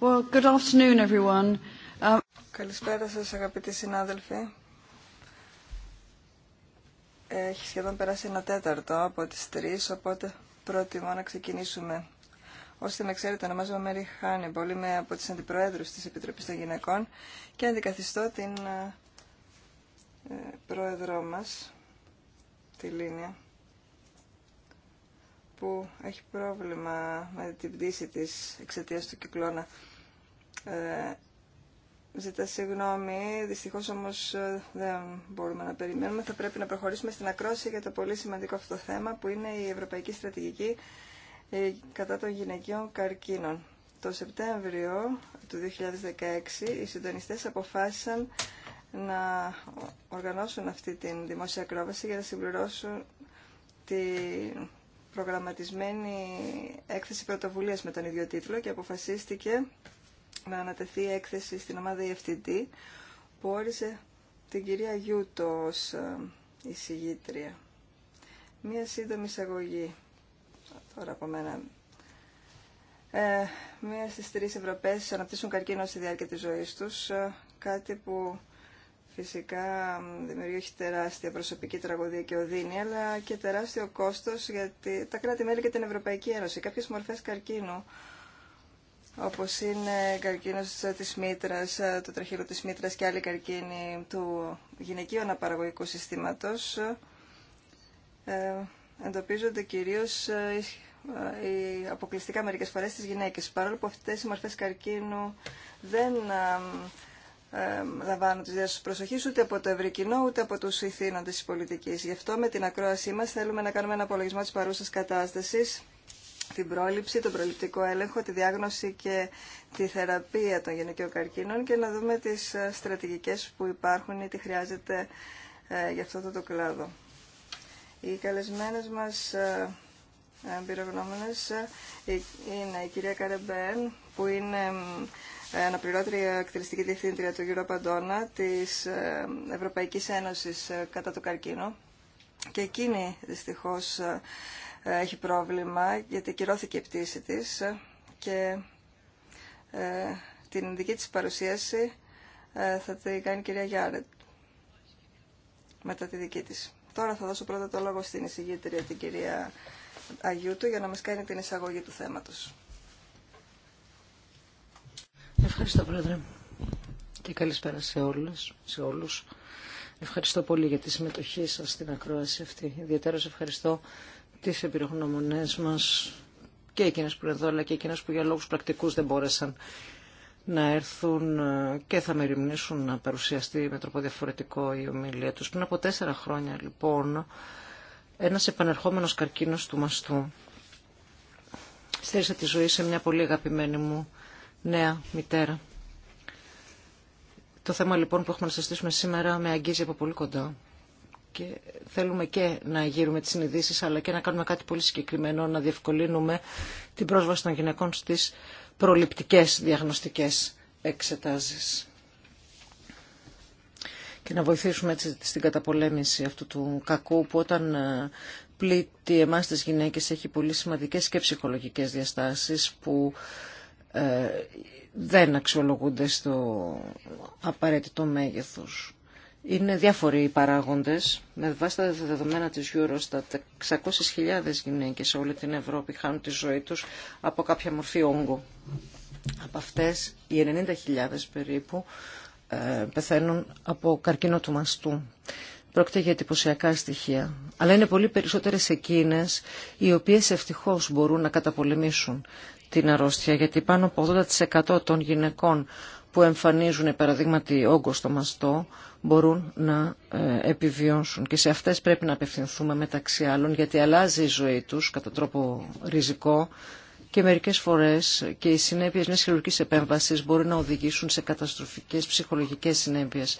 Um, Καλησπέρα σας αγαπητοί συνάδελφοι. Έχει σχεδόν περάσει ένα τέταρτο από τις τρεις, οπότε προτιμώ να ξεκινήσουμε. Όσοι με ξέρετε, ονομάζομαι Μέρι Χάνη, πολύ με από τις αντιπροέδρους της Επιτροπής των Γυναικών και αντικαθιστώ την ε, ε, πρόεδρό μας, τη Λίνια που έχει πρόβλημα με την πτήση της εξαιτίας του κυκλώνα ε, ζητά συγγνώμη, δυστυχώς όμως ε, δεν μπορούμε να περιμένουμε. Θα πρέπει να προχωρήσουμε στην ακρόση για το πολύ σημαντικό αυτό θέμα που είναι η Ευρωπαϊκή Στρατηγική ε, κατά των γυναικείων καρκίνων. Το Σεπτέμβριο του 2016 οι συντονιστές αποφάσισαν να οργανώσουν αυτή την δημόσια ακρόβαση για να συμπληρώσουν την προγραμματισμένη έκθεση πρωτοβουλίας με τον ίδιο τίτλο και αποφασίστηκε να ανατεθεί έκθεση στην ομάδα EFTD που όρισε την κυρία Γιούτο ως ε, εισηγήτρια. Μία σύντομη εισαγωγή τώρα από μένα. Ε, μία στις τρεις Ευρωπαίες αναπτύσσουν καρκίνο στη διάρκεια της ζωής τους, ε, κάτι που φυσικά δημιουργεί τεράστια προσωπική τραγωδία και οδύνη, αλλά και τεράστιο κόστος για τα κράτη-μέλη και την Ευρωπαϊκή Ένωση. Κάποιες μορφές καρκίνου όπως είναι καρκίνος της μήτρας, το τραχύλο της μήτρας και άλλοι καρκίνοι του γυναικείου αναπαραγωγικού συστήματος, ε, εντοπίζονται κυρίως ε, ε, αποκλειστικά μερικές φορές στις γυναίκες. Παρόλο που αυτές οι μορφές καρκίνου δεν λαμβάνουν τις διάσταση προσοχής ούτε από το ευρύ ούτε από τους ηθήνοντες της πολιτικής. Γι' αυτό με την ακρόασή μας θέλουμε να κάνουμε ένα απολογισμό της παρούσας κατάστασης την πρόληψη, τον προληπτικό έλεγχο, τη διάγνωση και τη θεραπεία των γυναικείων καρκίνων και να δούμε τις ε, στρατηγικές που υπάρχουν ή τι χρειάζεται ε, για αυτό το, κλάδο. Οι καλεσμένες μας ε, εμπειρογνώμονες είναι η κυρία Καρεμπέν που είναι αναπληρώτρια εκτελεστική διευθύντρια του Europa παντωνα της Ευρωπαϊκής Ένωσης κατά το καρκίνο και εκείνη δυστυχώς ε, έχει πρόβλημα γιατί κυρώθηκε η πτήση τη και ε, την δική της παρουσίαση ε, θα την κάνει η κυρία Γιάρετ μετά τη δική της. Τώρα θα δώσω πρώτα το λόγο στην εισηγήτρια την κυρία Αγιούτου για να μας κάνει την εισαγωγή του θέματος. Ευχαριστώ Πρόεδρε και καλησπέρα σε, όλες, σε όλους. Ευχαριστώ πολύ για τη συμμετοχή σας στην ακρόαση αυτή. Ιδιαίτερα ευχαριστώ τις εμπειρογνωμονές μας και εκείνες που είναι εδώ αλλά και εκείνες που για λόγους πρακτικούς δεν μπόρεσαν να έρθουν ε, και θα μεριμνήσουν να παρουσιαστεί με τρόπο διαφορετικό η ομιλία τους. Πριν από τέσσερα χρόνια λοιπόν ένας επανερχόμενος καρκίνος του μαστού στήρισε τη ζωή σε μια πολύ αγαπημένη μου νέα μητέρα. Το θέμα λοιπόν που έχουμε να συζητήσουμε σήμερα με αγγίζει από πολύ κοντά και θέλουμε και να γύρουμε τις συνειδήσεις αλλά και να κάνουμε κάτι πολύ συγκεκριμένο να διευκολύνουμε την πρόσβαση των γυναικών στις προληπτικές διαγνωστικές εξετάσεις και να βοηθήσουμε έτσι στην καταπολέμηση αυτού του κακού που όταν ε, πλήττει εμάς τις γυναίκες έχει πολύ σημαντικές και ψυχολογικές διαστάσεις που ε, δεν αξιολογούνται στο απαραίτητο μέγεθος. Είναι διάφοροι οι παράγοντες. Με βάση τα δεδομένα της Eurostat, 600.000 γυναίκες σε όλη την Ευρώπη χάνουν τη ζωή τους από κάποια μορφή όγκο. Από αυτές, οι 90.000 περίπου ε, πεθαίνουν από καρκίνο του μαστού. Πρόκειται για εντυπωσιακά στοιχεία. Αλλά είναι πολύ περισσότερες εκείνες οι οποίες ευτυχώς μπορούν να καταπολεμήσουν την αρρώστια, γιατί πάνω από 80% των γυναικών που εμφανίζουν παραδείγματι όγκο στο μαστό μπορούν να ε, επιβιώσουν και σε αυτές πρέπει να απευθυνθούμε μεταξύ άλλων γιατί αλλάζει η ζωή τους κατά τρόπο ριζικό και μερικές φορές και οι συνέπειες μιας χειρουργικής επέμβασης μπορεί να οδηγήσουν σε καταστροφικές ψυχολογικές συνέπειες.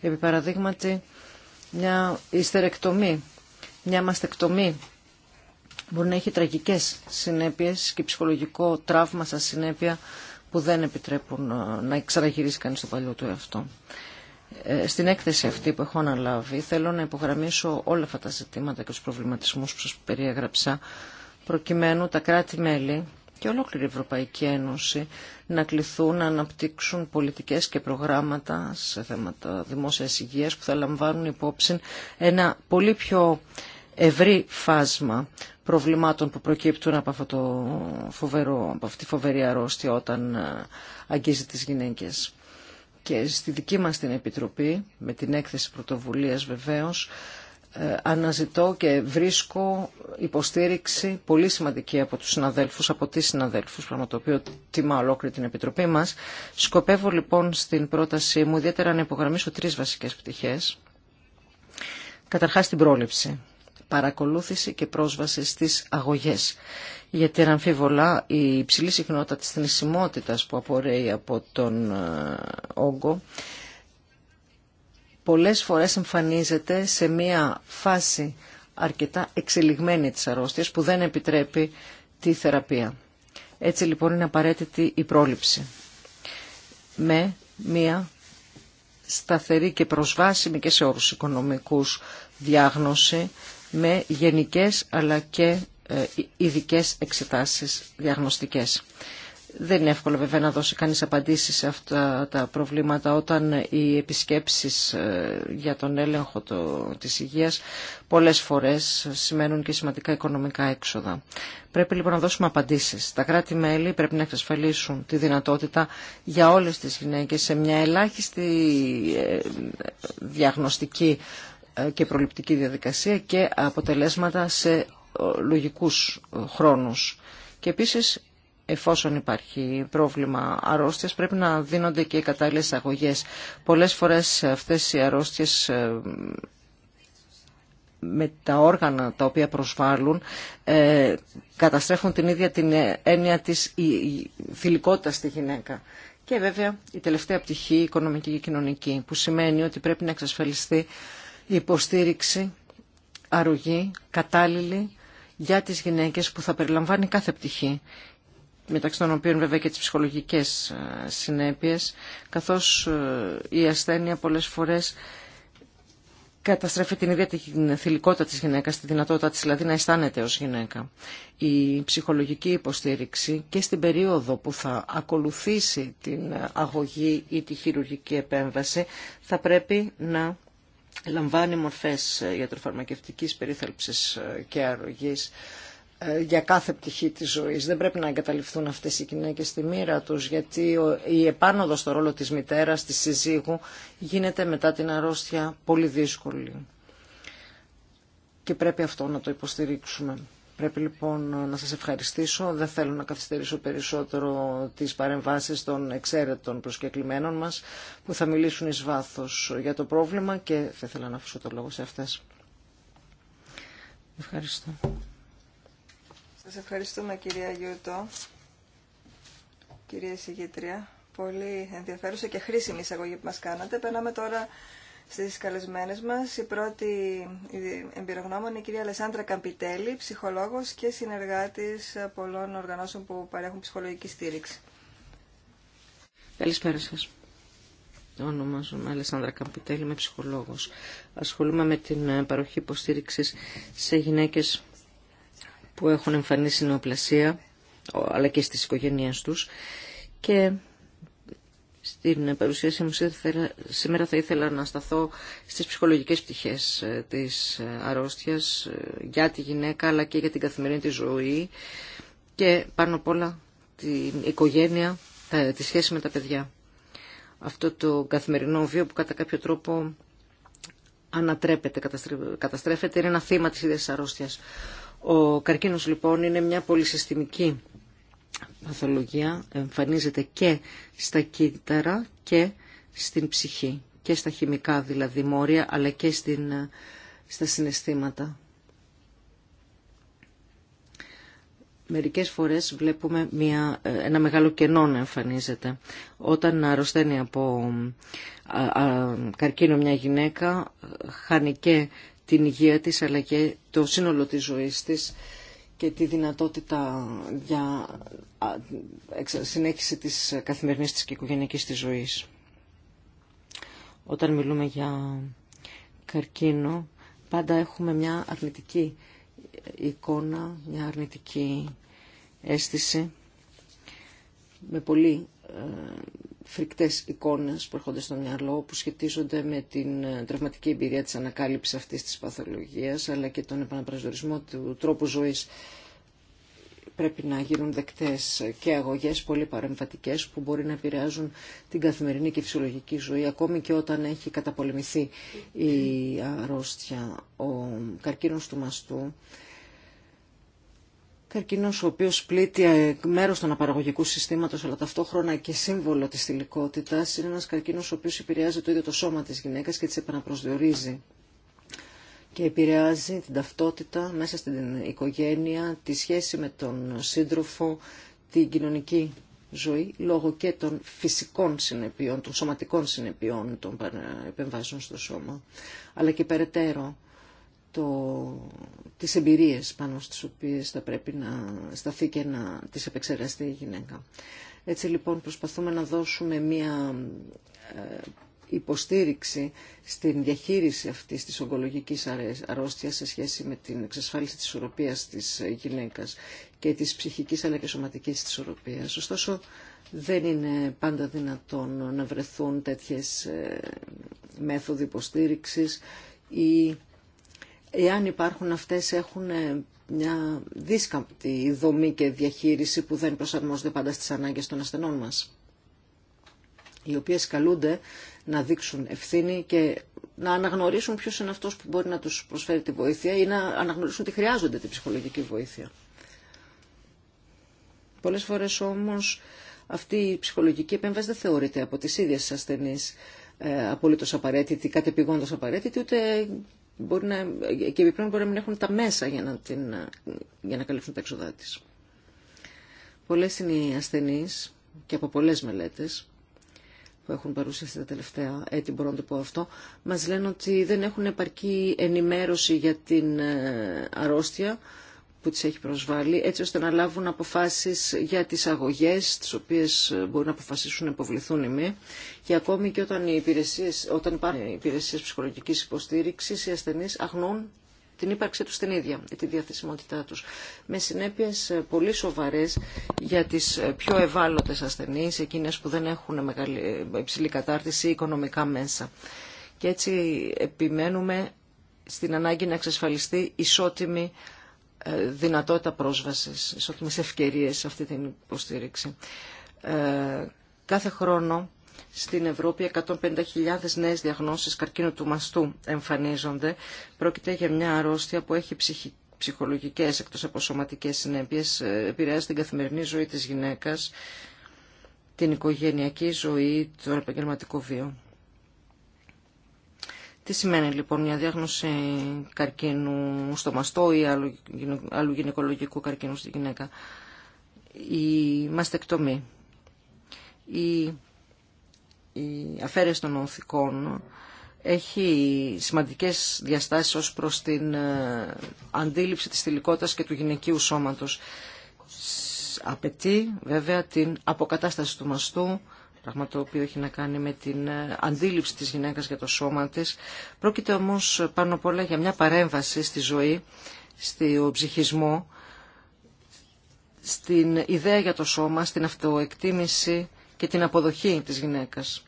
Επί παραδείγματι μια ιστερεκτομή, μια μαστεκτομή μπορεί να έχει τραγικές συνέπειες και ψυχολογικό τραύμα σαν συνέπεια που δεν επιτρέπουν ε, να ξαναγυρίσει κανείς το παλιό του εαυτό. Ε, στην έκθεση αυτή που έχω αναλάβει θέλω να υπογραμμίσω όλα αυτά τα ζητήματα και τους προβληματισμούς που σας περιέγραψα προκειμένου τα κράτη-μέλη και ολόκληρη η Ευρωπαϊκή Ένωση να κληθούν να αναπτύξουν πολιτικές και προγράμματα σε θέματα δημόσιας υγείας που θα λαμβάνουν υπόψη ένα πολύ πιο ευρύ φάσμα προβλημάτων που προκύπτουν από, αυτό το φοβερό, από αυτή τη φοβερή αρρώστια όταν ε, αγγίζει τις γυναίκες. Και στη δική μας την Επιτροπή, με την έκθεση πρωτοβουλίας βεβαίως, ε, αναζητώ και βρίσκω υποστήριξη πολύ σημαντική από τους συναδέλφους, από τις συναδέλφους, πράγμα το οποίο τιμά ολόκληρη την Επιτροπή μας. Σκοπεύω λοιπόν στην πρότασή μου ιδιαίτερα να υπογραμμίσω τρεις βασικές πτυχές. Καταρχάς την πρόληψη παρακολούθηση και πρόσβαση στις αγωγές. Γιατί εραμφίβολα, αμφιβολά η υψηλή συχνότητα της θνησιμότητας που απορρέει από τον ε, όγκο πολλές φορές εμφανίζεται σε μια φάση αρκετά εξελιγμένη της αρρώστιας που δεν επιτρέπει τη θεραπεία. Έτσι λοιπόν είναι απαραίτητη η πρόληψη με μια σταθερή και προσβάσιμη και σε όρους οικονομικούς διάγνωση με γενικές αλλά και ε, ειδικέ εξετάσεις διαγνωστικές. Δεν είναι εύκολο βέβαια να δώσει κανείς απαντήσεις σε αυτά τα προβλήματα όταν ε, οι επισκέψεις ε, για τον έλεγχο το, της υγείας πολλές φορές σημαίνουν και σημαντικά οικονομικά έξοδα. Πρέπει λοιπόν να δώσουμε απαντήσεις. Τα κράτη-μέλη πρέπει να εξασφαλίσουν τη δυνατότητα για όλες τις γυναίκες σε μια ελάχιστη διαγνωστική ε, και προληπτική διαδικασία και αποτελέσματα σε ε, λογικούς ε, χρόνους. Και επίσης εφόσον υπάρχει πρόβλημα αρρώστιας πρέπει να δίνονται και οι κατάλληλες αγωγές. Πολλές φορές αυτές οι αρρώστιες με τα όργανα τα οποία προσβάλλουν καταστρέφουν την ίδια την έννοια της η, η στη γυναίκα. Και βέβαια η τελευταία πτυχή οικονομική και κοινωνική που σημαίνει ότι πρέπει να εξασφαλιστεί υποστήριξη αρρωγή, κατάλληλη για τις γυναίκες που θα περιλαμβάνει κάθε πτυχή μεταξύ των οποίων βέβαια και τις ψυχολογικές ε, συνέπειες, καθώς ε, η ασθένεια πολλές φορές καταστρέφει την ίδια την θηλυκότητα της γυναίκας, τη δυνατότητα της δηλαδή να αισθάνεται ως γυναίκα. Η ψυχολογική υποστήριξη και στην περίοδο που θα ακολουθήσει την αγωγή ή τη χειρουργική επέμβαση θα πρέπει να λαμβάνει μορφές ε, ιατροφαρμακευτικής περίθαλψης ε, και αρρωγής ε, για κάθε πτυχή της ζωής. Δεν πρέπει να εγκαταλειφθούν αυτές οι γυναίκες στη μοίρα τους, γιατί η επάνωδο στο ρόλο της μητέρας, της συζύγου, γίνεται μετά την αρρώστια πολύ δύσκολη. Και πρέπει αυτό να το υποστηρίξουμε. Πρέπει λοιπόν να σας ευχαριστήσω. Δεν θέλω να καθυστερήσω περισσότερο τις παρεμβάσεις των εξαίρετων προσκεκλημένων μας που θα μιλήσουν εις βάθος για το πρόβλημα και θα ήθελα να αφήσω το λόγο σε αυτές. Ευχαριστώ. Σας ευχαριστούμε κυρία Γιούτο, κυρία Συγγήτρια. Πολύ ενδιαφέρουσα και χρήσιμη εισαγωγή που μας κάνατε. Περνάμε τώρα στις καλεσμένες μας. Η πρώτη εμπειρογνώμη είναι η κυρία Αλεσάνδρα Καμπιτέλη, ψυχολόγος και συνεργάτης πολλών οργανώσεων που παρέχουν ψυχολογική στήριξη. Καλησπέρα σας. Ονομάζομαι Αλεσάνδρα Καμπιτέλη, είμαι ψυχολόγος. Ασχολούμαι με την ε, παροχή υποστήριξης σε γυναίκες που έχουν εμφανίσει νεοπλασία, αλλά και στις οικογένειές τους. Και στην παρουσίασή μου σήμερα θα ήθελα να σταθώ στις ψυχολογικές πτυχές ε, της ε, αρρώστιας ε, για τη γυναίκα αλλά και για την καθημερινή της ζωή και πάνω απ' όλα την οικογένεια, τη σχέση με τα παιδιά. Αυτό το καθημερινό βίο που κατά κάποιο τρόπο ανατρέπεται, καταστρέφεται, είναι ένα θύμα της ίδιας αρρώστιας. Ο καρκίνος λοιπόν είναι μια πολυσυστημική παθολογία εμφανίζεται και στα κύτταρα και στην ψυχή. Και στα χημικά δηλαδή μόρια, αλλά και στην, στα συναισθήματα. Μερικές φορές βλέπουμε μια, ένα μεγάλο κενό να εμφανίζεται. Όταν αρρωσταίνει από καρκίνο μια γυναίκα, χάνει και την υγεία της αλλά και το σύνολο της ζωής της και τη δυνατότητα για συνέχιση της καθημερινής της και οικογενειακής της ζωής. Όταν μιλούμε για καρκίνο, πάντα έχουμε μια αρνητική εικόνα, μια αρνητική αίσθηση, με πολύ ε, φρικτές εικόνες που έρχονται στο μυαλό που σχετίζονται με την ε, τραυματική εμπειρία της ανακάλυψης αυτής της παθολογίας αλλά και τον επαναπροσδιορισμό του τρόπου ζωής πρέπει να γίνουν δεκτές και αγωγές πολύ παρεμβατικές που μπορεί να επηρεάζουν την καθημερινή και φυσιολογική ζωή ακόμη και όταν έχει καταπολεμηθεί η αρρώστια. Ο καρκίνος του μαστού καρκίνος ο οποίος πλήττει ε, μέρος των αναπαραγωγικού συστήματος αλλά ταυτόχρονα και σύμβολο της θηλυκότητας είναι ένας καρκίνος ο οποίος επηρεάζει το ίδιο το σώμα της γυναίκας και της επαναπροσδιορίζει και επηρεάζει την ταυτότητα μέσα στην οικογένεια, τη σχέση με τον σύντροφο, την κοινωνική ζωή λόγω και των φυσικών συνεπειών, των σωματικών συνεπειών των επεμβάσεων στο σώμα, αλλά και περαιτέρω το, τις εμπειρίες πάνω στις οποίες θα πρέπει να σταθεί και να τις επεξεργαστεί η γυναίκα. Έτσι λοιπόν προσπαθούμε να δώσουμε μία ε, υποστήριξη στην διαχείριση αυτής της ογκολογικής αρρώστιας σε σχέση με την εξασφάλιση της ισορροπίας της γυναίκας και της ψυχικής αλλά και σωματικής ισορροπίας. Ωστόσο δεν είναι πάντα δυνατόν να βρεθούν τέτοιες ε, μέθοδοι υποστήριξης ή εάν υπάρχουν αυτές έχουν ε, μια δίσκαπτη δομή και διαχείριση που δεν προσαρμόζονται πάντα στις ανάγκες των ασθενών μας οι οποίες καλούνται να δείξουν ευθύνη και να αναγνωρίσουν ποιος είναι αυτός που μπορεί να τους προσφέρει τη βοήθεια ή να αναγνωρίσουν ότι χρειάζονται τη ψυχολογική βοήθεια. Πολλές φορές όμως αυτή η ψυχολογική επέμβαση δεν θεωρείται από τις ίδιες ασθενείς ε, απολύτως απαραίτητη, κατεπηγόντως απαραίτητη, ούτε μπορεί να, και επιπλέον μπορεί να μην έχουν τα μέσα για να, την, για να καλύψουν τα εξοδά τη. Πολλέ είναι οι ασθενείς και από πολλέ μελέτε που έχουν παρουσιαστεί τα τελευταία έτη, μπορώ να το πω αυτό, μας λένε ότι δεν έχουν επαρκή ενημέρωση για την ε, αρρώστια, που τις έχει προσβάλει, έτσι ώστε να λάβουν αποφάσεις για τις αγωγές, τις οποίες ε, μπορεί να αποφασίσουν να υποβληθούν οι μη. Και ακόμη και όταν, οι υπηρεσίες, όταν υπάρχουν υπηρεσίες ψυχολογικής υποστήριξης, οι ασθενείς αγνούν την ύπαρξή τους την ίδια, τη διαθεσιμότητά τους. Με συνέπειες ε, πολύ σοβαρές για τις ε, πιο ευάλωτες ασθενείς, εκείνες που δεν έχουν μεγάλη, υψηλή κατάρτιση οικονομικά μέσα. Και έτσι επιμένουμε στην ανάγκη να εξασφαλιστεί ισότιμη ε, δυνατότητα πρόσβασης, ισότιμες ευκαιρίες σε αυτή την υποστήριξη. Ε, κάθε χρόνο στην Ευρώπη 150.000 νέες διαγνώσεις καρκίνου του μαστού εμφανίζονται. Πρόκειται για μια αρρώστια που έχει ψυχική ψυχολογικές εκτός από σωματικές συνέπειες ε, επηρεάζει την καθημερινή ζωή της γυναίκας, την οικογενειακή ζωή, το επαγγελματικό βίο. Τι σημαίνει λοιπόν μια διάγνωση καρκίνου στο μαστό ή άλλου γυναικολογικού καρκίνου στη γυναίκα. Η μαστεκτομή, η, η αφαίρεση των οθικών έχει σημαντικές διαστάσεις ως προς την ε, αντίληψη της θηλυκότητας και του γυναικείου σώματος. Απαιτεί βέβαια την αποκατάσταση του μαστού, πράγμα το οποίο έχει να κάνει με την ε, αντίληψη της γυναίκας για το σώμα της. Πρόκειται όμως πάνω απ' όλα για μια παρέμβαση στη ζωή, στο ψυχισμό, στην ιδέα για το σώμα, στην αυτοεκτίμηση και την αποδοχή της γυναίκας.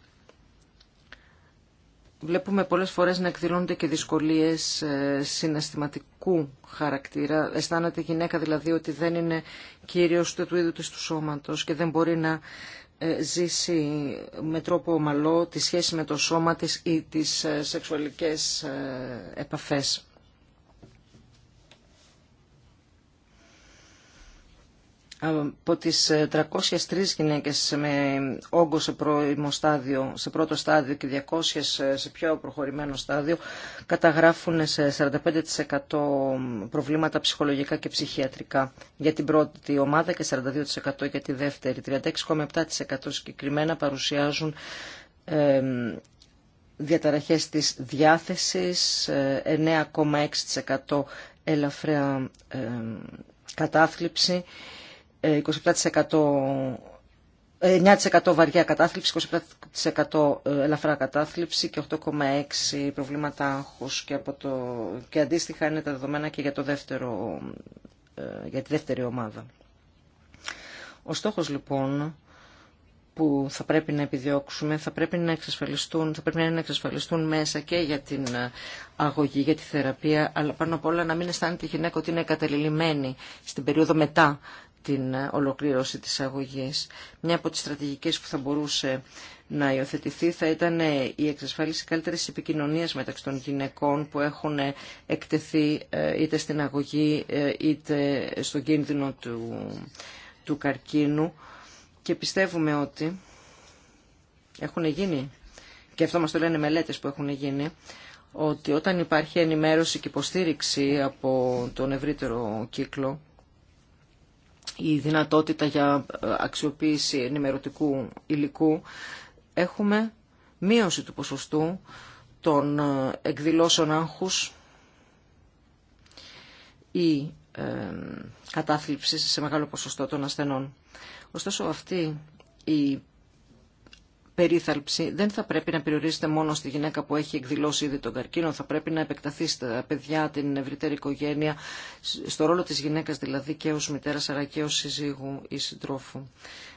Βλέπουμε πολλές φορές να εκδηλώνονται και δυσκολίες ε, συναισθηματικού χαρακτήρα. Αισθάνεται η γυναίκα δηλαδή ότι δεν είναι κύριος του ίδιου της του σώματος και δεν μπορεί να ε, ζήσει με τρόπο ομαλό τη σχέση με το σώμα της ή τις ε, σεξουαλικές ε, επαφές. από τις 303 ε, γυναίκες με όγκο σε, στάδιο, σε πρώτο στάδιο και 200 ε, σε πιο προχωρημένο στάδιο καταγράφουν σε 45% προβλήματα ψυχολογικά και ψυχιατρικά για την πρώτη ομάδα και 42% για τη δεύτερη. 36,7% συγκεκριμένα παρουσιάζουν διαταραχές της διάθεσης, 9,6% ε, ελαφραία κατάθλιψη 9% ε, ε, βαριά κατάθλιψη, 27% ε, ελαφρά κατάθλιψη και 8,6% προβλήματα άγχους και, από το... και αντίστοιχα είναι τα δεδομένα και για, το δεύτερο, για τη δεύτερη ομάδα. Ο στόχος λοιπόν που θα πρέπει να επιδιώξουμε θα πρέπει να εξασφαλιστούν, θα πρέπει να εξασφαλιστούν μέσα και για την αγωγή, για τη θεραπεία, αλλά πάνω απ' όλα να μην αισθάνεται η γυναίκα ότι είναι στην περίοδο μετά την ολοκλήρωση της αγωγής. Μια από τις στρατηγικές που θα μπορούσε να υιοθετηθεί θα ήταν η εξασφάλιση καλύτερης επικοινωνίας μεταξύ των γυναικών που έχουν εκτεθεί ε, είτε στην αγωγή ε, είτε στον κίνδυνο του, του καρκίνου και πιστεύουμε ότι έχουν γίνει και αυτό μας το λένε μελέτες που έχουν γίνει ότι όταν υπάρχει ενημέρωση και υποστήριξη από τον ευρύτερο κύκλο η δυνατότητα για ε, αξιοποίηση ενημερωτικού υλικού, έχουμε μείωση του ποσοστού των ε, εκδηλώσεων άγχους ή ε, κατάθλιψη σε μεγάλο ποσοστό των ασθενών. Ωστόσο αυτή η περίθαλψη δεν θα πρέπει να περιορίζεται μόνο στη γυναίκα που έχει εκδηλώσει ήδη τον καρκίνο, θα πρέπει να επεκταθεί στα παιδιά, την ευρύτερη οικογένεια, στο ρόλο της γυναίκας δηλαδή και ως μητέρα, αλλά και ως συζύγου ή συντρόφου.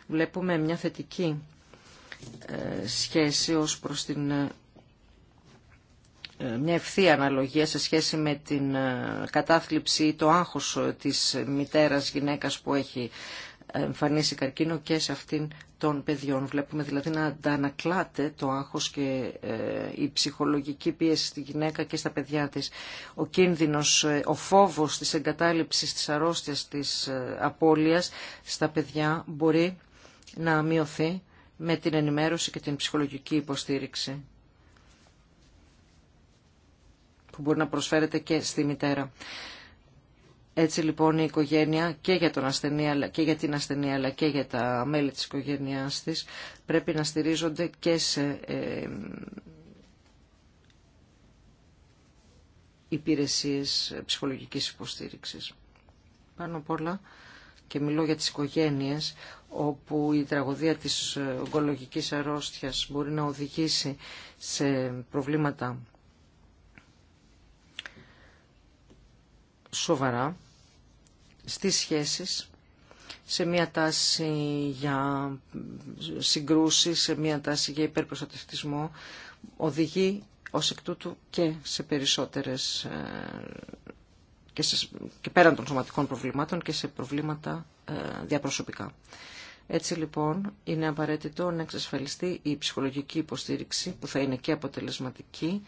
Βλέπουμε μια θετική ε, σχέση ως προς την ε, ε, μια ευθεία αναλογία σε σχέση με την κατάθλιψη ή το άγχος της μητέρας γυναίκας που έχει εμφανίσει καρκίνο και σε αυτήν των παιδιών. Βλέπουμε δηλαδή να αντανακλάται το άγχος και ε, η ψυχολογική πίεση στη γυναίκα και στα παιδιά της. Ο κίνδυνος, ε, ο φόβος της εγκατάλειψης της αρρώστιας της ε, απώλειας στα παιδιά μπορεί να μειωθεί με την ενημέρωση και την ψυχολογική υποστήριξη που μπορεί να προσφέρεται και στη μητέρα. Έτσι λοιπόν η οικογένεια και για, τον ασθενή, αλλά και για την ασθενή αλλά και για τα μέλη της οικογένειάς της πρέπει να στηρίζονται και σε ε, υπηρεσίες ψυχολογικής υποστήριξης. Πάνω απ' όλα και μιλώ για τις οικογένειες όπου η τραγωδία της ογκολογικής αρρώστιας μπορεί να οδηγήσει σε προβλήματα σοβαρά στις σχέσεις, σε μια τάση για συγκρούσεις, σε μια τάση για υπερπροστατευτισμό, οδηγεί ως εκ τούτου και σε περισσότερες ε, και, σε, και πέραν των σωματικών προβλημάτων και σε προβλήματα ε, διαπροσωπικά. Έτσι λοιπόν είναι απαραίτητο να εξασφαλιστεί η ψυχολογική υποστήριξη που θα είναι και αποτελεσματική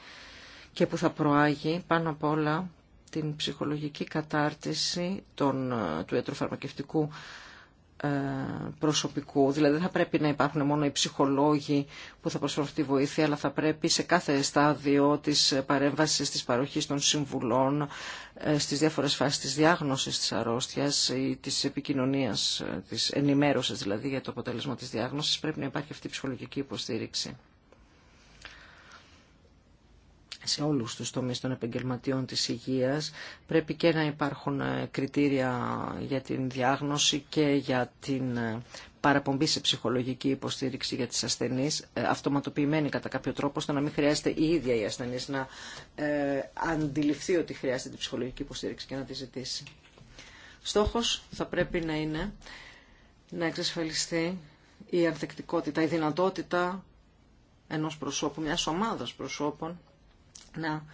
και που θα προάγει πάνω απ' όλα την ψυχολογική κατάρτιση των, ε, του ιατροφαρμακευτικού ε, προσωπικού. Δηλαδή δεν θα πρέπει να υπάρχουν μόνο οι ψυχολόγοι που θα προσφέρουν αυτή τη βοήθεια, αλλά θα πρέπει σε κάθε στάδιο της παρέμβασης, της παροχής των συμβουλών, ε, στις διάφορες φάσεις της διάγνωσης της αρρώστιας ή της επικοινωνίας, της ενημέρωσης δηλαδή για το αποτέλεσμα της διάγνωσης, πρέπει να υπάρχει αυτή η ψυχολογική υποστήριξη σε όλους τους τομείς των επαγγελματιών της υγείας. Πρέπει και να υπάρχουν ε, κριτήρια για την διάγνωση και για την ε, παραπομπή σε ψυχολογική υποστήριξη για τις ασθενείς, ε, αυτοματοποιημένη κατά κάποιο τρόπο, ώστε να μην χρειάζεται η ίδια η ασθενής να αντιληφθεί ότι χρειάζεται την ψυχολογική υποστήριξη και να τη ζητήσει. Στόχος θα πρέπει να είναι να εξασφαλιστεί η ανθεκτικότητα, η δυνατότητα ενός προσώπου, μιας ομάδας προσώπων να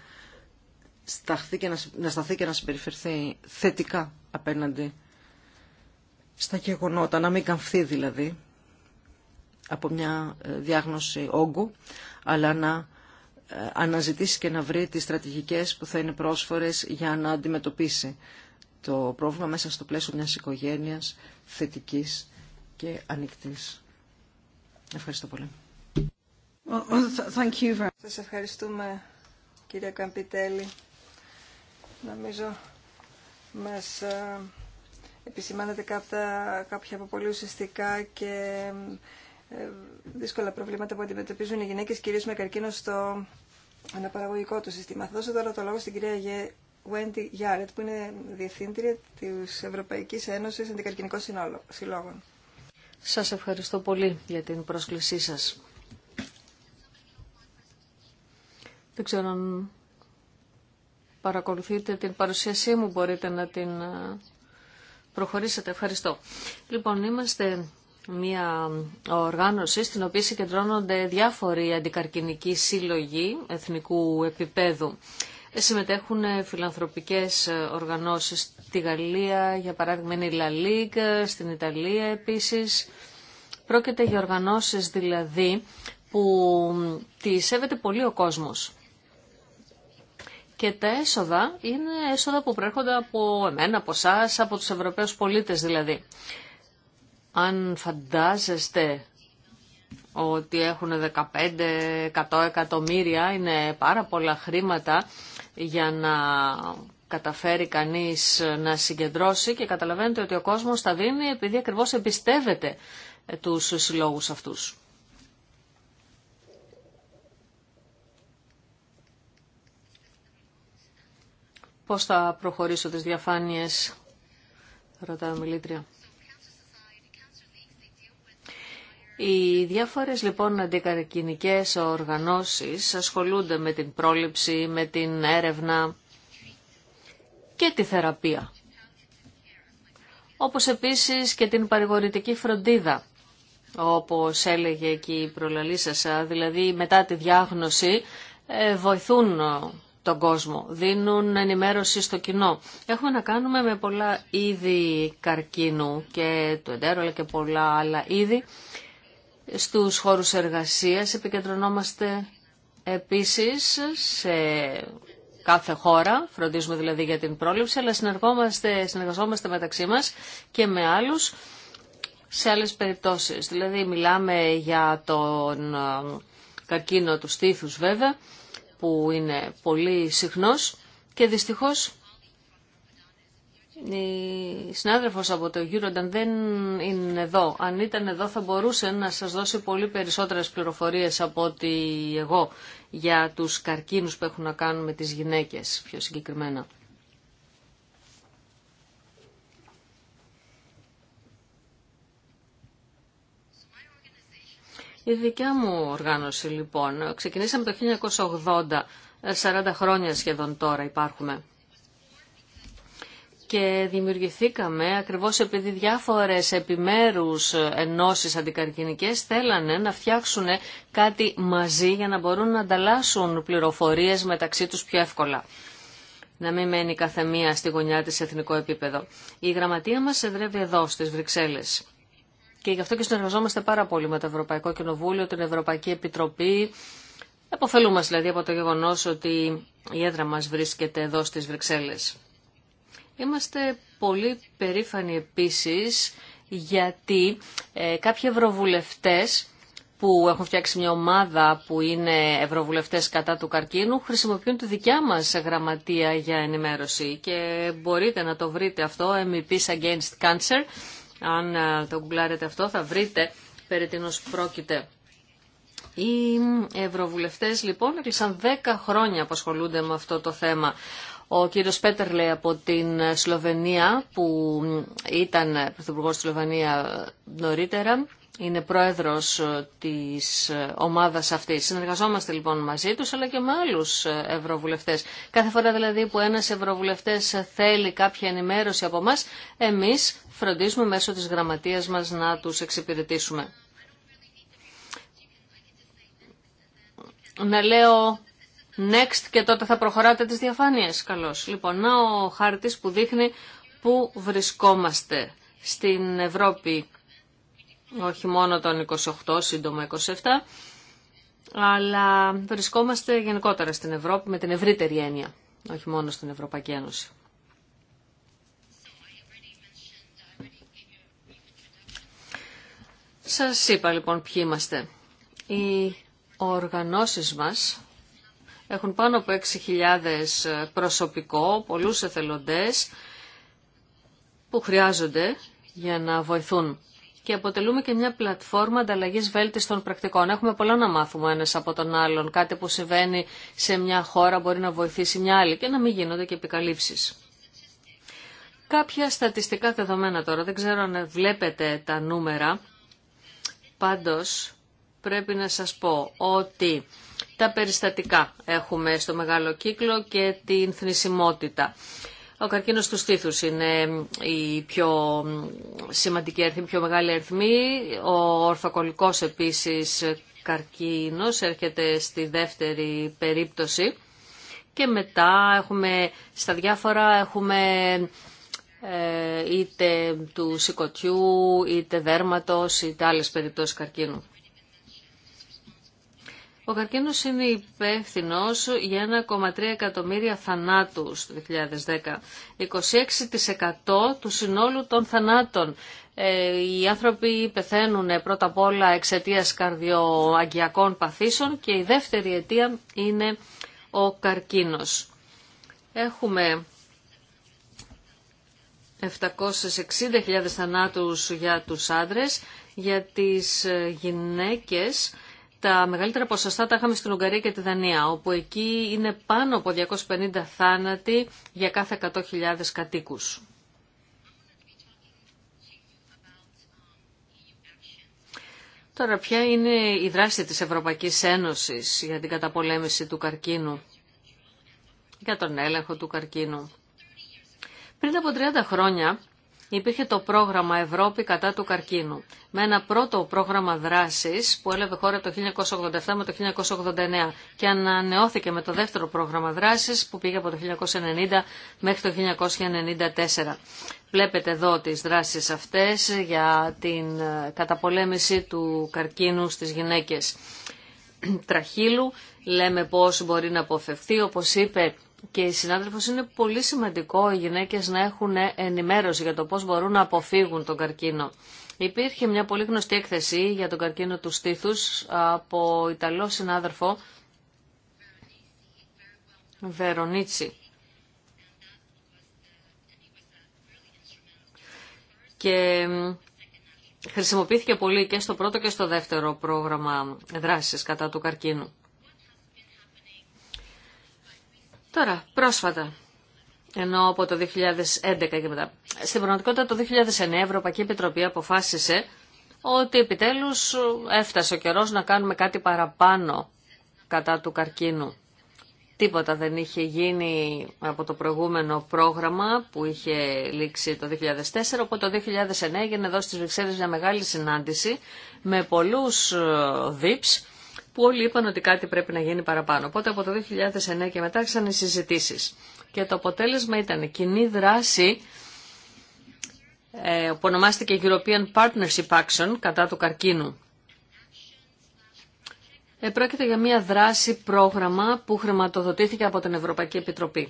σταθεί και να, να, σταθεί και να συμπεριφερθεί θετικά απέναντι στα γεγονότα, να μην καμφθεί δηλαδή από μια ε, διάγνωση όγκου, αλλά να ε, αναζητήσει και να βρει τις στρατηγικές που θα είναι πρόσφορες για να αντιμετωπίσει το πρόβλημα μέσα στο πλαίσιο μιας οικογένειας θετικής και ανοιχτής. Ευχαριστώ πολύ. Well, thank you very Σας ευχαριστούμε Κύριε Καμπιτέλη. Νομίζω μας ε, επισημάνατε κάποια, από πολύ ουσιαστικά και ε, δύσκολα προβλήματα που αντιμετωπίζουν οι γυναίκες, κυρίως με καρκίνο στο αναπαραγωγικό του σύστημα. Θα δώσω τώρα το λόγο στην κυρία Γουέντι Γιάρετ, που είναι Διευθύντρια της Ευρωπαϊκής Ένωσης Αντικαρκυνικών Συλλόγων. Σας ευχαριστώ πολύ για την πρόσκλησή σας. Δεν ξέρω αν παρακολουθείτε την παρουσίασή μου, μπορείτε να την ε, προχωρήσετε. Ευχαριστώ. Λοιπόν, είμαστε μια οργάνωση στην οποία συγκεντρώνονται διάφοροι αντικαρκυνικοί σύλλογοι εθνικού επίπεδου. Ε, συμμετέχουν ε, φιλανθρωπικές οργανώσεις στη Γαλλία, για παράδειγμα είναι η La στην Ιταλία επίσης. Πρόκειται για οργανώσεις δηλαδή που τη σέβεται πολύ ο κόσμος. Και τα έσοδα είναι έσοδα που προέρχονται από εμένα, από εσά, από τους Ευρωπαίους πολίτες δηλαδή. Αν φαντάζεστε ότι έχουν 15-100 εκατομμύρια, είναι πάρα πολλά χρήματα για να καταφέρει κανείς να συγκεντρώσει και καταλαβαίνετε ότι ο κόσμος τα δίνει επειδή ακριβώς εμπιστεύεται τους συλλόγους αυτούς. Πώς θα προχωρήσω τις διαφάνειες, ρωτάω μιλήτρια. Οι διάφορες λοιπόν αντικαρκυνικές οργανώσεις ασχολούνται με την πρόληψη, με την έρευνα και τη θεραπεία. Όπως επίσης και την παρηγορητική φροντίδα, όπως έλεγε και η προλαλήσασα, δηλαδή μετά τη διάγνωση ε, βοηθούν τον κόσμο, δίνουν ενημέρωση στο κοινό. Έχουμε να κάνουμε με πολλά είδη καρκίνου και του εντέρου αλλά και πολλά άλλα είδη. Στους χώρους εργασίας επικεντρωνόμαστε επίσης σε κάθε χώρα, φροντίζουμε δηλαδή για την πρόληψη, αλλά συνεργαζόμαστε μεταξύ μας και με άλλους σε άλλες περιπτώσεις. Δηλαδή μιλάμε για τον ε, καρκίνο του στήθους βέβαια, που είναι πολύ συχνός και δυστυχώς η συνάδελφος από το Eurodan δεν είναι εδώ. Αν ήταν εδώ θα μπορούσε να σας δώσει πολύ περισσότερες πληροφορίες από ότι εγώ για τους καρκίνους που έχουν να κάνουν με τις γυναίκες πιο συγκεκριμένα. Η δικιά μου οργάνωση λοιπόν, ξεκινήσαμε το 1980, 40 χρόνια σχεδόν τώρα υπάρχουμε. Και δημιουργηθήκαμε ακριβώς επειδή διάφορες επιμέρους ενώσεις αντικαρκυνικές θέλανε να φτιάξουν κάτι μαζί για να μπορούν να ανταλλάσσουν πληροφορίες μεταξύ τους πιο εύκολα να μην μένει καθεμία στη γωνιά της σε εθνικό επίπεδο. Η γραμματεία μας εδρεύει εδώ, στις Βρυξέλλες. Και γι' αυτό και συνεργαζόμαστε πάρα πολύ με το Ευρωπαϊκό Κοινοβούλιο, την Ευρωπαϊκή Επιτροπή. Εποφελούμαστε δηλαδή από το γεγονό ότι η έδρα μα βρίσκεται εδώ στι Βρυξέλλε. Είμαστε πολύ περήφανοι επίση, γιατί ε, κάποιοι ευρωβουλευτέ που έχουν φτιάξει μια ομάδα που είναι ευρωβουλευτέ κατά του καρκίνου χρησιμοποιούν τη δικιά μα γραμματεία για ενημέρωση και μπορείτε να το βρείτε αυτό MEPs Against Cancer αν ε, το γκουγκλάρετε αυτό θα βρείτε περί τίνος πρόκειται. Οι ευρωβουλευτές λοιπόν έκλεισαν 10 χρόνια που ασχολούνται με αυτό το θέμα. Ο κύριος Πέτερλε από την Σλοβενία που ήταν πρωθυπουργό της Σλοβενία νωρίτερα είναι πρόεδρος ε, της ε, ομάδας αυτής. Συνεργαζόμαστε λοιπόν μαζί τους αλλά και με άλλους ευρωβουλευτές. Κάθε φορά δηλαδή που ένας ευρωβουλευτές θέλει κάποια ενημέρωση από μας, εμείς φροντίζουμε μέσω της γραμματείας μας να τους εξυπηρετήσουμε. Να λέω next και τότε θα προχωράτε τις διαφάνειες. Καλώς. Λοιπόν, να ο χάρτης που δείχνει πού βρισκόμαστε στην Ευρώπη, όχι μόνο τον 28, σύντομα 27, αλλά βρισκόμαστε γενικότερα στην Ευρώπη με την ευρύτερη έννοια, όχι μόνο στην Ευρωπαϊκή Ένωση. Σας είπα λοιπόν ποιοι είμαστε. Οι οργανώσεις μας έχουν πάνω από 6.000 προσωπικό, πολλούς εθελοντές που χρειάζονται για να βοηθούν. Και αποτελούμε και μια πλατφόρμα ανταλλαγή βέλτιστων πρακτικών. Έχουμε πολλά να μάθουμε ένα από τον άλλον. Κάτι που συμβαίνει σε μια χώρα μπορεί να βοηθήσει μια άλλη και να μην γίνονται και επικαλύψει. Κάποια στατιστικά δεδομένα τώρα. Δεν ξέρω αν βλέπετε τα νούμερα Πάντως πρέπει να σας πω ότι τα περιστατικά έχουμε στο μεγάλο κύκλο και την θνησιμότητα. Ο καρκίνος του στήθους είναι η πιο σημαντική αριθμή, πιο μεγάλη αριθμή. Ο ορθοκολικός επίσης καρκίνος έρχεται στη δεύτερη περίπτωση. Και μετά έχουμε στα διάφορα έχουμε ε, είτε του σηκωτιού, είτε δέρματος, είτε άλλες περιπτώσεις καρκίνου. Ο καρκίνος είναι υπεύθυνο για 1,3 εκατομμύρια θανάτους το 2010. 26% του συνόλου των θανάτων. Ε, οι άνθρωποι πεθαίνουν πρώτα απ' όλα εξαιτίας καρδιοαγκιακών παθήσεων και η δεύτερη αιτία είναι ο καρκίνος. Έχουμε 760.000 θανάτους για τους άντρες. Για τις ε, γυναίκες τα μεγαλύτερα ποσοστά τα είχαμε στην Ουγγαρία και τη Δανία, όπου εκεί είναι πάνω από 250 θάνατοι για κάθε 100.000 κατοίκους. Τώρα, ποια είναι η δράση της Ευρωπαϊκής Ένωσης για την καταπολέμηση του καρκίνου, για τον έλεγχο του καρκίνου. Πριν από 30 χρόνια υπήρχε το πρόγραμμα Ευρώπη κατά του καρκίνου, με ένα πρώτο πρόγραμμα δράσης που έλαβε χώρα το 1987 με το 1989 και ανανεώθηκε με το δεύτερο πρόγραμμα δράσης που πήγε από το 1990 μέχρι το 1994. Βλέπετε εδώ τις δράσεις αυτές για την καταπολέμηση του καρκίνου στις γυναίκες. Τραχύλου, λέμε πώς μπορεί να αποφευθεί, όπως είπε και οι συνάδελφος είναι πολύ σημαντικό οι γυναίκες να έχουν ενημέρωση για το πώς μπορούν να αποφύγουν τον καρκίνο. Υπήρχε μια πολύ γνωστή έκθεση για τον καρκίνο του στήθους από Ιταλό συνάδελφο Βερονίτσι. Και χρησιμοποιήθηκε πολύ και στο πρώτο και στο δεύτερο πρόγραμμα δράσης κατά του καρκίνου. Τώρα, πρόσφατα, ενώ από το 2011 και μετά, στην πραγματικότητα το 2009 η Ευρωπαϊκή Επιτροπή αποφάσισε ότι επιτέλους έφτασε ο καιρός να κάνουμε κάτι παραπάνω κατά του καρκίνου. Τίποτα δεν είχε γίνει από το προηγούμενο πρόγραμμα που είχε λήξει το 2004, οπότε το 2009 έγινε εδώ στις Βρυξέλλες μια μεγάλη συνάντηση με πολλούς δίψ ε, που όλοι είπαν ότι κάτι πρέπει να γίνει παραπάνω. Οπότε από το 2009 και μετά άρχισαν οι συζητήσεις. Και το αποτέλεσμα ήταν κοινή δράση ε, που ονομάστηκε European Partnership Action κατά του καρκίνου. Ε, πρόκειται για μια δράση πρόγραμμα που χρηματοδοτήθηκε από την Ευρωπαϊκή Επιτροπή.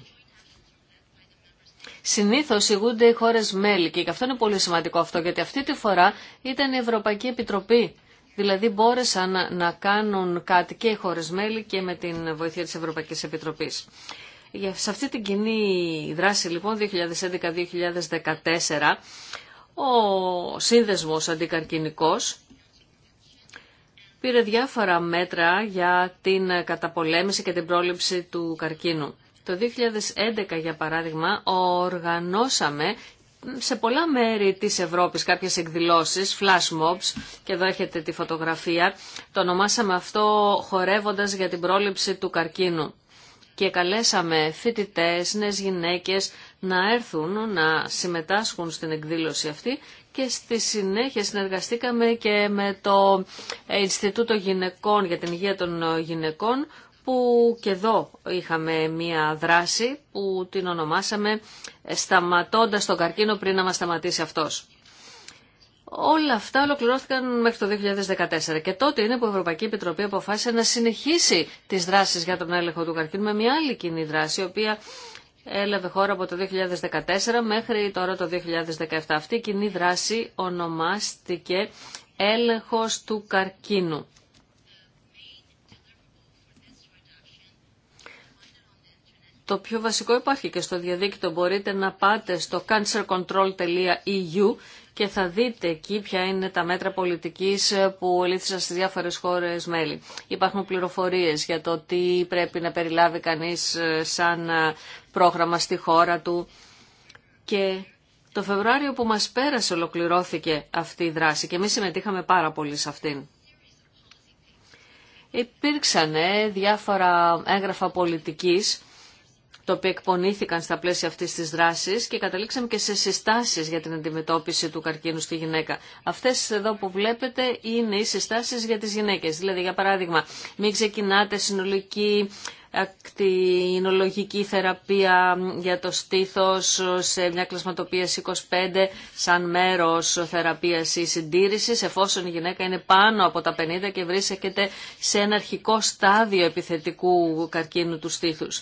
Συνήθω ηγούνται οι χώρε μέλη και αυτό είναι πολύ σημαντικό αυτό, γιατί αυτή τη φορά ήταν η Ευρωπαϊκή Επιτροπή Δηλαδή μπόρεσαν να κάνουν κάτι και οι χώρες μέλη και με την βοήθεια της Ευρωπαϊκής Επιτροπής. Σε αυτή την κοινή δράση λοιπόν 2011-2014 ο σύνδεσμος αντικαρκινικός πήρε διάφορα μέτρα για την καταπολέμηση και την πρόληψη του καρκίνου. Το 2011 για παράδειγμα οργανώσαμε σε πολλά μέρη της Ευρώπης κάποιες εκδηλώσεις, flash mobs, και εδώ έχετε τη φωτογραφία, το ονομάσαμε αυτό χορεύοντας για την πρόληψη του καρκίνου. Και καλέσαμε φοιτητέ, νέες γυναίκες να έρθουν να συμμετάσχουν στην εκδήλωση αυτή και στη συνέχεια συνεργαστήκαμε και με το Ινστιτούτο Γυναικών για την Υγεία των Γυναικών που και εδώ είχαμε μία δράση που την ονομάσαμε «Σταματώντας τον καρκίνο πριν να μας σταματήσει αυτός». Όλα αυτά ολοκληρώθηκαν μέχρι το 2014 και τότε είναι που η Ευρωπαϊκή Επιτροπή αποφάσισε να συνεχίσει τις δράσεις για τον έλεγχο του καρκίνου με μια άλλη κοινή δράση, η οποία έλαβε χώρα από το 2014 μέχρι τώρα το 2017. Αυτή η κοινή δράση ονομάστηκε έλεγχος του καρκίνου. το πιο βασικό υπάρχει και στο διαδίκτυο. Μπορείτε να πάτε στο cancercontrol.eu και θα δείτε εκεί ποια είναι τα μέτρα πολιτικής που ελήφθησαν στις διάφορες χώρες μέλη. Υπάρχουν πληροφορίες για το τι πρέπει να περιλάβει κανείς ε, σαν ε, πρόγραμμα στη χώρα του. Και το Φεβρουάριο που μας πέρασε ολοκληρώθηκε αυτή η δράση και εμείς συμμετείχαμε πάρα πολύ σε αυτήν. Υπήρξαν διάφορα έγγραφα πολιτικής το οποίο εκπονήθηκαν στα πλαίσια αυτή τη δράση και καταλήξαμε και σε συστάσει για την αντιμετώπιση του καρκίνου στη γυναίκα. Αυτέ εδώ που βλέπετε είναι οι συστάσει για τι γυναίκε. Δηλαδή, για παράδειγμα, μην ξεκινάτε συνολική ακτινολογική θεραπεία για το στήθος σε μια κλασματοπία 25 σαν μέρος θεραπείας ή συντήρησης εφόσον η γυναίκα είναι πάνω από τα 50 και βρίσκεται σε ένα αρχικό στάδιο επιθετικού καρκίνου του στήθους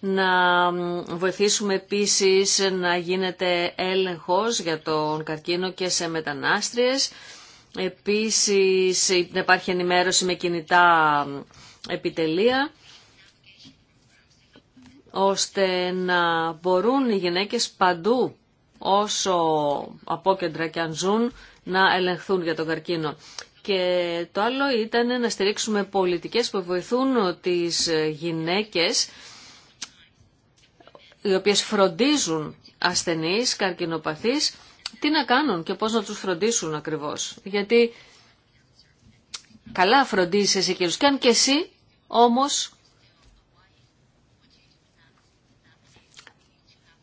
να βοηθήσουμε επίσης να γίνεται έλεγχος για τον καρκίνο και σε μετανάστριες. Επίσης να υπάρχει ενημέρωση με κινητά επιτελεία ώστε να μπορούν οι γυναίκες παντού όσο απόκεντρα και αν ζουν να ελεγχθούν για τον καρκίνο. Και το άλλο ήταν να στηρίξουμε πολιτικές που βοηθούν τις γυναίκες οι οποίες φροντίζουν ασθενείς, καρκινοπαθείς, τι να κάνουν και πώς να τους φροντίσουν ακριβώς. Γιατί καλά φροντίζεις εσύ και αν και εσύ όμως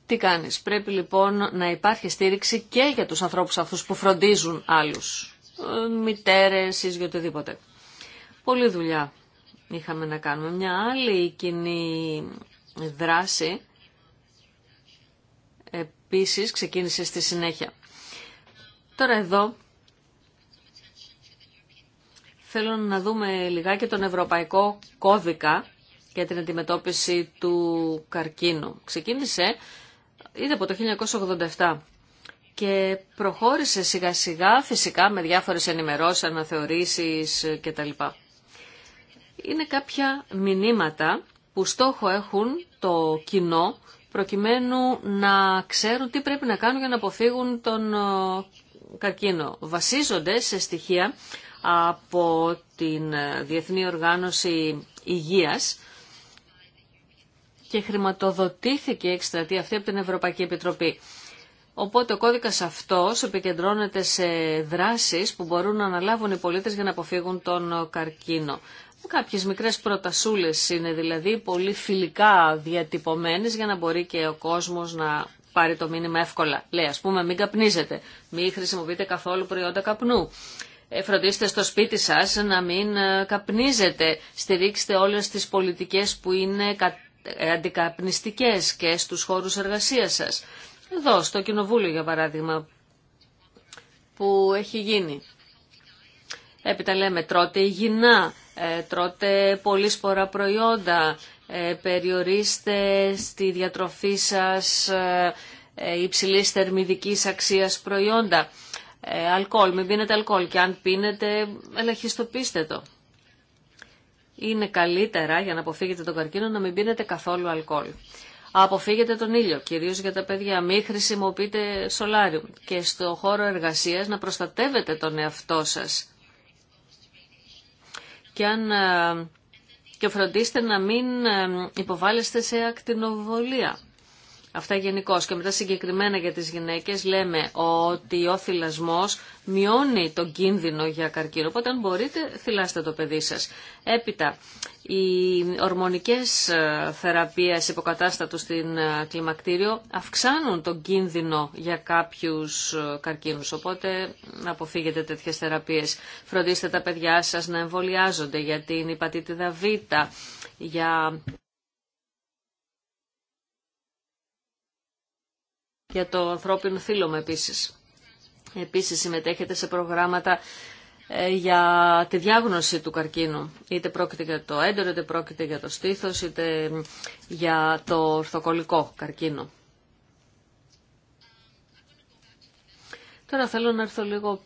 Τι κάνεις. Πρέπει λοιπόν να υπάρχει στήριξη και για τους ανθρώπους αυτούς που φροντίζουν άλλους. Ε, μητέρες, για οτιδήποτε. Πολύ δουλειά είχαμε να κάνουμε. Μια άλλη κοινή δράση επίσης ξεκίνησε στη συνέχεια. Τώρα εδώ θέλω να δούμε λιγάκι τον Ευρωπαϊκό Κώδικα για την αντιμετώπιση του καρκίνου. Ξεκίνησε ήδη από το 1987 και προχώρησε σιγά σιγά φυσικά με διάφορες ενημερώσεις, αναθεωρήσεις κτλ. Είναι κάποια μηνύματα που στόχο έχουν το κοινό προκειμένου να ξέρουν τι πρέπει να κάνουν για να αποφύγουν τον ε, καρκίνο. Βασίζονται σε στοιχεία από την ε, Διεθνή Οργάνωση Υγείας και χρηματοδοτήθηκε η εκστρατεία αυτή από την Ευρωπαϊκή Επιτροπή. Οπότε ο κώδικας αυτός επικεντρώνεται σε δράσεις που μπορούν να αναλάβουν οι πολίτες για να αποφύγουν τον καρκίνο. Κάποιες μικρές προτασούλες είναι δηλαδή πολύ φιλικά διατυπωμένες για να μπορεί και ο κόσμος να πάρει το μήνυμα εύκολα. Λέει ας πούμε μην καπνίζετε, μην χρησιμοποιείτε καθόλου προϊόντα καπνού. Ε, φροντίστε στο σπίτι σας να μην ε, καπνίζετε. Στηρίξτε όλες τις πολιτικές που είναι ε, αντικαπνιστικές και στους χώρους εργασίας σας. Εδώ, στο Κοινοβούλιο για παράδειγμα, που έχει γίνει. Έπειτα λέμε τρώτε υγιεινά, ε, τρώτε πολύ σπορά προϊόντα, ε, περιορίστε στη διατροφή σας ε, υψηλής θερμιδικής αξίας προϊόντα, αλκοόλ, μην πίνετε αλκοόλ και αν πίνετε ελαχιστοποιήστε το. Είναι καλύτερα για να αποφύγετε τον καρκίνο να μην πίνετε καθόλου αλκοόλ. Αποφύγετε τον ήλιο, κυρίως για τα παιδιά. Μην χρησιμοποιείτε σολάριο και στο χώρο εργασίας να προστατεύετε τον εαυτό σας και αν ε, και φροντίστε να μην ε, υποβάλλεστε σε ακτινοβολία. Αυτά γενικώ. Και μετά συγκεκριμένα για τις γυναίκες λέμε ότι ο θυλασμός μειώνει τον κίνδυνο για καρκίνο. Οπότε αν μπορείτε θυλάστε το παιδί σας. Έπειτα, οι ορμονικέ ε, θεραπείες υποκατάστατου στην ε, κλιμακτήριο αυξάνουν τον κίνδυνο για κάποιους ε, καρκίνους. Οπότε αποφύγετε τέτοιε θεραπείε. Φροντίστε τα παιδιά σα να εμβολιάζονται για την υπατήτηδα Β, για το ανθρώπινο θύλωμα επίσης. Επίσης συμμετέχετε σε προγράμματα ε, για τη διάγνωση του καρκίνου. Είτε πρόκειται για το έντονο, είτε πρόκειται για το στήθος, είτε για το ορθοκολικό καρκίνο. Τώρα θέλω να έρθω λίγο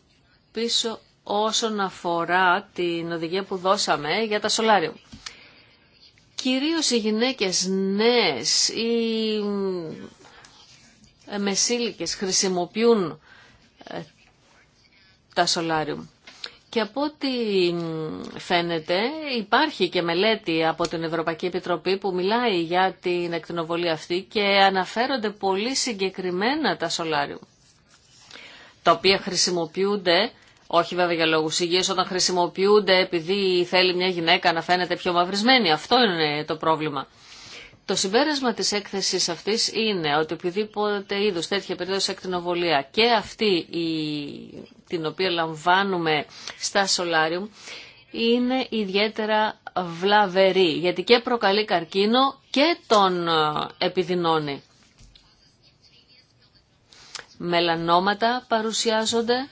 πίσω όσον αφορά την οδηγία που δώσαμε για τα σολάριου. Κυρίως οι γυναίκες νέες ή μεσήλικες χρησιμοποιούν ε, τα σολάριου. Και από ό,τι φαίνεται υπάρχει και μελέτη από την Ευρωπαϊκή Επιτροπή που μιλάει για την εκτινοβολία αυτή και αναφέρονται πολύ συγκεκριμένα τα σολάριου, τα οποία χρησιμοποιούνται όχι βέβαια για λόγου υγείας, όταν χρησιμοποιούνται επειδή θέλει μια γυναίκα να φαίνεται πιο μαυρισμένη. Αυτό είναι το πρόβλημα. Το συμπέρασμα της έκθεσης αυτής είναι ότι οποιοδήποτε είδους τέτοια περίοδος εκτινοβολία και αυτή η, την οποία λαμβάνουμε στα σολάριου είναι ιδιαίτερα βλαβερή γιατί και προκαλεί καρκίνο και τον ε, επιδεινώνει. Μελανόματα παρουσιάζονται.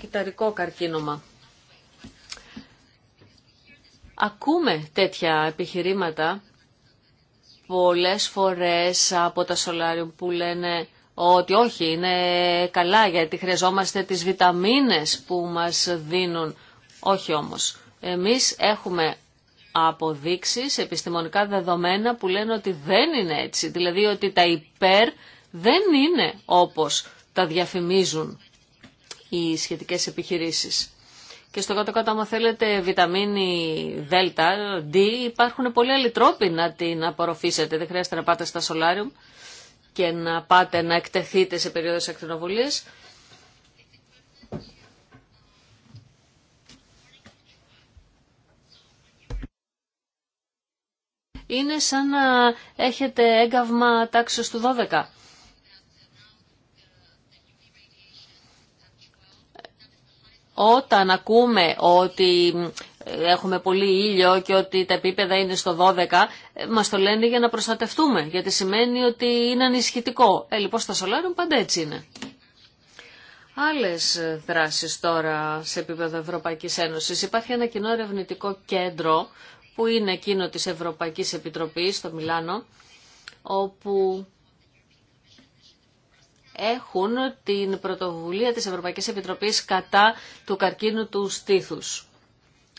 Κυταρικό καρκίνωμα. Ακούμε τέτοια επιχειρήματα πολλές φορές από τα σολάριου που λένε ότι όχι, είναι καλά γιατί χρειαζόμαστε τις βιταμίνες που μας δίνουν. Όχι όμως. Εμείς έχουμε αποδείξεις, επιστημονικά δεδομένα που λένε ότι δεν είναι έτσι. Δηλαδή ότι τα υπέρ δεν είναι όπως τα διαφημίζουν οι σχετικές επιχειρήσεις. Και στο κάτω-κάτω, άμα θέλετε βιταμίνη Δ, D, υπάρχουν πολλοί άλλοι τρόποι να την απορροφήσετε. Δεν χρειάζεται να πάτε στα σολάριουμ και να πάτε να εκτεθείτε σε περίοδες ακτινοβολίας. Είναι σαν να έχετε έγκαυμα τάξης του 12. Όταν ακούμε ότι έχουμε πολύ ήλιο και ότι τα επίπεδα είναι στο 12, ε, μας το λένε για να προστατευτούμε, γιατί σημαίνει ότι είναι ανισχυτικό. Ε, λοιπόν, στα σολάρια πάντα έτσι είναι. Άλλες δράσεις τώρα σε επίπεδο Ευρωπαϊκής Ένωσης. Υπάρχει ένα κοινό ερευνητικό κέντρο που είναι εκείνο της Ευρωπαϊκής Επιτροπής στο Μιλάνο, όπου έχουν την πρωτοβουλία της Ευρωπαϊκής Επιτροπής κατά του καρκίνου του στήθους.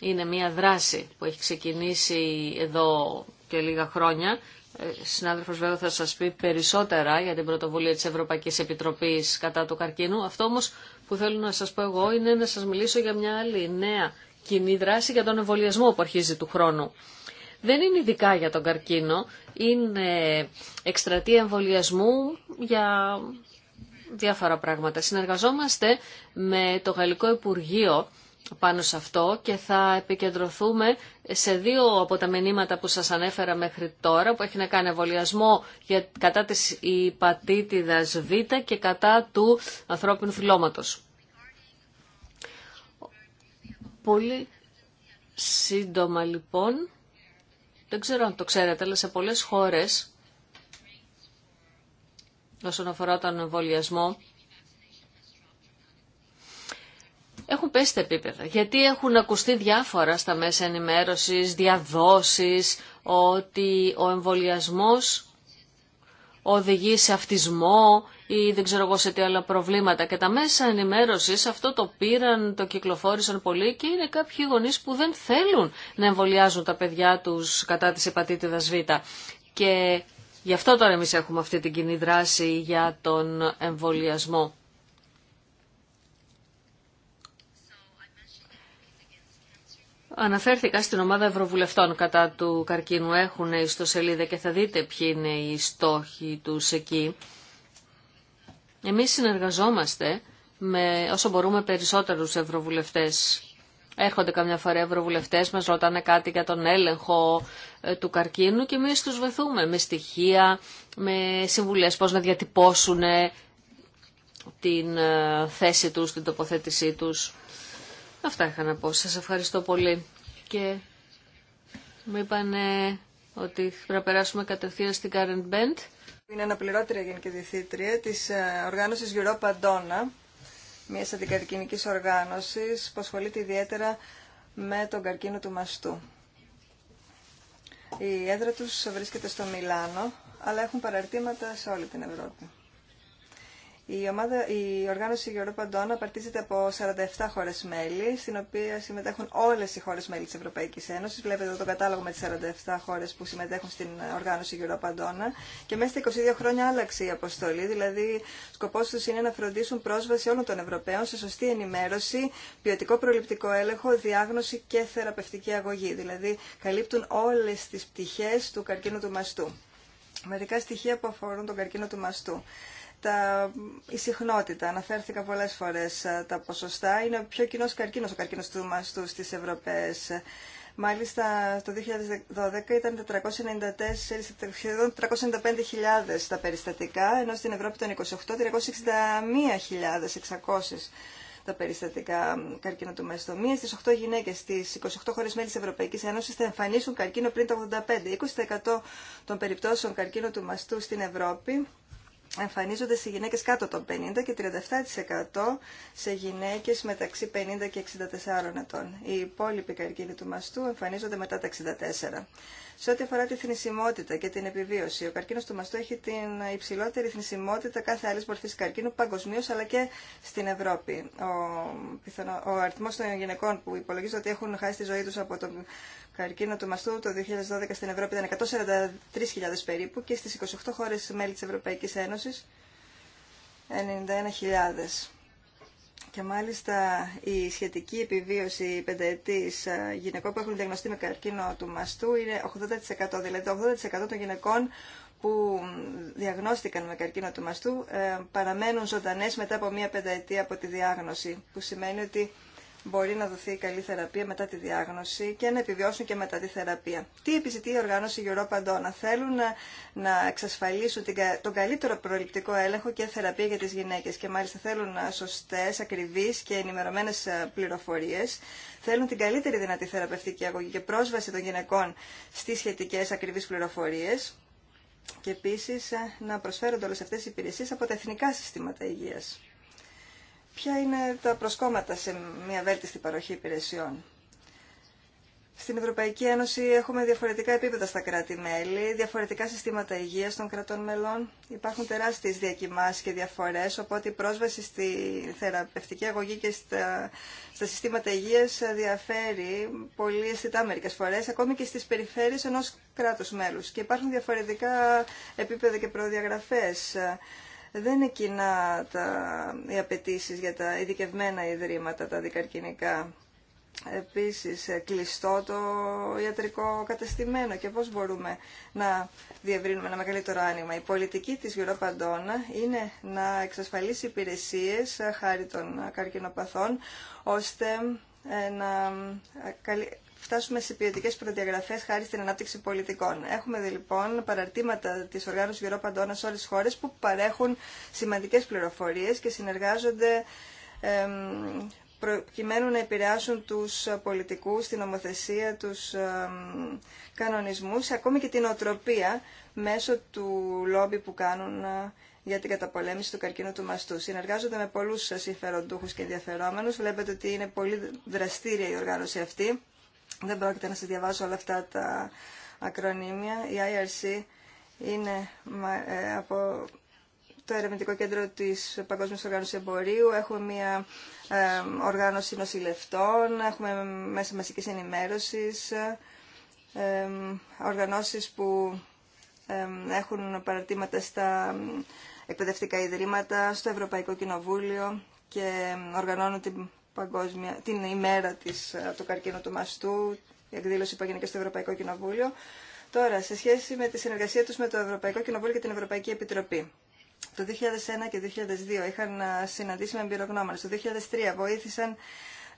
Είναι μια δράση που έχει ξεκινήσει εδώ και λίγα χρόνια. Ε, συνάδελφος βέβαια θα σας πει περισσότερα για την πρωτοβουλία της Ευρωπαϊκής Επιτροπής κατά του καρκίνου. Αυτό όμως που θέλω να σας πω εγώ είναι να σας μιλήσω για μια άλλη νέα κοινή δράση για τον εμβολιασμό που αρχίζει του χρόνου. Δεν είναι ειδικά για τον καρκίνο, είναι εκστρατεία εμβολιασμού για διάφορα πράγματα. Συνεργαζόμαστε με το Γαλλικό Υπουργείο πάνω σε αυτό και θα επικεντρωθούμε σε δύο από τα μηνύματα που σας ανέφερα μέχρι τώρα που έχει να κάνει εμβολιασμό για, κατά της υπατήτηδας Β και κατά του ανθρώπινου θυλώματος. Πολύ σύντομα λοιπόν, δεν ξέρω αν το ξέρετε, αλλά σε πολλές χώρες όσον αφορά τον εμβολιασμό έχουν πέσει τα επίπεδα. Γιατί έχουν ακουστεί διάφορα στα μέσα ενημέρωσης, διαδόσεις, ότι ο εμβολιασμός οδηγεί σε αυτισμό ή δεν ξέρω εγώ σε τι άλλα προβλήματα. Και τα μέσα ενημέρωσης αυτό το πήραν, το κυκλοφόρησαν πολύ και είναι κάποιοι γονείς που δεν θέλουν να εμβολιάζουν τα παιδιά τους κατά της επατήτηδας Β. Και Γι' αυτό τώρα εμείς έχουμε αυτή την κοινή δράση για τον εμβολιασμό. Αναφέρθηκα στην ομάδα Ευρωβουλευτών κατά του καρκίνου. Έχουν ιστοσελίδα και θα δείτε ποιοι είναι οι στόχοι τους εκεί. Εμείς συνεργαζόμαστε με όσο μπορούμε περισσότερους ευρωβουλευτές Έρχονται καμιά φορά ευρωβουλευτέ μα, ρωτάνε κάτι για τον έλεγχο ε, του καρκίνου και εμεί του βοηθούμε με στοιχεία, με συμβουλέ πώ να διατυπώσουν ε, την ε, θέση τους, την τοποθέτησή τους. Αυτά είχα να πω. Σας ευχαριστώ πολύ. Και μου είπαν ότι πρέπει να περάσουμε κατευθείαν στην Current Μπεντ. Είναι αναπληρώτρια γενική διευθύντρια της οργάνωση Europa Donna μια αντικαρκυνικής οργάνωση που ασχολείται ιδιαίτερα με τον καρκίνο του μαστού. Η έδρα τους βρίσκεται στο Μιλάνο, αλλά έχουν παραρτήματα σε όλη την Ευρώπη. Η, ομάδα, η οργάνωση Europa παρτίζεται απαρτίζεται από 47 χώρε μέλη, στην οποία συμμετέχουν όλε οι χώρε μέλη τη Ευρωπαϊκή Ένωση. Βλέπετε εδώ τον κατάλογο με τι 47 χώρε που συμμετέχουν στην οργάνωση Europa Και μέσα στα 22 χρόνια άλλαξε η αποστολή, δηλαδή σκοπό του είναι να φροντίσουν πρόσβαση όλων των Ευρωπαίων σε σωστή ενημέρωση, ποιοτικό προληπτικό έλεγχο, διάγνωση και θεραπευτική αγωγή. Δηλαδή καλύπτουν όλε τι πτυχέ του καρκίνου του μαστού. Μερικά στοιχεία που αφορούν τον καρκίνο του μαστού τα, η συχνότητα. Αναφέρθηκα πολλέ φορές τα ποσοστά. Είναι ο πιο κοινό καρκίνο ο καρκίνο του μαστού στις Ευρωπαίε. Μάλιστα το 2012 ήταν 494.000 395.000 τα περιστατικά, ενώ στην Ευρώπη των 28, 361.600 τα περιστατικά καρκίνο του μαστού. Μία στις 8 γυναίκες στι 28 χώρες μέλη τη Ευρωπαϊκής Ένωση θα εμφανίσουν καρκίνο πριν το 85. 20% των περιπτώσεων καρκίνου του μαστού στην Ευρώπη εμφανίζονται σε γυναίκες κάτω των 50 και 37% σε γυναίκες μεταξύ 50 και 64 ετών. Οι υπόλοιποι καρκίνοι του μαστού εμφανίζονται μετά τα 64. Σε ό,τι αφορά τη θνησιμότητα και την επιβίωση, ο καρκίνο του μαστού έχει την υψηλότερη θνησιμότητα κάθε άλλη μορφή καρκίνου παγκοσμίω αλλά και στην Ευρώπη. Ο, ο αριθμό των γυναικών που υπολογίζονται ότι έχουν χάσει τη ζωή του από τον καρκίνο του μαστού το 2012 στην Ευρώπη ήταν 143.000 περίπου και στι 28 χώρε μέλη τη Ευρωπαϊκή Ένωση 91.000. Και μάλιστα η σχετική επιβίωση πενταετής ε, γυναικών που έχουν διαγνωστεί με καρκίνο του μαστού είναι 80%. Δηλαδή το 80% των γυναικών που διαγνώστηκαν με καρκίνο του μαστού ε, παραμένουν ζωντανές μετά από μία πενταετία από τη διάγνωση, που σημαίνει ότι μπορεί να δοθεί καλή θεραπεία μετά τη διάγνωση και να επιβιώσουν και μετά τη θεραπεία. Τι επιζητεί η οργάνωση Europa Donna. Θέλουν να, εξασφαλίσουν την, τον καλύτερο προληπτικό έλεγχο και θεραπεία για τις γυναίκες και μάλιστα θέλουν ε, σωστές, ακριβείς και ενημερωμένες ε, πληροφορίες. Θέλουν την καλύτερη δυνατή θεραπευτική αγωγή και πρόσβαση των γυναικών στις σχετικές ακριβείς πληροφορίες και επίσης ε, να προσφέρονται όλες αυτές οι υπηρεσίες από τα εθνικά συστήματα υγείας ποια είναι τα προσκόμματα σε μια βέλτιστη παροχή υπηρεσιών. Στην Ευρωπαϊκή Ένωση έχουμε διαφορετικά επίπεδα στα κράτη-μέλη, διαφορετικά συστήματα υγείας των κρατών μελών. Υπάρχουν τεράστιες διακοιμάσεις και διαφορές, οπότε η πρόσβαση στη θεραπευτική αγωγή και στα, στα συστήματα υγείας διαφέρει πολύ αισθητά μερικές φορές, ακόμη και στις περιφέρειες ενός κράτους μέλους. Και υπάρχουν διαφορετικά επίπεδα και προδιαγραφές δεν είναι κοινά τα, οι απαιτήσει για τα ειδικευμένα ιδρύματα, τα δικαρκυνικά. Επίσης, ε, κλειστό το ιατρικό κατεστημένο και πώς μπορούμε να διευρύνουμε ένα μεγαλύτερο άνοιγμα. Η πολιτική της Παντώνα είναι να εξασφαλίσει υπηρεσίες ε, χάρη των καρκινοπαθών, ώστε ε, να φτάσουμε σε ποιοτικέ προδιαγραφέ χάρη στην ανάπτυξη πολιτικών. Έχουμε λοιπόν παραρτήματα τη οργάνωση Γερό Παντώνα σε όλε τι χώρε που παρέχουν σημαντικέ πληροφορίε και συνεργάζονται προκειμένου να επηρεάσουν του πολιτικού την ομοθεσία, τους κανονισμού, ακόμη και την οτροπία μέσω του λόμπι που κάνουν ε, για την καταπολέμηση του καρκίνου του μαστού. Συνεργάζονται με πολλούς συμφεροντούχους και ενδιαφερόμενους. Βλέπετε ότι είναι πολύ δραστήρια η οργάνωση αυτή δεν πρόκειται να σας διαβάσω όλα αυτά τα ακρονίμια. Η IRC είναι ε, από το Ερευνητικό Κέντρο της Παγκόσμιας Οργάνωσης Εμπορίου. Έχουμε μια ε, οργάνωση νοσηλευτών, έχουμε μέσα μαζικής ενημέρωσης, ε, οργανώσεις που έχουν παρατήματα στα εκπαιδευτικά ιδρύματα, στο Ευρωπαϊκό Κοινοβούλιο και οργανώνουν την παγκόσμια, την ημέρα της, ε, του καρκίνου του μαστού, η εκδήλωση που έγινε και στο Ευρωπαϊκό Κοινοβούλιο. Τώρα, σε σχέση με τη συνεργασία τους με το Ευρωπαϊκό Κοινοβούλιο και την Ευρωπαϊκή Επιτροπή. Το 2001 και 2002 είχαν ε, συναντήσει με εμπειρογνώμονες. Το 2003 βοήθησαν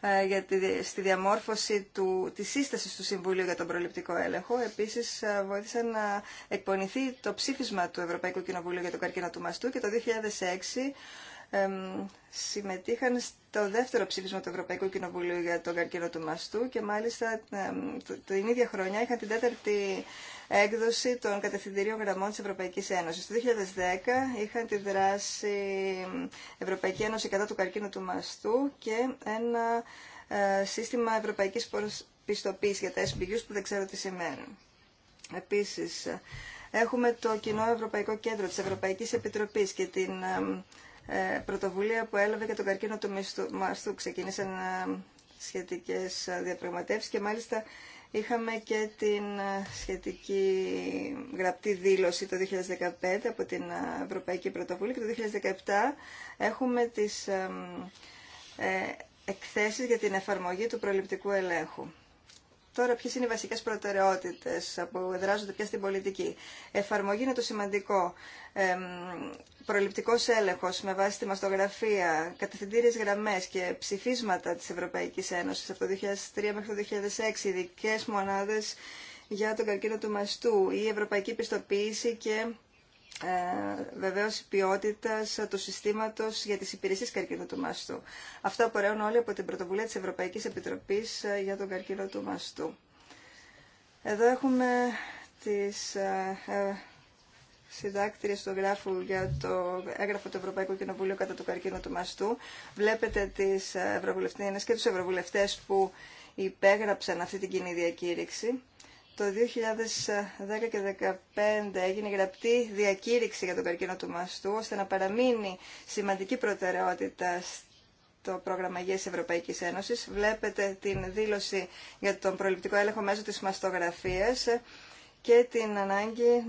ε, για τη, στη διαμόρφωση του, της σύστασης του Συμβουλίου για τον προληπτικό έλεγχο. Επίσης βοήθησαν να εκπονηθεί το ψήφισμα του Ευρωπαϊκού Κοινοβουλίου για τον καρκίνο του μαστού και το 2006 συμμετείχαν στο δεύτερο ψήφισμα του Ευρωπαϊκού Κοινοβουλίου για τον καρκίνο του μαστού και μάλιστα την ίδια χρονιά είχαν την τέταρτη έκδοση των κατευθυντηρίων γραμμών της Ευρωπαϊκής Ένωσης. Το 2010 είχαν τη δράση Ευρωπαϊκή Ένωση κατά του καρκίνου του μαστού και ένα ε, σύστημα ευρωπαϊκής πιστοποίησης για τα SBUs που δεν ξέρω τι σημαίνουν. Επίσης, έχουμε το Κοινό Ευρωπαϊκό Κέντρο της Ευρωπαϊκής Επιτροπής και την ε, πρωτοβουλία που έλαβε για τον καρκίνο του μαστού. Ξεκίνησαν ε, σχετικές ε, διαπραγματεύσεις και μάλιστα είχαμε και την σχετική γραπτή δήλωση το 2015 από την Ευρωπαϊκή Πρωτοβουλία και το 2017 έχουμε τις εκθέσεις για την εφαρμογή του προληπτικού ελέγχου. Τώρα, ποιε είναι οι βασικέ προτεραιότητε που εδράζονται πια στην πολιτική. Εφαρμογή είναι το σημαντικό. Ε, Προληπτικό έλεγχο με βάση τη μαστογραφία, κατευθυντήριε γραμμέ και ψηφίσματα τη Ευρωπαϊκή Ένωση από το 2003 μέχρι το 2006, ειδικέ μονάδε για τον καρκίνο του μαστού, η ευρωπαϊκή πιστοποίηση και ε, βεβαίως ποιότητα του συστήματο για τι υπηρεσίε καρκίνου του μαστού. Αυτά απορρέουν όλοι από την πρωτοβουλία τη Ευρωπαϊκή Επιτροπή ε, για τον καρκίνο του μαστού. Εδώ έχουμε τι ε, ε του γράφου για το έγγραφο του Ευρωπαϊκού Κοινοβουλίου κατά του καρκίνο του μαστού. Βλέπετε τι ευρωβουλευτέ και του ευρωβουλευτέ που υπέγραψαν αυτή την κοινή διακήρυξη. Το 2010 και 2015 έγινε γραπτή διακήρυξη για τον καρκίνο του μαστού, ώστε να παραμείνει σημαντική προτεραιότητα το πρόγραμμα Υγεία Ευρωπαϊκή Ένωση. Βλέπετε την δήλωση για τον προληπτικό έλεγχο μέσω τη μαστογραφία και την ανάγκη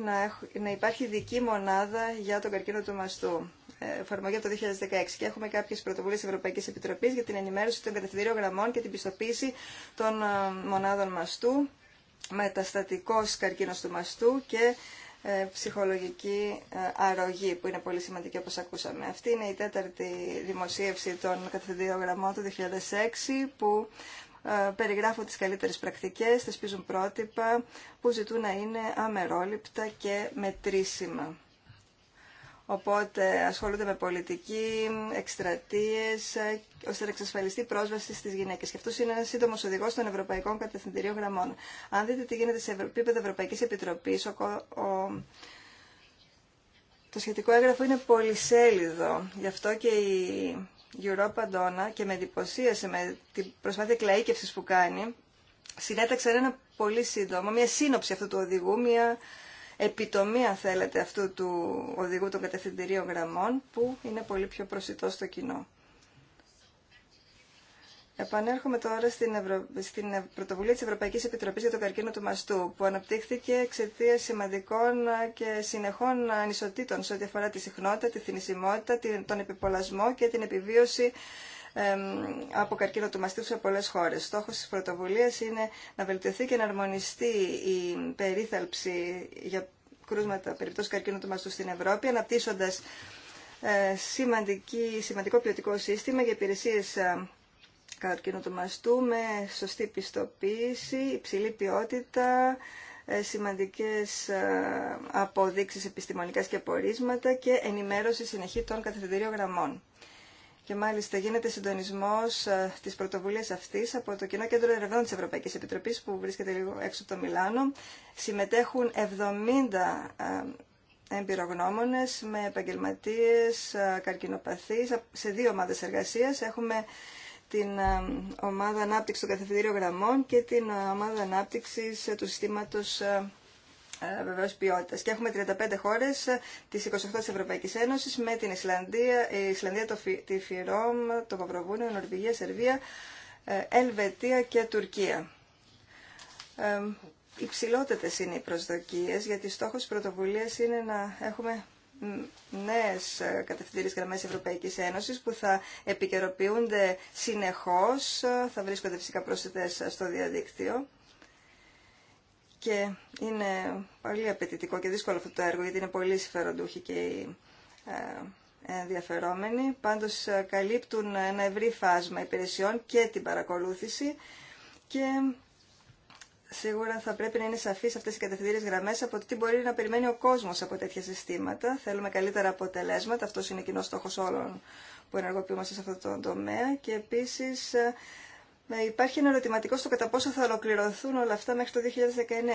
να, υπάρχει δική μονάδα για τον καρκίνο του μαστού. Ε, εφαρμογή από το 2016 και έχουμε κάποιε πρωτοβουλίε Ευρωπαϊκή Επιτροπή για την ενημέρωση των κατευθυντήριων γραμμών και την πιστοποίηση των ε, μονάδων μαστού μεταστατικός καρκίνος του μαστού και ε, ψυχολογική ε, αρρωγή που είναι πολύ σημαντική όπως ακούσαμε. Αυτή είναι η τέταρτη δημοσίευση των καθεδιογραμμών του 2006 που ε, περιγράφουν τις καλύτερες πρακτικές, θεσπίζουν πρότυπα που ζητούν να είναι αμερόληπτα και μετρήσιμα. Οπότε ασχολούνται με πολιτική, εκστρατείε, ώστε να εξασφαλιστεί πρόσβαση στι γυναίκε. Και αυτό είναι ένα σύντομο οδηγό των Ευρωπαϊκών Κατευθυντηρίων Γραμμών. Αν δείτε τι γίνεται σε επίπεδο Ευρωπαϊκή Επιτροπή, ο... το σχετικό έγγραφο είναι πολυσέλιδο. Γι' αυτό και η Europa Donna και με εντυπωσίασε με την προσπάθεια κλαίκευση που κάνει, συνέταξε ένα πολύ σύντομο, μια σύνοψη αυτού του οδηγού, μια επιτομή, αν θέλετε, αυτού του οδηγού των κατευθυντηρίων γραμμών, που είναι πολύ πιο προσιτό στο κοινό. Επανέρχομαι τώρα στην, στην πρωτοβουλία της Ευρωπαϊκής Επιτροπής για το καρκίνο του μαστού, που αναπτύχθηκε εξαιτία σημαντικών και συνεχών ανισοτήτων σε ό,τι αφορά τη συχνότητα, τη θνησιμότητα, τον επιπολασμό και την επιβίωση από καρκίνο του μαστίου σε πολλές χώρες. Στόχος της πρωτοβουλίας είναι να βελτιωθεί και να αρμονιστεί η περίθαλψη για κρούσματα περιπτώσει καρκίνου του μαστού στην Ευρώπη, αναπτύσσοντας ε, σημαντική, σημαντικό ποιοτικό σύστημα για υπηρεσίες ε, καρκίνου του μαστού με σωστή πιστοποίηση, υψηλή ποιότητα, ε, σημαντικές αποδείξεις επιστημονικά και απορίσματα και ενημέρωση συνεχή των καθεδρίο γραμμών. Και μάλιστα γίνεται συντονισμό ε, τη πρωτοβουλία αυτή από το Κοινό Κέντρο Ερευνών τη Ευρωπαϊκή Επιτροπή που βρίσκεται λίγο έξω από το Μιλάνο. Συμμετέχουν 70 ε, εμπειρογνώμονε με επαγγελματίε καρκινοπαθεί σε δύο ομάδε εργασία. Έχουμε την ε, ομάδα ανάπτυξη των καθεφιδίων γραμμών και την ομάδα ανάπτυξη του συστήματο ε, βεβαίω ποιότητα. Και έχουμε 35 χώρε ε, της 28 ης Ευρωπαϊκή Ένωση με την Ισλανδία, ε, η Ισλανδία το Φι, τη Φιρόμ, το Παυροβούνιο, Νορβηγία, Σερβία, Ελβετία και Τουρκία. Ε, Υψηλότερε είναι οι προσδοκίε γιατί στόχο τη πρωτοβουλία είναι να έχουμε νέε κατευθυντήριε γραμμέ Ευρωπαϊκή Ένωση που θα επικαιροποιούνται συνεχώ, θα βρίσκονται φυσικά πρόσθετε στο διαδίκτυο και είναι πολύ απαιτητικό και δύσκολο αυτό το έργο, γιατί είναι πολύ συμφεροντούχοι και οι ε, ενδιαφερόμενοι. Πάντως ε, καλύπτουν ένα ευρύ φάσμα υπηρεσιών και την παρακολούθηση και σίγουρα θα πρέπει να είναι σαφείς αυτές οι κατευθυντήριες γραμμές από τι μπορεί να περιμένει ο κόσμος από τέτοια συστήματα. Θέλουμε καλύτερα αποτελέσματα, αυτός είναι κοινό στόχος όλων που ενεργοποιούμαστε σε αυτό το τομέα και επίσης ε, υπάρχει ένα ερωτηματικό στο κατά πόσο θα ολοκληρωθούν όλα αυτά μέχρι το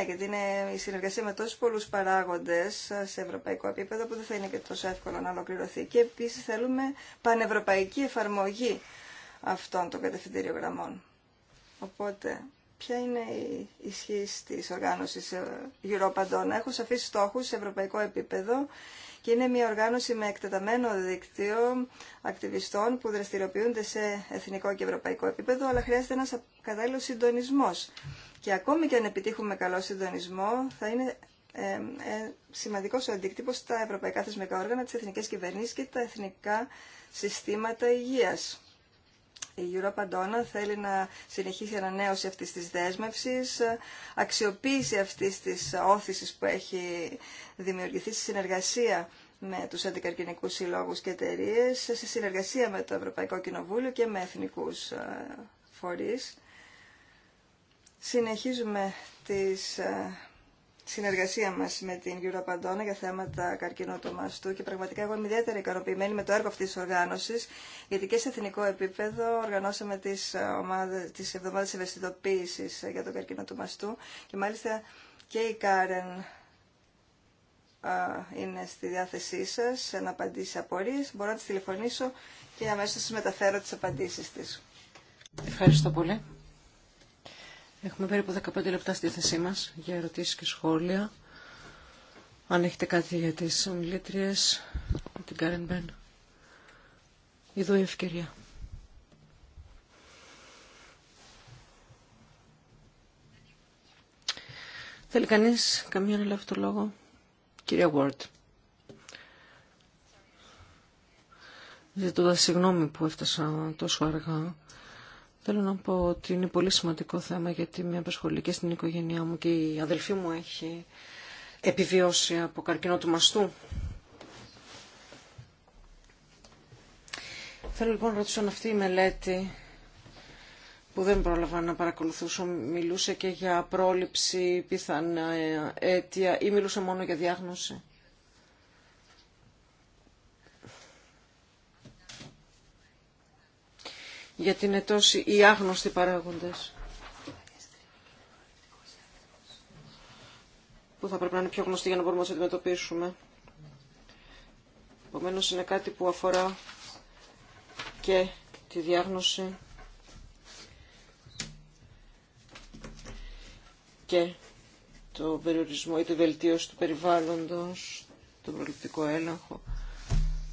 2019, γιατί είναι η συνεργασία με τόσους πολλούς παράγοντες σε ευρωπαϊκό επίπεδο που δεν θα είναι και τόσο εύκολο να ολοκληρωθεί. Και επίσης θέλουμε πανευρωπαϊκή εφαρμογή αυτών των κατευθυντήριων γραμμών. Οπότε, ποια είναι η ισχύ της οργάνωσης ε, Europandona. Έχω σαφείς στόχους σε ευρωπαϊκό επίπεδο και είναι μια οργάνωση με εκτεταμένο δίκτυο ακτιβιστών που δραστηριοποιούνται σε εθνικό και ευρωπαϊκό επίπεδο, αλλά χρειάζεται ένας κατάλληλος συντονισμός. Και ακόμη και αν επιτύχουμε καλό συντονισμό, θα είναι ε, ε, σημαντικός ο αντίκτυπος στα ευρωπαϊκά θεσμικά όργανα, τις εθνικές κυβερνήσεις και τα εθνικά συστήματα υγείας. Η Europa Donna θέλει να συνεχίσει ανανέωση αυτή της δέσμευση, αξιοποίηση αυτή της όθηση που έχει δημιουργηθεί στη συνεργασία με τους αντικαρκυνικούς συλλόγους και εταιρείε, σε συνεργασία με το Ευρωπαϊκό Κοινοβούλιο και με εθνικούς ε, φορείς. Συνεχίζουμε τις ε, συνεργασία μας με την Παντώνα για θέματα καρκίνου του μαστού και πραγματικά εγώ είμαι ιδιαίτερα ικανοποιημένη με το έργο αυτής της οργάνωσης γιατί και σε εθνικό επίπεδο οργανώσαμε τις, ε, ομάδες, τις εβδομάδες ευαισθητοποίησης ε, για τον καρκίνο του μαστού και μάλιστα και η Κάρεν ε, είναι στη διάθεσή σας να απαντήσει απορίε. Μπορώ να τη τηλεφωνήσω και αμέσως σας μεταφέρω τις απαντήσεις της. Ευχαριστώ πολύ. Έχουμε περίπου 15 λεπτά στη θέση μας για ερωτήσεις και σχόλια. Αν έχετε κάτι για τις ομιλήτριες, την Κάρεν Μπέν. Εδώ η ευκαιρία. Θέλει κανείς καμία να λάβει το λόγο. Κυρία Ward. Ζητώντας συγγνώμη που έφτασα τόσο αργά. Θέλω να πω ότι είναι πολύ σημαντικό θέμα γιατί με απασχολεί και στην οικογένειά μου και η αδελφή μου έχει επιβιώσει από καρκινό του μαστού. Θέλω λοιπόν να ρωτήσω αν αυτή η μελέτη που δεν πρόλαβα να παρακολουθούσω μιλούσε και για πρόληψη, πιθανά αίτια ή μιλούσε μόνο για διάγνωση. γιατί είναι τόσοι οι άγνωστοι παράγοντες. Που θα πρέπει να είναι πιο γνωστοί για να μπορούμε να του αντιμετωπίσουμε. Επομένω είναι κάτι που αφορά και τη διάγνωση και το περιορισμό ή τη βελτίωση του περιβάλλοντος, τον προληπτικό έλεγχο,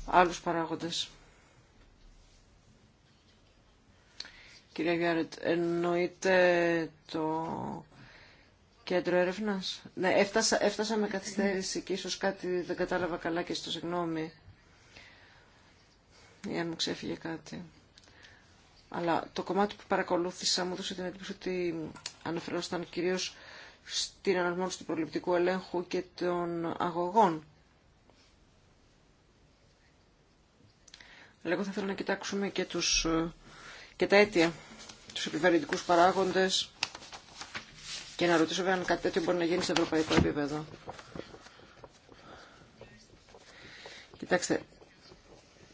άλλους παράγοντες. Κυρία Γιάρετ, εννοείται το κέντρο έρευνας. Ναι, έφτασα, έφτασα με καθυστέρηση και ίσως κάτι δεν κατάλαβα καλά και στο συγγνώμη. Ή αν μου ξέφυγε κάτι. Αλλά το κομμάτι που παρακολούθησα μου έδωσε την εντύπωση ότι αναφερόταν κυρίως στην αναγνώριση του προληπτικού ελέγχου και των αγωγών. Αλλά θα ήθελα να κοιτάξουμε και τους ε, και τα αίτια, του επιβαρυντικού παράγοντε και να ρωτήσω βέβαια αν κάτι τέτοιο μπορεί να γίνει σε ευρωπαϊκό επίπεδο. Κοιτάξτε,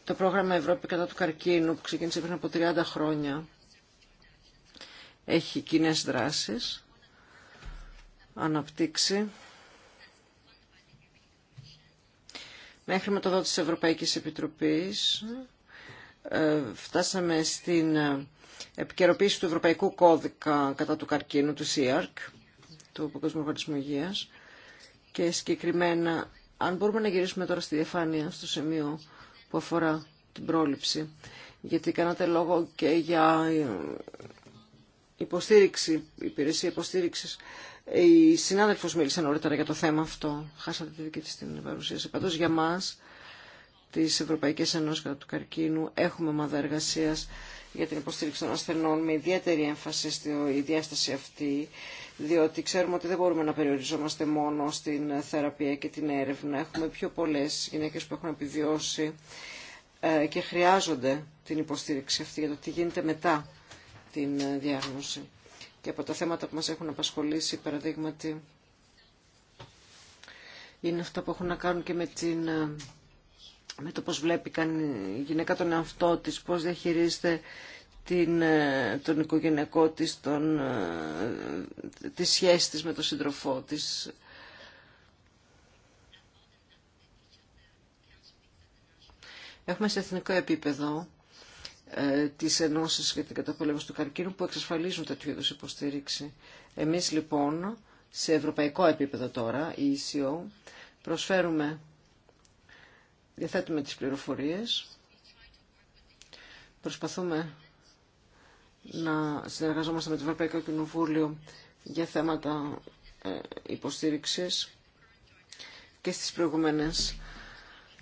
το πρόγραμμα Ευρώπη κατά του καρκίνου που ξεκίνησε πριν από 30 χρόνια έχει κοινέ δράσεις αναπτύξει με δότη της Ευρωπαϊκής Επιτροπής ε, φτάσαμε στην ε, επικαιροποίηση του Ευρωπαϊκού Κώδικα κατά του καρκίνου, του ΣΥΑΡΚ, του Παγκόσμιου Οργανισμού Υγείας, και συγκεκριμένα, αν μπορούμε να γυρίσουμε τώρα στη διαφάνεια, στο σημείο που αφορά την πρόληψη, γιατί κάνατε λόγο και για ε, υποστήριξη, υπηρεσία υποστήριξης. Οι συνάδελφο μίλησαν νωρίτερα για το θέμα αυτό. Χάσατε τη δική τη την παρουσίαση. Πάντω για μα της Ευρωπαϊκής Ενώσης κατά του καρκίνου. Έχουμε ομάδα εργασία για την υποστήριξη των ασθενών με ιδιαίτερη έμφαση στη διάσταση αυτή, διότι ξέρουμε ότι δεν μπορούμε να περιοριζόμαστε μόνο στην θεραπεία και την έρευνα. Έχουμε πιο πολλές γυναίκες που έχουν επιβιώσει ε, και χρειάζονται την υποστήριξη αυτή για το τι γίνεται μετά την ε, διάγνωση. Και από τα θέματα που μας έχουν απασχολήσει, παραδείγματι, είναι αυτά που έχουν να κάνουν και με την ε, με το πώς βλέπει η γυναίκα τον εαυτό της, πώς διαχειρίζεται την, ε, τον οικογενειακό της, τον, ε, τη σχέση της με τον σύντροφό της. Έχουμε σε εθνικό επίπεδο ε, τις ενώσεις για την καταπολέμηση του καρκίνου που εξασφαλίζουν τέτοιου είδους υποστήριξη. Εμείς λοιπόν σε ευρωπαϊκό επίπεδο τώρα, η ECO, προσφέρουμε διαθέτουμε τις πληροφορίες, προσπαθούμε να συνεργαζόμαστε με το Ευρωπαϊκό Κοινοβούλιο για θέματα ε, υποστήριξης και στις προηγούμενες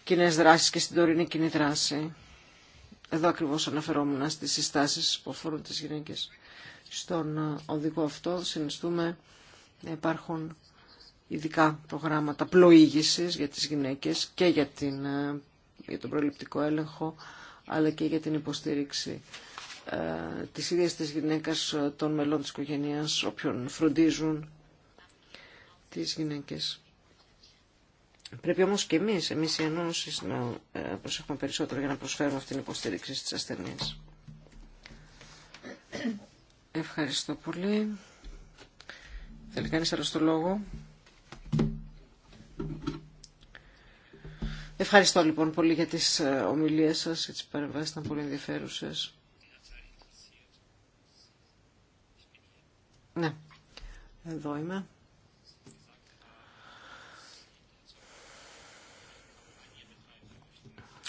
κοινέ δράσεις και στην τωρινή κοινή δράση. Εδώ ακριβώς αναφερόμουν στις συστάσεις που αφορούν τις γυναίκες. Στον ε, οδηγό αυτό συνιστούμε να υπάρχουν ειδικά προγράμματα πλοήγησης για τις γυναίκες και για, την, ε, για τον προληπτικό έλεγχο, αλλά και για την υποστήριξη ε, της ίδιας της γυναίκας ε, των μελών της οικογένειας, όποιον φροντίζουν τις γυναίκες. Πρέπει όμως και εμείς, εμείς οι ενώσεις, να προσέχουμε περισσότερο για να προσφέρουμε αυτήν την υποστήριξη στις ασθενείς. Ευχαριστώ πολύ. Θέλει κανείς άλλο το λόγο. Ευχαριστώ λοιπόν πολύ για τις ε, ομιλίες σας, για τις παρεμβάσεις ήταν πολύ ενδιαφέρουσες. Ναι, εδώ είμαι.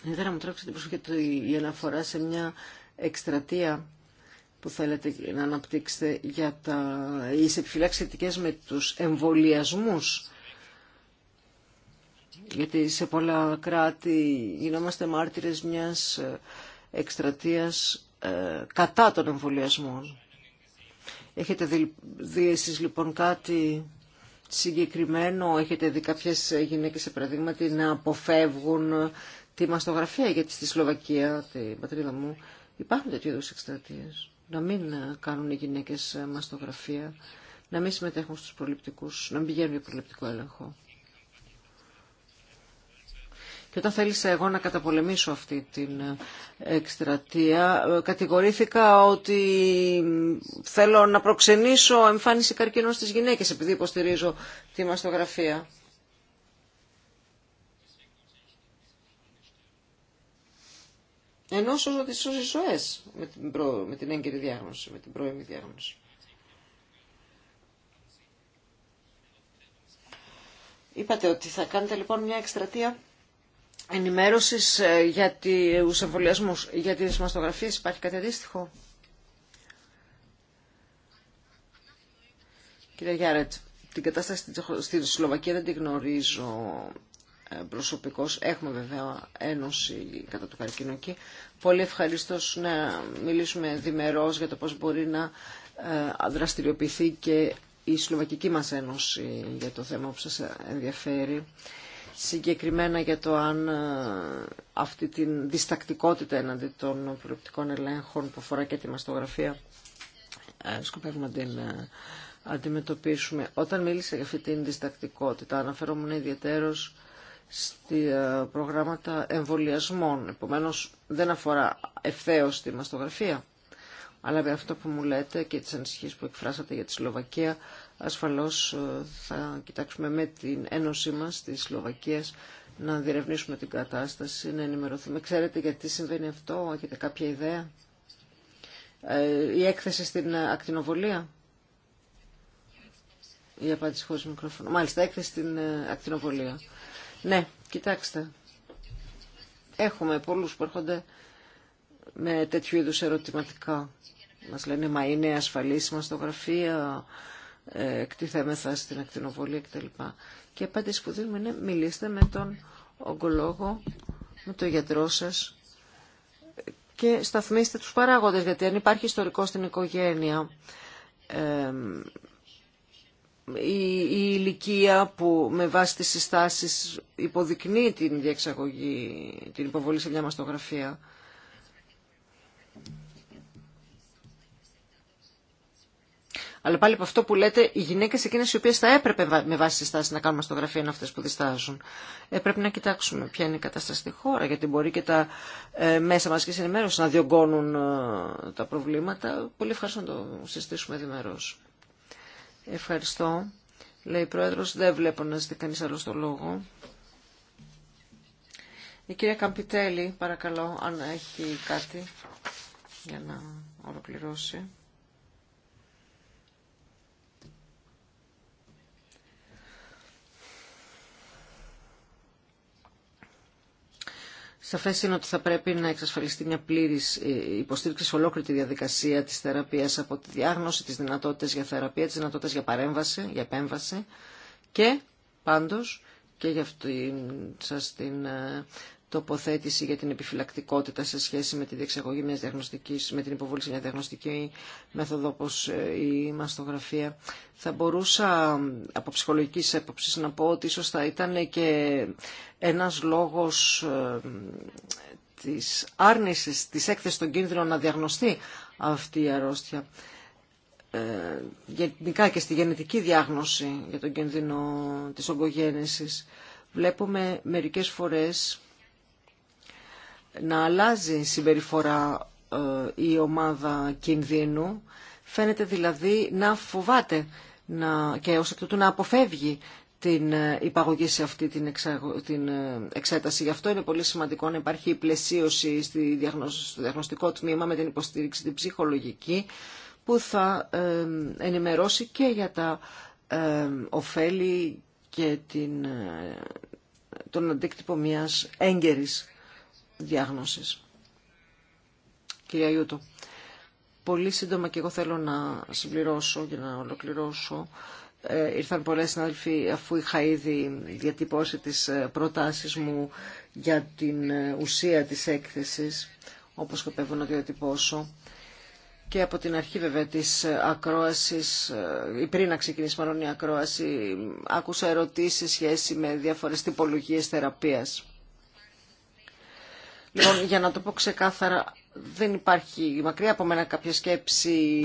Ήθελα μου τρέξει την προσοχή του η αναφορά σε μια εκστρατεία που θέλετε να αναπτύξετε για τα... τις επιφυλάξεις με τους εμβολιασμούς γιατί σε πολλά κράτη γινόμαστε μάρτυρες μιας ε, εκστρατείας ε, κατά των εμβολιασμών. Έχετε δει, εσείς λοιπόν κάτι συγκεκριμένο, έχετε δει κάποιες γυναίκες σε παραδείγματι να αποφεύγουν τη μαστογραφία, γιατί στη Σλοβακία, την πατρίδα μου, υπάρχουν τέτοιου είδους Να μην κάνουν οι γυναίκες μαστογραφία, να μην συμμετέχουν στους προληπτικούς, να μην πηγαίνουν για προληπτικό έλεγχο. Και όταν θέλησα εγώ να καταπολεμήσω αυτή την ε, εκστρατεία, ε, κατηγορήθηκα ότι θέλω να προξενήσω εμφάνιση καρκίνων στις γυναίκες, επειδή υποστηρίζω τη μαστογραφία. Ενώ σώζω τις ζωές με την, προ... με την διάγνωση, με την πρώιμη διάγνωση. Είπατε ότι θα κάνετε λοιπόν μια εκστρατεία ενημέρωσης ε, για του εμβολιασμού για τις μαστογραφίες υπάρχει κάτι αντίστοιχο. Κύριε Γιάρετ, την κατάσταση στη Σλοβακία δεν την γνωρίζω ε, προσωπικώς. Έχουμε βέβαια ένωση κατά του καρκίνου εκεί. Πολύ ευχαριστώ να μιλήσουμε διμερώς για το πώς μπορεί να ε, δραστηριοποιηθεί και η Σλοβακική μας Ένωση για το θέμα που σας ενδιαφέρει συγκεκριμένα για το αν ε, αυτή τη διστακτικότητα εναντί των προληπτικών ελέγχων που αφορά και τη μαστογραφία ε, σκοπεύουμε να την ε, αντιμετωπίσουμε. Όταν μίλησα για αυτή τη διστακτικότητα αναφέρομαι ιδιαίτερος στη προγράμματα εμβολιασμών. Επομένως δεν αφορά ευθέως τη μαστογραφία. Αλλά με αυτό που μου λέτε και τις ανησυχίες που εκφράσατε για τη Σλοβακία ασφαλώς ε, θα κοιτάξουμε με την ένωσή μας της Σλοβακίας να διερευνήσουμε την κατάσταση, να ενημερωθούμε. Ξέρετε γιατί συμβαίνει αυτό, έχετε κάποια ιδέα. Ε, η έκθεση στην ακτινοβολία. Η απάντηση χωρίς μικρόφωνο. Μάλιστα, έκθεση στην ε, ακτινοβολία. Ναι, κοιτάξτε. Έχουμε πολλούς που έρχονται με τέτοιου είδους ερωτηματικά. Μας λένε, μα είναι ασφαλής η μαστογραφία» εκτιθέμεθα στην ακτινοβολία κτλ. Και η απάντηση που δίνουμε είναι μιλήστε με τον ογκολόγο, με τον γιατρό σας και σταθμίστε τους παράγοντες, γιατί αν υπάρχει ιστορικό στην οικογένεια, η, η ηλικία που με βάση τις συστάσεις υποδεικνύει την διεξαγωγή, την υποβολή σε μια μαστογραφία, Αλλά πάλι από αυτό που λέτε, οι γυναίκε εκείνε οι οποίε θα έπρεπε με βάση τη στάση να κάνουν μαστογραφία είναι αυτέ που διστάζουν. Ε, πρέπει να κοιτάξουμε ποια είναι η κατάσταση στη χώρα, γιατί μπορεί και τα ε, μέσα μαζική ενημέρωση να διωγγώνουν ε, τα προβλήματα. Πολύ ευχαριστώ να το συζητήσουμε διμερώ. Ευχαριστώ. Λέει η Πρόεδρο, δεν βλέπω να ζητεί κανεί άλλο το λόγο. Η κυρία Καμπιτέλη, παρακαλώ, αν έχει κάτι για να ολοκληρώσει. Σαφές είναι ότι θα πρέπει να εξασφαλιστεί μια πλήρης ε, υποστήριξη σε ολόκληρη τη διαδικασία της θεραπείας από τη διάγνωση, τις δυνατότητες για θεραπεία, τις δυνατότητες για παρέμβαση, για επέμβαση και πάντως και για αυτή σας την ε, τοποθέτηση για την επιφυλακτικότητα σε σχέση με τη διεξαγωγή μιας διαγνωστικής, με την υποβολή σε μια διαγνωστική μέθοδο όπως ε, η μαστογραφία. Θα μπορούσα από ψυχολογικής έποψης να πω ότι ίσως θα ήταν και ένας λόγος ε, της άρνησης, της έκθεσης των κίνδυνων να διαγνωστεί αυτή η αρρώστια. Ε, γενικά και στη γενετική διάγνωση για τον κίνδυνο της ογκογέννησης. Βλέπουμε μερικές φορές να αλλάζει συμπεριφορά ε, η ομάδα κινδύνου. Φαίνεται δηλαδή να φοβάται να, και ως εκ τούτου να αποφεύγει την ε, υπαγωγή σε αυτή την, την ε, εξέταση. Γι' αυτό είναι πολύ σημαντικό να υπάρχει η πλαισίωση στη στο διαγνωστικό τμήμα με την υποστήριξη την ψυχολογική που θα ενημερώσει και για τα ωφέλη και την, τον αντίκτυπο μιας έγκαιρης διάγνωσης. Κυρία Ιούτο, πολύ σύντομα και εγώ θέλω να συμπληρώσω για να ολοκληρώσω. Ε, ήρθαν πολλές συνάδελφοι αφού είχα ήδη διατυπώσει τις ε, προτάσεις μου για την ε, ουσία της έκθεσης, όπως σκοπεύω να διατυπώσω. Και από την αρχή βέβαια της ε, ακρόασης, ή πριν να ξεκινήσει μάλλον η ακρόαση, άκουσα ερωτήσεις σχέση με διάφορες τυπολογίες θεραπείας. Λοιπόν, για να το πω ξεκάθαρα, δεν υπάρχει μακριά από μένα κάποια σκέψη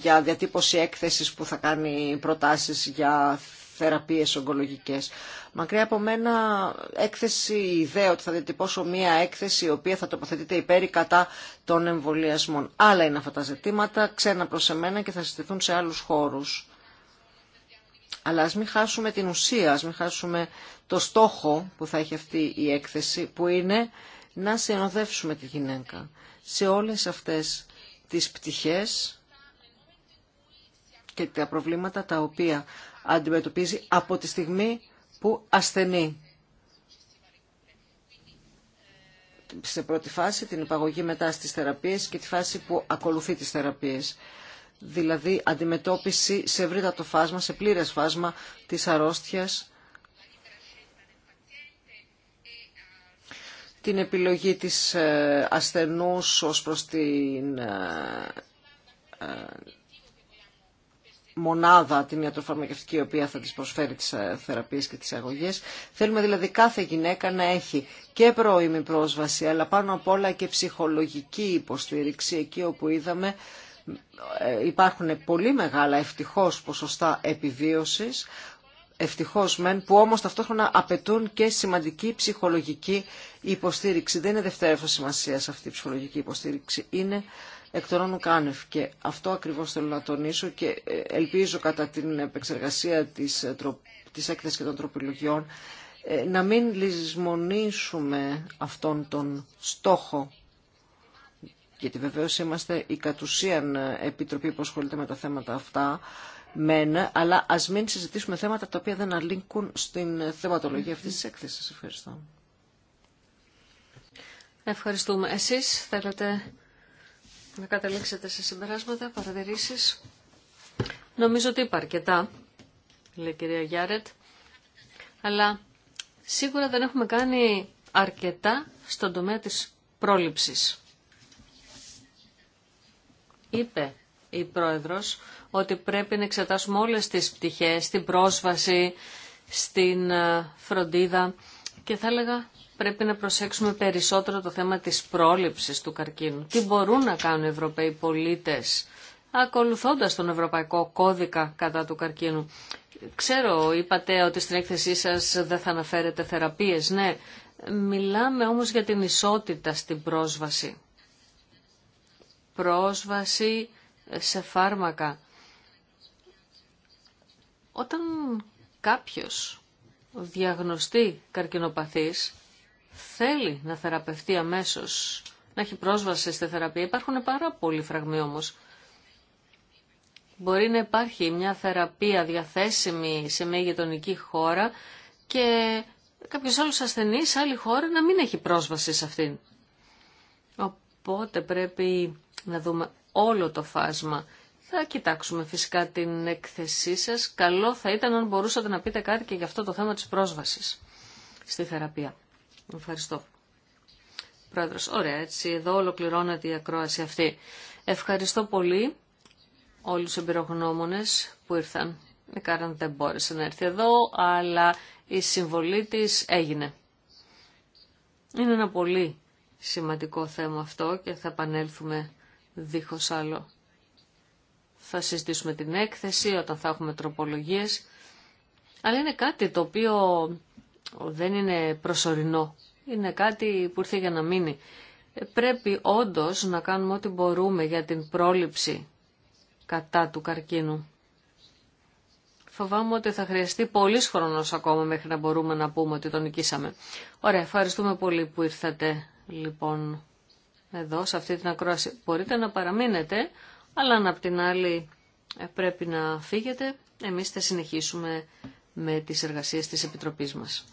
για διατύπωση έκθεσης που θα κάνει προτάσεις για θεραπείες ογκολογικές. Μακριά από μένα έκθεση, η ιδέα ότι θα διατυπώσω μία έκθεση η οποία θα τοποθετείται υπέρ κατά των εμβολιασμών. Άλλα είναι αυτά τα ζητήματα, ξένα προς εμένα και θα συστηθούν σε άλλους χώρους. Αλλά ας μην χάσουμε την ουσία, ας μην χάσουμε το στόχο που θα έχει αυτή η έκθεση, που είναι να συνοδεύσουμε τη γυναίκα σε όλες αυτές τις πτυχές και τα προβλήματα τα οποία αντιμετωπίζει από τη στιγμή που ασθενεί. Σε πρώτη φάση την υπαγωγή μετά στις θεραπείες και τη φάση που ακολουθεί τις θεραπείες. Δηλαδή αντιμετώπιση σε ευρύτατο φάσμα, σε πλήρες φάσμα της αρρώστιας την επιλογή της ε, ασθενούς ως προς την ε, ε, μονάδα, την ιατροφαρμακευτική, η οποία θα της προσφέρει τις θεραπείες και τις αγωγές. Θέλουμε δηλαδή κάθε γυναίκα να έχει και πρώιμη πρόσβαση, αλλά πάνω απ' όλα και ψυχολογική υποστήριξη, εκεί όπου είδαμε υπάρχουν πολύ μεγάλα ευτυχώς ποσοστά επιβίωσης, Ευτυχώ μεν, που όμω ταυτόχρονα απαιτούν και σημαντική ψυχολογική υποστήριξη. Δεν είναι δεύτερη σημασία σε αυτή η ψυχολογική υποστήριξη. Είναι εκ των όνων κάνευ και αυτό ακριβώ θέλω να τονίσω και ε, ελπίζω κατά την επεξεργασία της, ε, της έκθεσης και των τροπολογιών ε, να μην λησμονήσουμε αυτόν τον στόχο γιατί βεβαίως είμαστε η κατ' ουσίαν επιτροπή που ασχολείται με τα θέματα αυτά μεν, αλλά α μην συζητήσουμε θέματα τα οποία δεν αλήκουν στην θεματολογία αυτής τη έκθεσης. Ευχαριστώ. Ευχαριστούμε. Εσείς θέλετε να καταλήξετε σε συμπεράσματα, Παρατηρήσει. Νομίζω ότι είπα αρκετά, λέει η κυρία Γιάρετ, αλλά σίγουρα δεν έχουμε κάνει αρκετά στον τομέα της πρόληψης. Είπε η πρόεδρος ότι πρέπει να εξετάσουμε όλες τις πτυχές, την πρόσβαση, στην ε, φροντίδα και θα έλεγα πρέπει να προσέξουμε περισσότερο το θέμα της πρόληψης του καρκίνου. Τι μπορούν να κάνουν οι Ευρωπαίοι πολίτες ακολουθώντας τον Ευρωπαϊκό Κώδικα κατά του καρκίνου. Ξέρω, είπατε ότι στην έκθεσή σας δεν θα αναφέρετε θεραπείες, ναι. Μιλάμε όμως για την ισότητα στην πρόσβαση. Πρόσβαση σε φάρμακα, όταν κάποιος διαγνωστεί καρκινοπαθής, θέλει να θεραπευτεί αμέσως, να έχει πρόσβαση στη θεραπεία. Υπάρχουν πάρα πολλοί φραγμοί όμως. Μπορεί να υπάρχει μια θεραπεία διαθέσιμη σε μια γειτονική χώρα και κάποιος άλλος ασθενής σε άλλη χώρα να μην έχει πρόσβαση σε αυτήν. Οπότε πρέπει να δούμε όλο το φάσμα θα κοιτάξουμε φυσικά την έκθεσή σας. Καλό θα ήταν αν μπορούσατε να πείτε κάτι και για αυτό το θέμα της πρόσβασης στη θεραπεία. Ευχαριστώ. Πρόεδρος, ωραία, έτσι εδώ ολοκληρώνεται η ακρόαση αυτή. Ευχαριστώ πολύ όλους τους εμπειρογνώμονες που ήρθαν. δεν Κάραν δεν μπόρεσε να έρθει εδώ, αλλά η συμβολή της έγινε. Είναι ένα πολύ σημαντικό θέμα αυτό και θα επανέλθουμε δίχως άλλο θα συζητήσουμε την έκθεση όταν θα έχουμε τροπολογίες, αλλά είναι κάτι το οποίο δεν είναι προσωρινό. Είναι κάτι που ήρθε για να μείνει. Ε, πρέπει όντως να κάνουμε ό,τι μπορούμε για την πρόληψη κατά του καρκίνου. Φοβάμαι ότι θα χρειαστεί πολλή χρόνο ακόμα μέχρι να μπορούμε να πούμε ότι τον νικήσαμε. Ωραία, ευχαριστούμε πολύ που ήρθατε λοιπόν εδώ σε αυτή την ακρόαση. Μπορείτε να παραμείνετε αλλά απ' την άλλη ε, πρέπει να φύγετε. Εμείς θα συνεχίσουμε με τις εργασίες της Επιτροπής μας.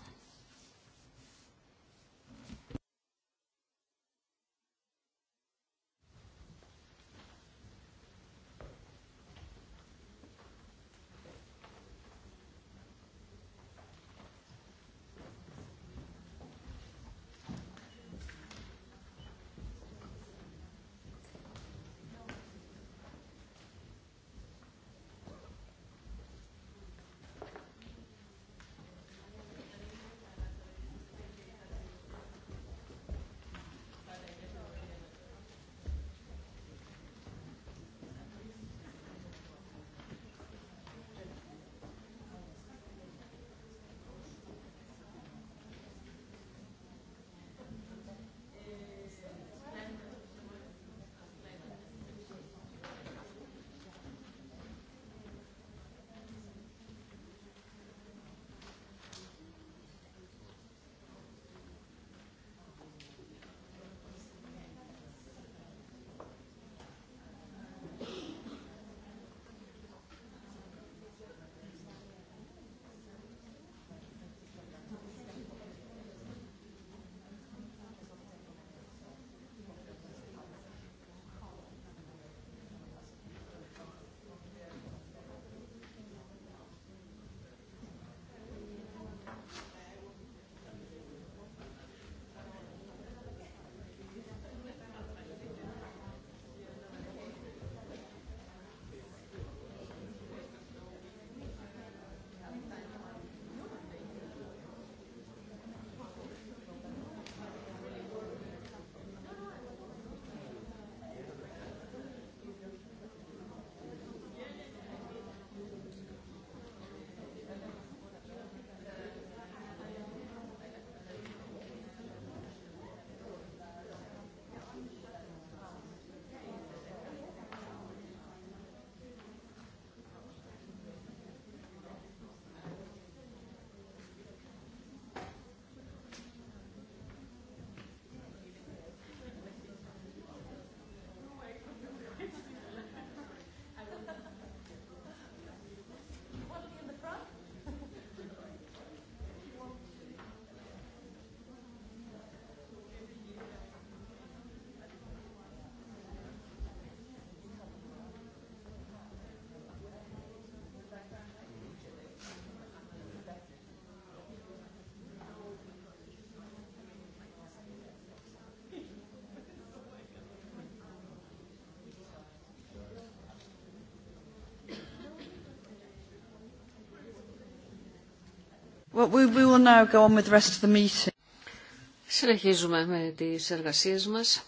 Συνεχίζουμε με τις εργασίες μας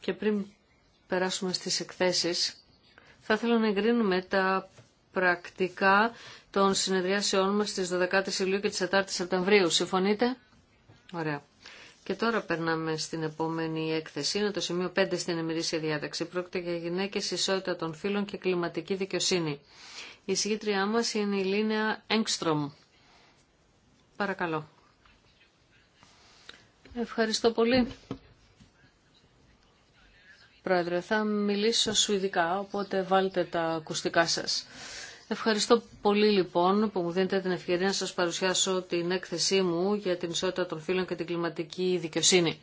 και πριν περάσουμε στις εκθέσεις θα θέλω να εγκρίνουμε τα πρακτικά των συνεδριάσεών μας στις 12 Ιουλίου και τις 4 Σεπτεμβρίου. Συμφωνείτε? Ωραία. Και τώρα περνάμε στην επόμενη έκθεση, είναι το σημείο 5 στην εμμυρίσια διάταξη. Πρόκειται για γυναίκες, ισότητα των φύλων και κλιματική δικαιοσύνη. Η συγκήτριά μας είναι η Λίνεα Έγκστρομ. Ευχαριστώ πολύ. Πρόεδρε, θα μιλήσω σου ειδικά, οπότε βάλτε τα ακουστικά σας. Ευχαριστώ πολύ λοιπόν που μου δίνετε την ευκαιρία να σας παρουσιάσω την έκθεσή μου για την ισότητα των φύλων και την κλιματική δικαιοσύνη.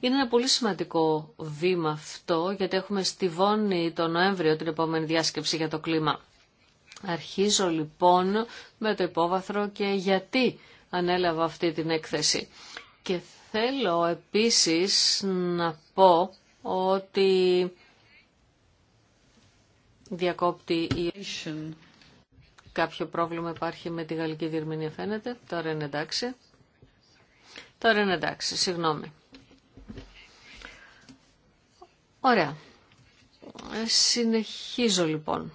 Είναι ένα πολύ σημαντικό βήμα αυτό, γιατί έχουμε στη Βόνη το Νοέμβριο την επόμενη διάσκεψη για το κλίμα. Αρχίζω λοιπόν με το υπόβαθρο και γιατί ανέλαβα αυτή την έκθεση. Και θέλω επίσης να πω ότι διακόπτει η Κάποιο πρόβλημα υπάρχει με τη γαλλική διερμηνία φαίνεται. Τώρα είναι εντάξει. Τώρα είναι εντάξει, συγγνώμη. Ωραία. Ε, συνεχίζω λοιπόν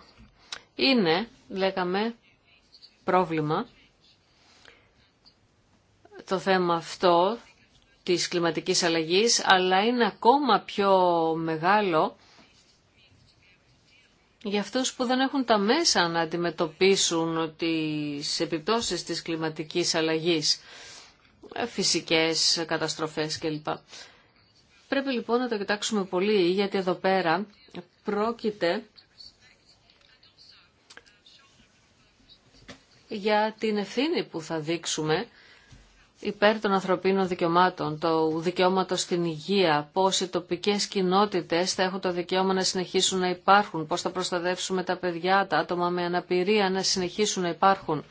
είναι, λέγαμε, πρόβλημα το θέμα αυτό της κλιματικής αλλαγής, αλλά είναι ακόμα πιο μεγάλο για αυτούς που δεν έχουν τα μέσα να αντιμετωπίσουν τις επιπτώσεις της κλιματικής αλλαγής, ε, φυσικές καταστροφές κλπ. Πρέπει λοιπόν να το κοιτάξουμε πολύ, γιατί εδώ πέρα πρόκειται για την ευθύνη που θα δείξουμε υπέρ των ανθρωπίνων δικαιωμάτων, το δικαιώματο στην υγεία, πώς οι τοπικές κοινότητες θα έχουν το δικαίωμα να συνεχίσουν να υπάρχουν, πώς θα προστατεύσουμε τα παιδιά, τα άτομα με αναπηρία να συνεχίσουν να υπάρχουν.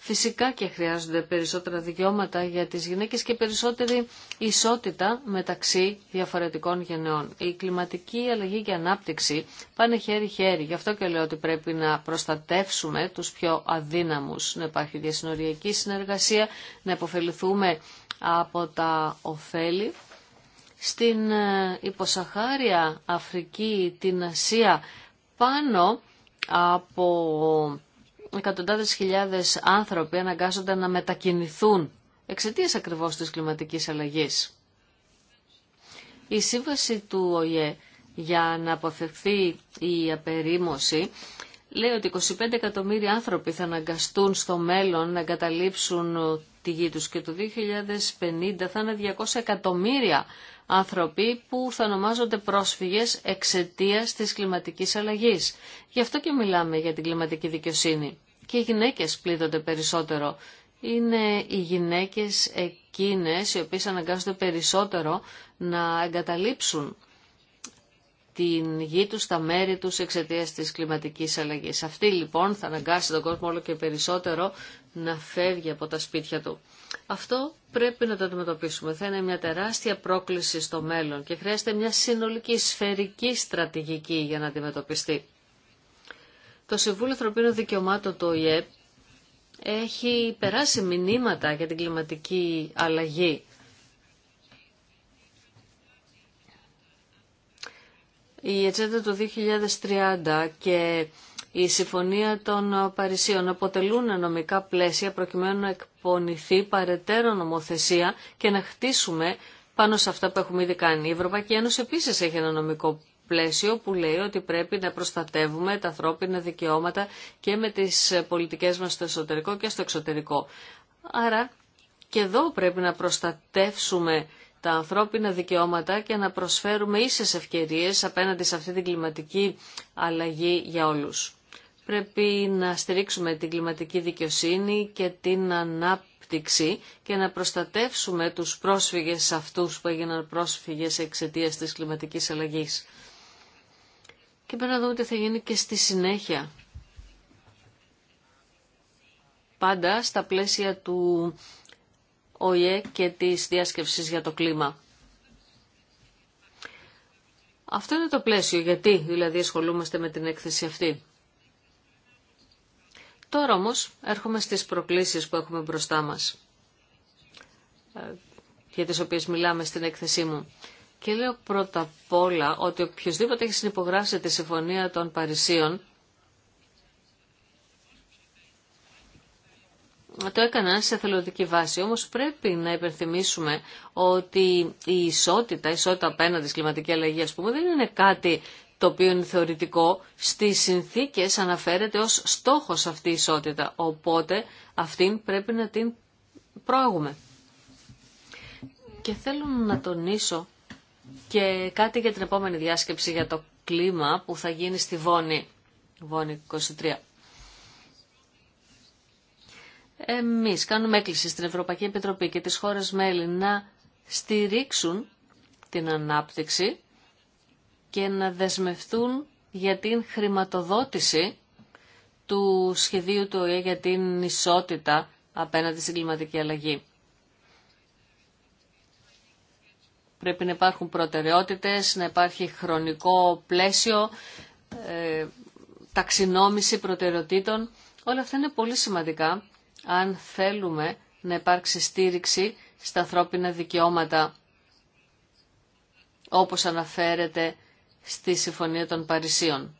Φυσικά και χρειάζονται περισσότερα δικαιώματα για τις γυναίκες και περισσότερη ισότητα μεταξύ διαφορετικών γενεών. Η κλιματική αλλαγή και ανάπτυξη πάνε χέρι-χέρι. Γι' αυτό και λέω ότι πρέπει να προστατεύσουμε τους πιο αδύναμους. Να υπάρχει διασυνοριακή συνεργασία, να υποφεληθούμε από τα ωφέλη. Στην ε, υποσαχάρια Αφρική, την Ασία, πάνω από εκατοντάδες χιλιάδες άνθρωποι αναγκάζονται να μετακινηθούν εξαιτίας ακριβώς της κλιματικής αλλαγής. Η σύμβαση του ΟΗΕ για να αποφευθεί η απερίμωση λέει ότι 25 εκατομμύρια άνθρωποι θα αναγκαστούν στο μέλλον να εγκαταλείψουν τη γη τους και το 2050 θα είναι 200 εκατομμύρια άνθρωποι που θα ονομάζονται πρόσφυγες εξαιτίας της κλιματικής αλλαγής. Γι' αυτό και μιλάμε για την κλιματική δικαιοσύνη. Και οι γυναίκες πλήττονται περισσότερο. Είναι οι γυναίκες εκείνες οι οποίες αναγκάζονται περισσότερο να εγκαταλείψουν την γη τους, τα μέρη τους εξαιτίας της κλιματικής αλλαγής. Αυτή λοιπόν θα αναγκάσει τον κόσμο όλο και περισσότερο να φεύγει από τα σπίτια του. Αυτό πρέπει να το αντιμετωπίσουμε. Θα είναι μια τεράστια πρόκληση στο μέλλον και χρειάζεται μια συνολική σφαιρική στρατηγική για να αντιμετωπιστεί. Το Συμβούλιο Ανθρωπίνων Δικαιωμάτων, το ΙΕΠ, έχει περάσει μηνύματα για την κλιματική αλλαγή η ατζέντα του 2030 και η Συμφωνία των Παρισίων αποτελούν νομικά πλαίσια προκειμένου να εκπονηθεί παρετέρω νομοθεσία και να χτίσουμε πάνω σε αυτά που έχουμε ήδη κάνει. Η Ευρωπαϊκή Ένωση επίσης έχει ένα νομικό πλαίσιο που λέει ότι πρέπει να προστατεύουμε τα ανθρώπινα δικαιώματα και με τις πολιτικές μας στο εσωτερικό και στο εξωτερικό. Άρα και εδώ πρέπει να προστατεύσουμε τα ανθρώπινα δικαιώματα και να προσφέρουμε ίσες ευκαιρίες απέναντι σε αυτή την κλιματική αλλαγή για όλους. Πρέπει να στηρίξουμε την κλιματική δικαιοσύνη και την ανάπτυξη και να προστατεύσουμε τους πρόσφυγες αυτούς που έγιναν πρόσφυγες εξαιτίας της κλιματικής αλλαγής. Και πρέπει να δούμε τι θα γίνει και στη συνέχεια. Πάντα στα πλαίσια του ΟΗΕ και της διάσκευσης για το κλίμα. Αυτό είναι το πλαίσιο. Γιατί δηλαδή ασχολούμαστε με την έκθεση αυτή. Τώρα όμως έρχομαι στις προκλήσεις που έχουμε μπροστά μας, ε, για τις οποίες μιλάμε στην έκθεσή μου. Και λέω πρώτα απ' όλα ότι οποιοδήποτε έχει συνυπογράψει τη Συμφωνία των Παρισίων το έκαναν σε θελοντική βάση. Όμως πρέπει να υπενθυμίσουμε ότι η ισότητα, η ισότητα απέναντι στις κλιματική αλλαγή, ας πούμε, δεν είναι κάτι το οποίο είναι θεωρητικό. Στις συνθήκες αναφέρεται ως στόχος αυτή η ισότητα. Οπότε αυτήν πρέπει να την προάγουμε. Και θέλω να τονίσω και κάτι για την επόμενη διάσκεψη για το κλίμα που θα γίνει στη Βόνη, Βόνη 23. Εμείς κάνουμε έκκληση στην Ευρωπαϊκή Επιτροπή και τις χώρες μέλη να στηρίξουν την ανάπτυξη και να δεσμευτούν για την χρηματοδότηση του σχεδίου του για την ισότητα απέναντι στην κλιματική αλλαγή. Πρέπει να υπάρχουν προτεραιότητες, να υπάρχει χρονικό πλαίσιο, ε, ταξινόμηση προτεραιοτήτων. Όλα αυτά είναι πολύ σημαντικά αν θέλουμε να υπάρξει στήριξη στα ανθρώπινα δικαιώματα, όπως αναφέρεται στη Συμφωνία των Παρισίων.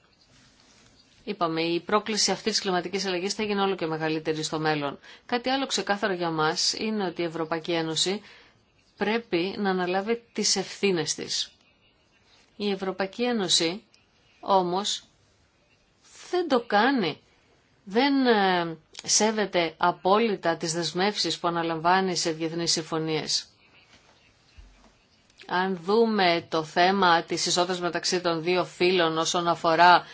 Είπαμε, η πρόκληση αυτή της κλιματικής αλλαγής θα γίνει όλο και μεγαλύτερη στο μέλλον. Κάτι άλλο ξεκάθαρο για μας είναι ότι η Ευρωπαϊκή Ένωση πρέπει να αναλάβει τις ευθύνες της. Η Ευρωπαϊκή Ένωση όμως δεν το κάνει. Δεν ε, σέβεται απόλυτα τις δεσμεύσεις που αναλαμβάνει σε διεθνείς συμφωνίες. Αν δούμε το θέμα της ισότητας μεταξύ των δύο φύλων όσον αφορά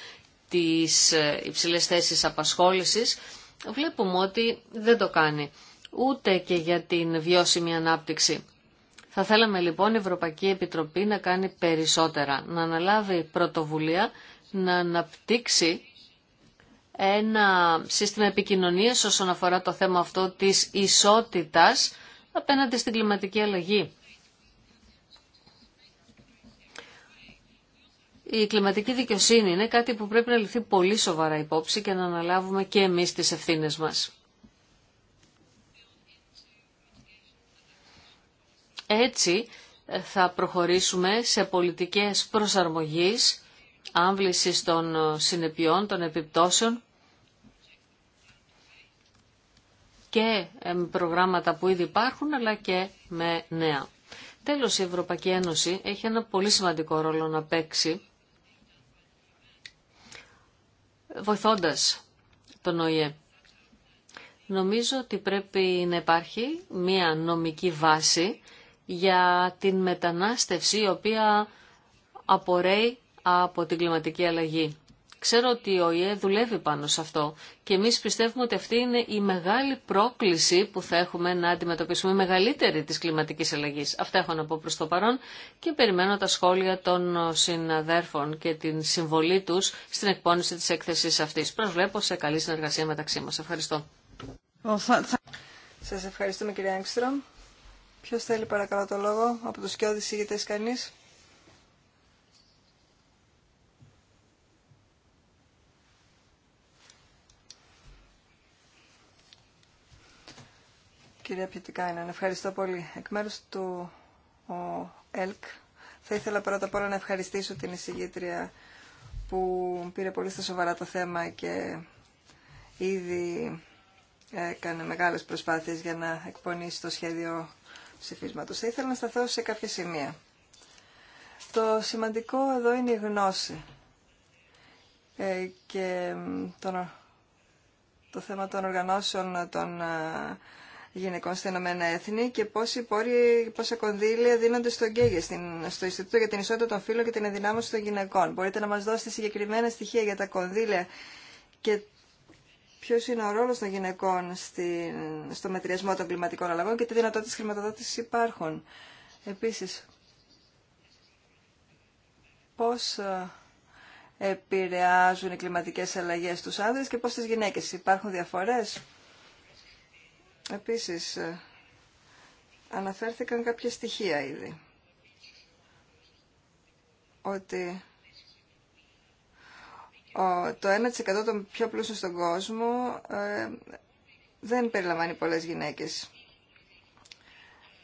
τις ε, υψηλές θέσεις απασχόλησης, βλέπουμε ότι δεν το κάνει, ούτε και για την βιώσιμη ανάπτυξη. Θα θέλαμε λοιπόν η Ευρωπαϊκή Επιτροπή να κάνει περισσότερα, να αναλάβει πρωτοβουλία, να αναπτύξει ένα σύστημα επικοινωνίας όσον αφορά το θέμα αυτό της ισότητας απέναντι στην κλιματική αλλαγή. Η κλιματική δικαιοσύνη είναι κάτι που πρέπει να ληφθεί πολύ σοβαρά υπόψη και να αναλάβουμε και εμείς τις ευθύνες μας. Έτσι ε, θα προχωρήσουμε σε πολιτικές προσαρμογής Άμβληση των ε, συνεπειών, των επιπτώσεων και ε, με προγράμματα που ήδη υπάρχουν αλλά και με νέα. Τέλος, η Ευρωπαϊκή Ένωση έχει ένα πολύ σημαντικό ρόλο να παίξει βοηθώντας τον ΟΗΕ. Νομίζω ότι πρέπει να υπάρχει μία νομική βάση για την μετανάστευση η οποία απορρέει από την κλιματική αλλαγή. Ξέρω ότι ο ΙΕ δουλεύει πάνω σε αυτό και εμείς πιστεύουμε ότι αυτή είναι η μεγάλη πρόκληση που θα έχουμε να αντιμετωπίσουμε, μεγαλύτερη της κλιματικής αλλαγής. Αυτά έχω να πω προς το παρόν και περιμένω τα σχόλια των συναδέρφων και την συμβολή τους στην εκπόνηση της έκθεσης αυτής. Προσβλέπω σε καλή συνεργασία μεταξύ μας. Ευχαριστώ. Σας ευχαριστούμε κυρία Άγκστρομ. Ποιος θέλει παρακαλώ το λόγο από τους κοιόδης ηγητές κανεί, Κυρία Πιετικάιναν, ευχαριστώ πολύ. Εκ μέρους του ο ΕΛΚ θα ήθελα πρώτα απ' όλα να ευχαριστήσω την εισηγήτρια που πήρε πολύ στα σοβαρά το θέμα και ήδη έκανε μεγάλες προσπάθειες για να εκπονήσει το σχέδιο ψηφίσματος. Θα ήθελα να σταθώ σε κάποια σημεία. Το σημαντικό εδώ είναι η γνώση ε, και το θέμα των οργανώσεων των ε, γυναικών στα Ηνωμένα Έθνη και πόσοι πόροι, πόσα κονδύλια δίνονται στο ΚΕΓΕ, στο Ινστιτούτο για την Ισότητα των Φύλων και την Ενδυνάμωση των Γυναικών. Μπορείτε να μα δώσετε συγκεκριμένα στοιχεία για τα κονδύλια και ποιο είναι ο ρόλο των γυναικών στην, στο μετριασμό των κλιματικών αλλαγών και τι δυνατότητε χρηματοδότηση υπάρχουν. Επίση, πώ ε, επηρεάζουν οι κλιματικές αλλαγές στους άνδρες και πώς τις γυναίκες. Υπάρχουν διαφορές. Επίσης, ε, αναφέρθηκαν κάποια στοιχεία ήδη. Ότι το 1% των πιο πλούσιων στον κόσμο ε, δεν περιλαμβάνει πολλές γυναίκες.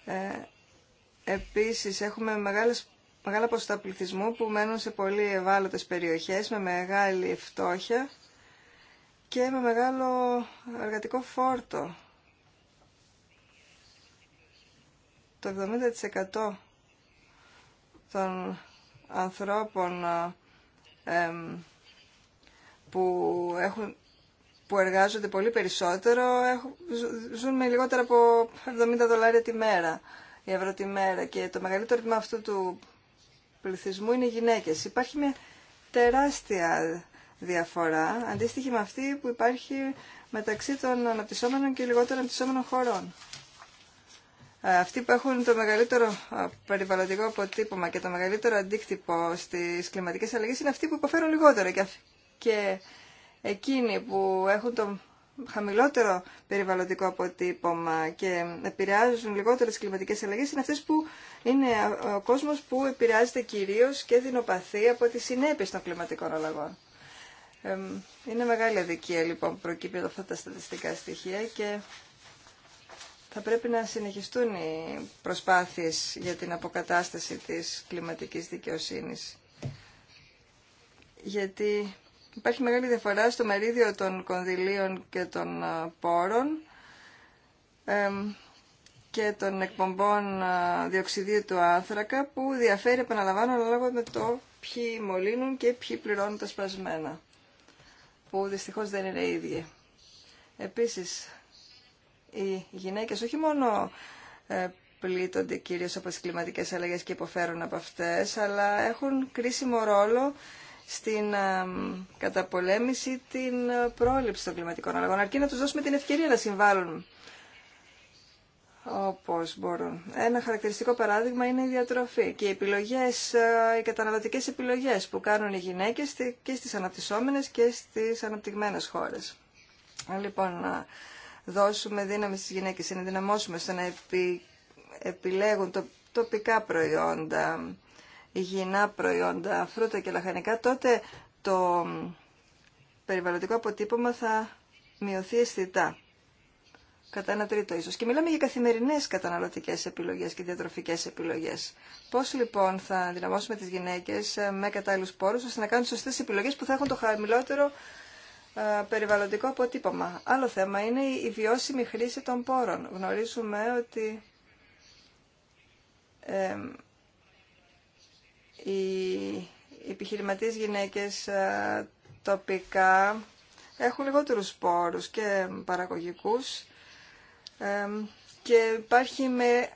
Ε, επίσης, έχουμε μεγάλες μεγάλα ποσοστά πληθυσμού που μένουν σε πολύ ευάλωτες περιοχές με μεγάλη φτώχεια και με μεγάλο εργατικό φόρτο το 70% των ανθρώπων που, έχουν, που εργάζονται πολύ περισσότερο ζουν με λιγότερα από 70 δολάρια τη μέρα, η ευρώ τη μέρα και το μεγαλύτερο ρυθμό αυτού του πληθυσμού είναι οι γυναίκες. Υπάρχει μια τεράστια διαφορά, αντίστοιχη με αυτή που υπάρχει μεταξύ των αναπτυσσόμενων και λιγότερων αναπτυσσόμενων χωρών αυτοί που έχουν το μεγαλύτερο περιβαλλοντικό αποτύπωμα και το μεγαλύτερο αντίκτυπο στις κλιματικές αλλαγές είναι αυτοί που υποφέρουν λιγότερο και εκείνοι που έχουν το χαμηλότερο περιβαλλοντικό αποτύπωμα και επηρεάζουν λιγότερο τις κλιματικές αλλαγές είναι αυτές που είναι ο κόσμος που επηρεάζεται κυρίως και δεινοπαθεί από τις συνέπειες των κλιματικών αλλαγών. Είναι μεγάλη αδικία λοιπόν που προκύπτει από αυτά τα στατιστικά στοιχεία και θα πρέπει να συνεχιστούν οι προσπάθειες για την αποκατάσταση της κλιματικής δικαιοσύνης. Γιατί υπάρχει μεγάλη διαφορά στο μερίδιο των κονδυλίων και των ε, πόρων και των εκπομπών ε, διοξιδίου του άνθρακα που διαφέρει, επαναλαμβάνω, ανάλογα με το ποιοι μολύνουν και ποιοι πληρώνουν τα σπασμένα, που δυστυχώς δεν είναι ίδιοι. Επίσης, οι γυναίκες όχι μόνο ε, πλήττονται κυρίως από τις κλιματικές αλλαγές και υποφέρουν από αυτές, αλλά έχουν κρίσιμο ρόλο στην ε, καταπολέμηση, την ε, πρόληψη των κλιματικών αλλαγών, αρκεί να τους δώσουμε την ευκαιρία να συμβάλλουν όπως μπορούν. Ένα χαρακτηριστικό παράδειγμα είναι η διατροφή και οι επιλογές, οι καταναλωτικές επιλογές που κάνουν οι γυναίκες και στις αναπτυσσόμενες και στις αναπτυγμένες χώρες. Λοιπόν, δώσουμε δύναμη στις γυναίκες, να δυναμώσουμε στο να επιλέγουν το, τοπικά προϊόντα, υγιεινά προϊόντα, φρούτα και λαχανικά, τότε το περιβαλλοντικό αποτύπωμα θα μειωθεί αισθητά. Κατά ένα τρίτο ίσως. Και μιλάμε για καθημερινές καταναλωτικές επιλογές και διατροφικές επιλογές. Πώς λοιπόν θα δυναμώσουμε τις γυναίκες ε, με κατάλληλους πόρους ώστε να κάνουν σωστές επιλογές που θα έχουν το χαμηλότερο ε, περιβαλλοντικό αποτύπωμα. Άλλο θέμα είναι η βιώσιμη χρήση των πόρων. Γνωρίζουμε ότι οι επιχειρηματίες γυναίκες ε, τοπικά έχουν λιγότερους πόρους και παραγωγικούς και υπάρχει με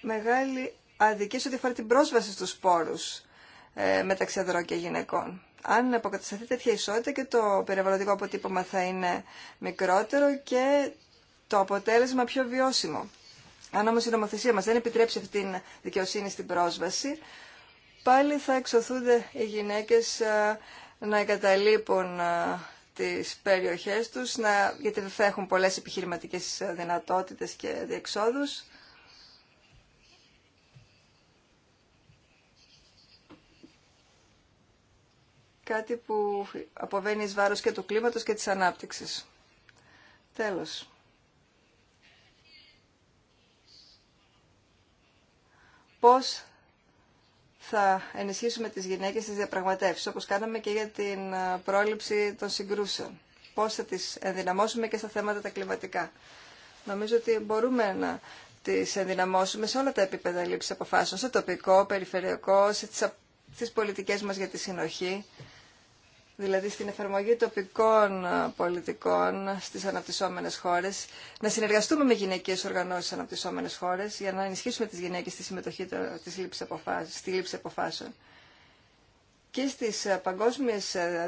μεγάλη αδική ό,τι αφορά την πρόσβαση στους πόρους ε, μεταξύ ανδρών και γυναικών αν αποκατασταθεί τέτοια ισότητα και το περιβαλλοντικό αποτύπωμα θα είναι μικρότερο και το αποτέλεσμα πιο βιώσιμο. Αν όμως η νομοθεσία μας δεν επιτρέψει αυτή την δικαιοσύνη στην πρόσβαση, πάλι θα εξωθούνται οι γυναίκες ε, να εγκαταλείπουν ε, τις περιοχές τους, να, γιατί δεν θα έχουν πολλές επιχειρηματικές ε, δυνατότητες και διεξόδους κάτι που αποβαίνει εις βάρος και του κλίματος και της ανάπτυξης. Τέλος. Πώς θα ενισχύσουμε τις γυναίκες στις διαπραγματεύσεις, όπως κάναμε και για την πρόληψη των συγκρούσεων. Πώς θα τις ενδυναμώσουμε και στα θέματα τα κλιματικά. Νομίζω ότι μπορούμε να τις ενδυναμώσουμε σε όλα τα επίπεδα λήψης αποφάσεων, σε τοπικό, περιφερειακό, σε πολιτικές μας για τη συνοχή δηλαδή στην εφαρμογή τοπικών ε, πολιτικών στις αναπτυσσόμενες χώρες, να συνεργαστούμε με γυναικείες οργανώσεις στις αναπτυσσόμενες χώρες για να ενισχύσουμε τις γυναίκες στη συμμετοχή της λήψης στη λήψη αποφάσεων και στι ε, παγκόσμιε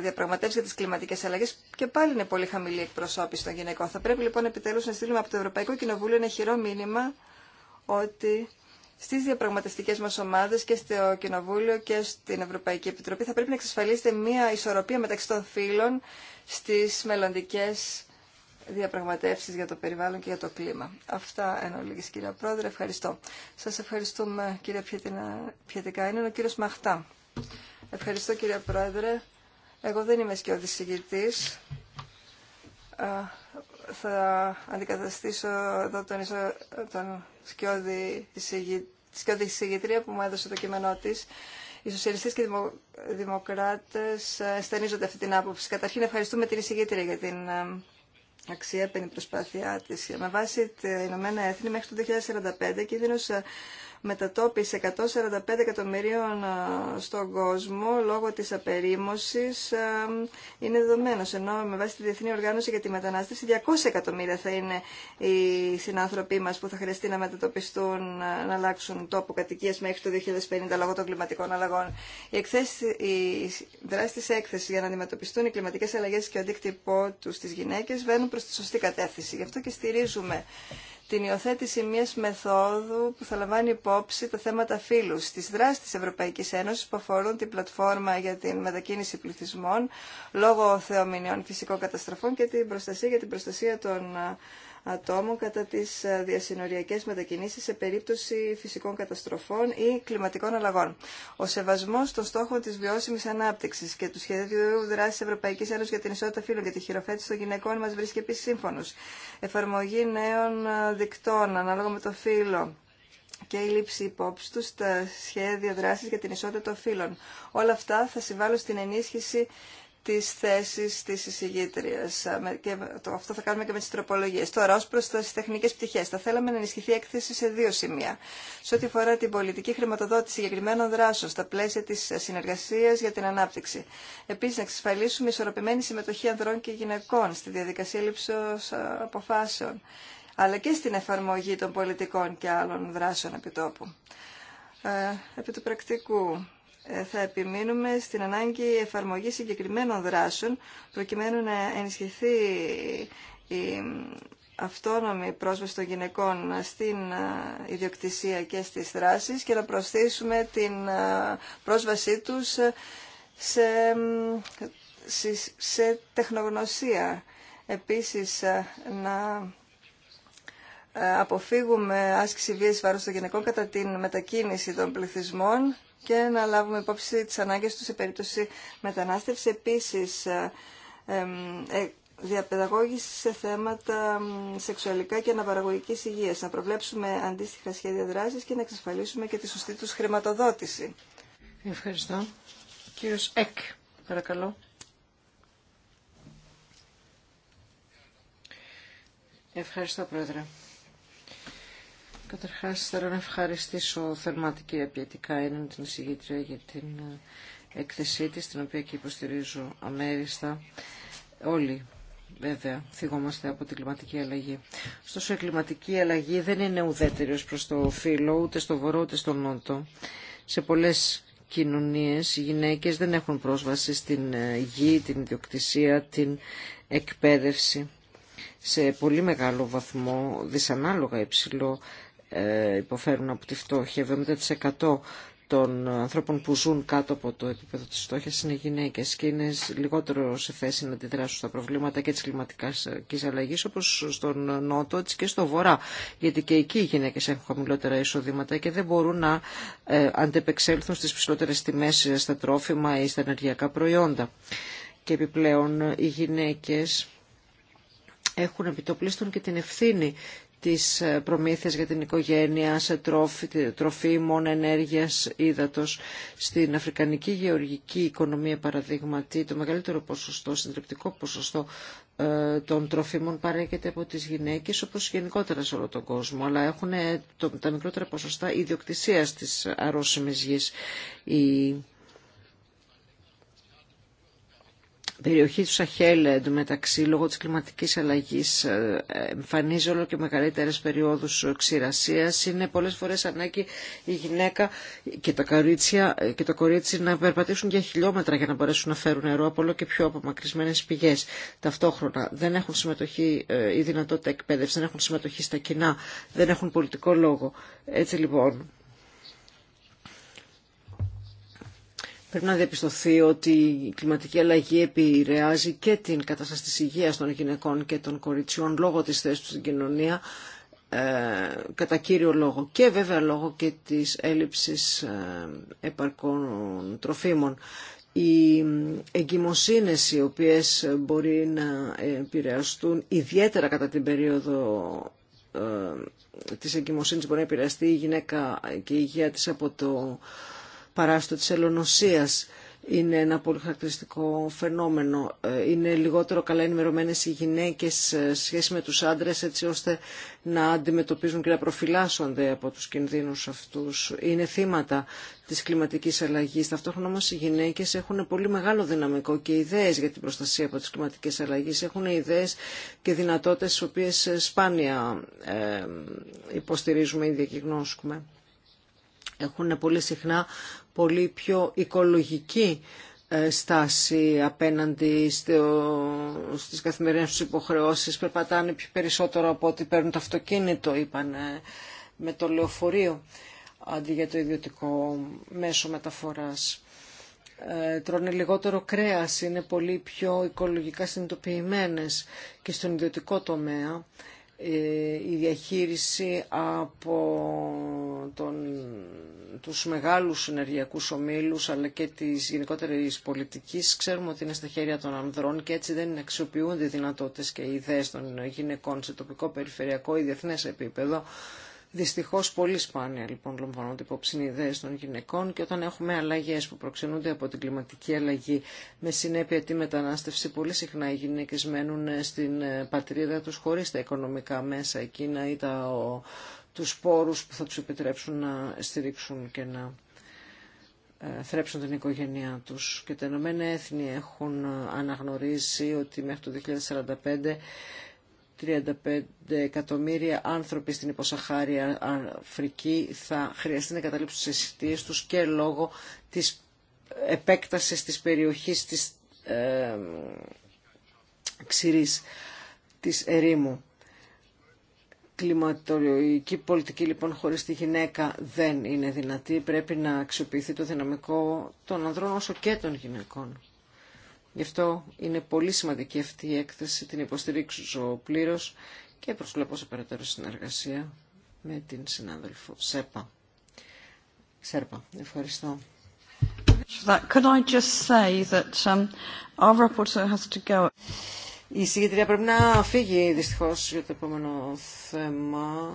διαπραγματεύσει για τι κλιματικέ αλλαγές και πάλι είναι πολύ χαμηλή εκπροσώπηση των γυναικών. Θα πρέπει λοιπόν επιτέλους να στείλουμε από το Ευρωπαϊκό Κοινοβούλιο ένα χειρό μήνυμα ότι Στι διαπραγματευτικές μας ομάδες και στο Κοινοβούλιο και στην Ευρωπαϊκή Επιτροπή θα πρέπει να εξασφαλίσετε μία ισορροπία μεταξύ των φύλων στις μελλοντικέ διαπραγματεύσεις για το περιβάλλον και για το κλίμα. Αυτά εν ολίγη, κυρία Πρόεδρε. Ευχαριστώ. Σας ευχαριστούμε κυρία Πιετικά. Είναι ο κύριο Μαχτά. Ευχαριστώ κύριε Πρόεδρε. Εγώ δεν είμαι σκιώδης συγκητής. Θα αντικαταστήσω εδώ τον, τον σκιώδη εισηγητρία που μου έδωσε το κείμενό τη. Οι Σοσιαλιστέ και οι δημοκράτες ε, στενίζονται αυτή την άποψη. Καταρχήν ευχαριστούμε την εισηγήτρια για την ε, αξιέπαινη προσπάθειά τη. Με βάση τα Ηνωμένα Έθνη μέχρι το 2045 κίνδυνο ε, μετατόπιση 145 εκατομμυρίων στον κόσμο λόγω της απερίμωσης είναι δεδομένος. Ενώ με βάση τη Διεθνή Οργάνωση για τη Μετανάστευση 200 εκατομμύρια θα είναι οι συνάνθρωποι μας που θα χρειαστεί να μετατοπιστούν, να αλλάξουν τόπο κατοικίας μέχρι το 2050 λόγω των κλιματικών αλλαγών. Η, εκθέση, η δράση της έκθεσης για να αντιμετωπιστούν οι κλιματικές αλλαγές και ο αντίκτυπό του στις γυναίκες βαίνουν προς τη σωστή κατεύθυνση. Γι' αυτό και στηρίζουμε την υιοθέτηση μιας μεθόδου που θα λαμβάνει υπόψη τα θέματα φύλου στις δράσεις της Ευρωπαϊκής Ένωσης που αφορούν την πλατφόρμα για την μετακίνηση πληθυσμών λόγω θεομηνιών φυσικών καταστροφών και την προστασία για την προστασία των ε, ατόμων κατά τις ε, διασυνοριακές μετακινήσεις σε περίπτωση φυσικών καταστροφών ή κλιματικών αλλαγών. Ο σεβασμός των στόχων της βιώσιμης ανάπτυξης και του σχεδίου δράσης Ευρωπαϊκής Ένωσης για την ισότητα φύλων και τη χειροφέτηση των γυναικών μας βρίσκει επίσης σύμφωνος. Εφαρμογή νέων ε, δικτών ανάλογα με το φύλλο και η λήψη υπόψη του στα σχέδια δράση για την ισότητα των φύλων. Όλα αυτά θα συμβάλλουν στην ενίσχυση τις θέσεις της εισηγήτριας και το, αυτό θα κάνουμε και με τις τροπολογίες. Τώρα, ως προς τις τεχνικές πτυχές, θα θέλαμε να ενισχυθεί η έκθεση σε δύο σημεία. Σε ό,τι αφορά την πολιτική χρηματοδότηση συγκεκριμένων δράσεων στα πλαίσια της συνεργασίας για την ανάπτυξη. Επίσης, να εξασφαλίσουμε ισορροπημένη συμμετοχή ανδρών και γυναικών στη διαδικασία λήψεως αποφάσεων, αλλά και στην εφαρμογή των πολιτικών και άλλων δράσεων επιτόπου. Ε, επί του πρακτικού, ε, θα επιμείνουμε στην ανάγκη εφαρμογής συγκεκριμένων δράσεων προκειμένου να ενισχυθεί η αυτόνομη πρόσβαση των γυναικών στην ε, ιδιοκτησία και στις δράσεις και να προσθέσουμε την ε, πρόσβασή τους σε, σε, τεχνογνωσία. Επίσης, να αποφύγουμε άσκηση βίας βάρος των γυναικών κατά την μετακίνηση των πληθυσμών και να λάβουμε υπόψη τις ανάγκες του σε περίπτωση μετανάστευση Επίσης, ε, ε, διαπαιδαγώγηση σε θέματα σεξουαλικά και αναπαραγωγικής υγείας, να προβλέψουμε αντίστοιχα σχέδια δράσης και να εξασφαλίσουμε και τη σωστή τους χρηματοδότηση. Ευχαριστώ. Κύριος Εκ, παρακαλώ. Ευχαριστώ, Πρόεδρε. Καταρχάς θέλω να ευχαριστήσω θερματική Πιετικά, έναν την εισηγήτρια για την ε, έκθεσή της, την οποία και υποστηρίζω αμέριστα. Όλοι βέβαια θυγόμαστε από την κλιματική αλλαγή. Ωστόσο η κλιματική αλλαγή δεν είναι ουδέτερη ως προς το φύλλο, ούτε στο βορρό ούτε στο νότο. Σε πολλές κοινωνίες οι γυναίκες δεν έχουν πρόσβαση στην ε, γη, την ιδιοκτησία, την εκπαίδευση σε πολύ μεγάλο βαθμό, δυσανάλογα υψηλό, ε, υποφέρουν από τη φτώχεια. 70% των ανθρώπων που ζουν κάτω από το επίπεδο της φτώχειας είναι γυναίκες και είναι λιγότερο σε θέση να αντιδράσουν στα προβλήματα και της κλιματικής αλλαγής όπως στον Νότο έτσι και στο Βορρά γιατί και εκεί οι γυναίκες έχουν χαμηλότερα εισοδήματα και δεν μπορούν να ε, αντεπεξέλθουν στις ψηλότερες τιμές στα τρόφιμα ή στα ενεργειακά προϊόντα. Και επιπλέον οι γυναίκες έχουν επιτοπλίστων και την ευθύνη τις ε, προμήθειες για την οικογένεια σε τροφή τροφίμων, ενέργειας, ύδατος. Στην αφρικανική γεωργική οικονομία παραδείγματι το μεγαλύτερο ποσοστό, συντριπτικό ποσοστό ε, των τροφίμων παρέχεται από τις γυναίκες όπως γενικότερα σε όλο τον κόσμο αλλά έχουν ε, τα μικρότερα ποσοστά ιδιοκτησίας της αρρώσιμης γης περιοχή του Σαχέλ εντωμεταξύ λόγω της κλιματικής αλλαγής ε, εμφανίζει όλο και μεγαλύτερες περιόδους ξηρασίας. Είναι πολλές φορές ανάγκη η γυναίκα και τα, κορίτσια, ε, και τα κορίτσι να περπατήσουν για χιλιόμετρα για να μπορέσουν να φέρουν νερό από όλο και πιο απομακρυσμένες πηγές. Ταυτόχρονα δεν έχουν συμμετοχή ή ε, δυνατότητα εκπαίδευση, δεν έχουν συμμετοχή στα κοινά, δεν έχουν πολιτικό λόγο. Έτσι λοιπόν Πρέπει να διαπιστωθεί ότι η κλιματική αλλαγή επηρεάζει και την κατάσταση της υγείας των γυναικών και των κοριτσιών λόγω της θέσης του στην κοινωνία, ε, κατά κύριο λόγο και βέβαια λόγω και της έλλειψης ε, επαρκών τροφίμων. Οι εγκυμοσύνες οι οποίες μπορεί να επηρεαστούν ιδιαίτερα κατά την περίοδο ε, της εγκυμοσύνης μπορεί να επηρεαστεί η γυναίκα και η υγεία της από το παράστο της ελονοσίας είναι ένα πολύ χαρακτηριστικό φαινόμενο. Ε, είναι λιγότερο καλά ενημερωμένε οι γυναίκε σε σχέση με του άντρε, έτσι ώστε να αντιμετωπίζουν και να προφυλάσσονται από του κινδύνου αυτού. Είναι θύματα τη κλιματική αλλαγή. Ταυτόχρονα όμω οι γυναίκε έχουν πολύ μεγάλο δυναμικό και ιδέε για την προστασία από τι κλιματικέ αλλαγέ. Έχουν ιδέε και δυνατότητε, τι οποίε σπάνια ε, υποστηρίζουμε ή διακυγνώσκουμε. Έχουν πολύ συχνά πολύ πιο οικολογική ε, στάση απέναντι στις καθημερινές τους υποχρεώσεις. Περπατάνε πιο περισσότερο από ό,τι παίρνουν το αυτοκίνητο, είπαν, ε, με το λεωφορείο, αντί για το ιδιωτικό μέσο μεταφοράς. Ε, τρώνε λιγότερο κρέας, είναι πολύ πιο οικολογικά συνειδητοποιημένες και στον ιδιωτικό τομέα. Ε, η διαχείριση από τον, τους μεγάλους ενεργειακούς ομίλους αλλά και της γενικότερης πολιτικής ξέρουμε ότι είναι στα χέρια των ανδρών και έτσι δεν αξιοποιούνται οι δυνατότητες και οι ιδέες των γυναικών σε τοπικό, περιφερειακό ή διεθνές επίπεδο Δυστυχώ πολύ σπάνια λοιπόν λαμβάνονται υπόψη οι ιδέε των γυναικών και όταν έχουμε αλλαγέ που προξενούνται από την κλιματική αλλαγή με συνέπεια τη μετανάστευση, πολύ συχνά οι γυναίκε μένουν ε, στην ε, πατρίδα του χωρί τα οικονομικά μέσα εκείνα ή τα, ο, τους πόρους που θα τους επιτρέψουν να στηρίξουν και να ε, θρέψουν την οικογένειά τους. Και τα Ηνωμένα Έθνη έχουν αναγνωρίσει ότι μέχρι το 2045 35 εκατομμύρια άνθρωποι στην υποσαχάρια Αφρική θα χρειαστεί να καταλήψουν τις συστήσεις τους και λόγω της επέκτασης της περιοχής της ε, ξηρής, της ερήμου. Κλιματολογική πολιτική λοιπόν χωρίς τη γυναίκα δεν είναι δυνατή. Πρέπει να αξιοποιηθεί το δυναμικό των ανδρών όσο και των γυναικών. Γι' αυτό είναι πολύ σημαντική αυτή η έκθεση, την υποστηρίξω πλήρω και προσβλέπω σε περαιτέρω συνεργασία με την συνάδελφο ΣΕΠΑ. ΣΕΡΠΑ, ευχαριστώ. Η συγκεκριμένη πρέπει να φύγει δυστυχώς για το επόμενο θέμα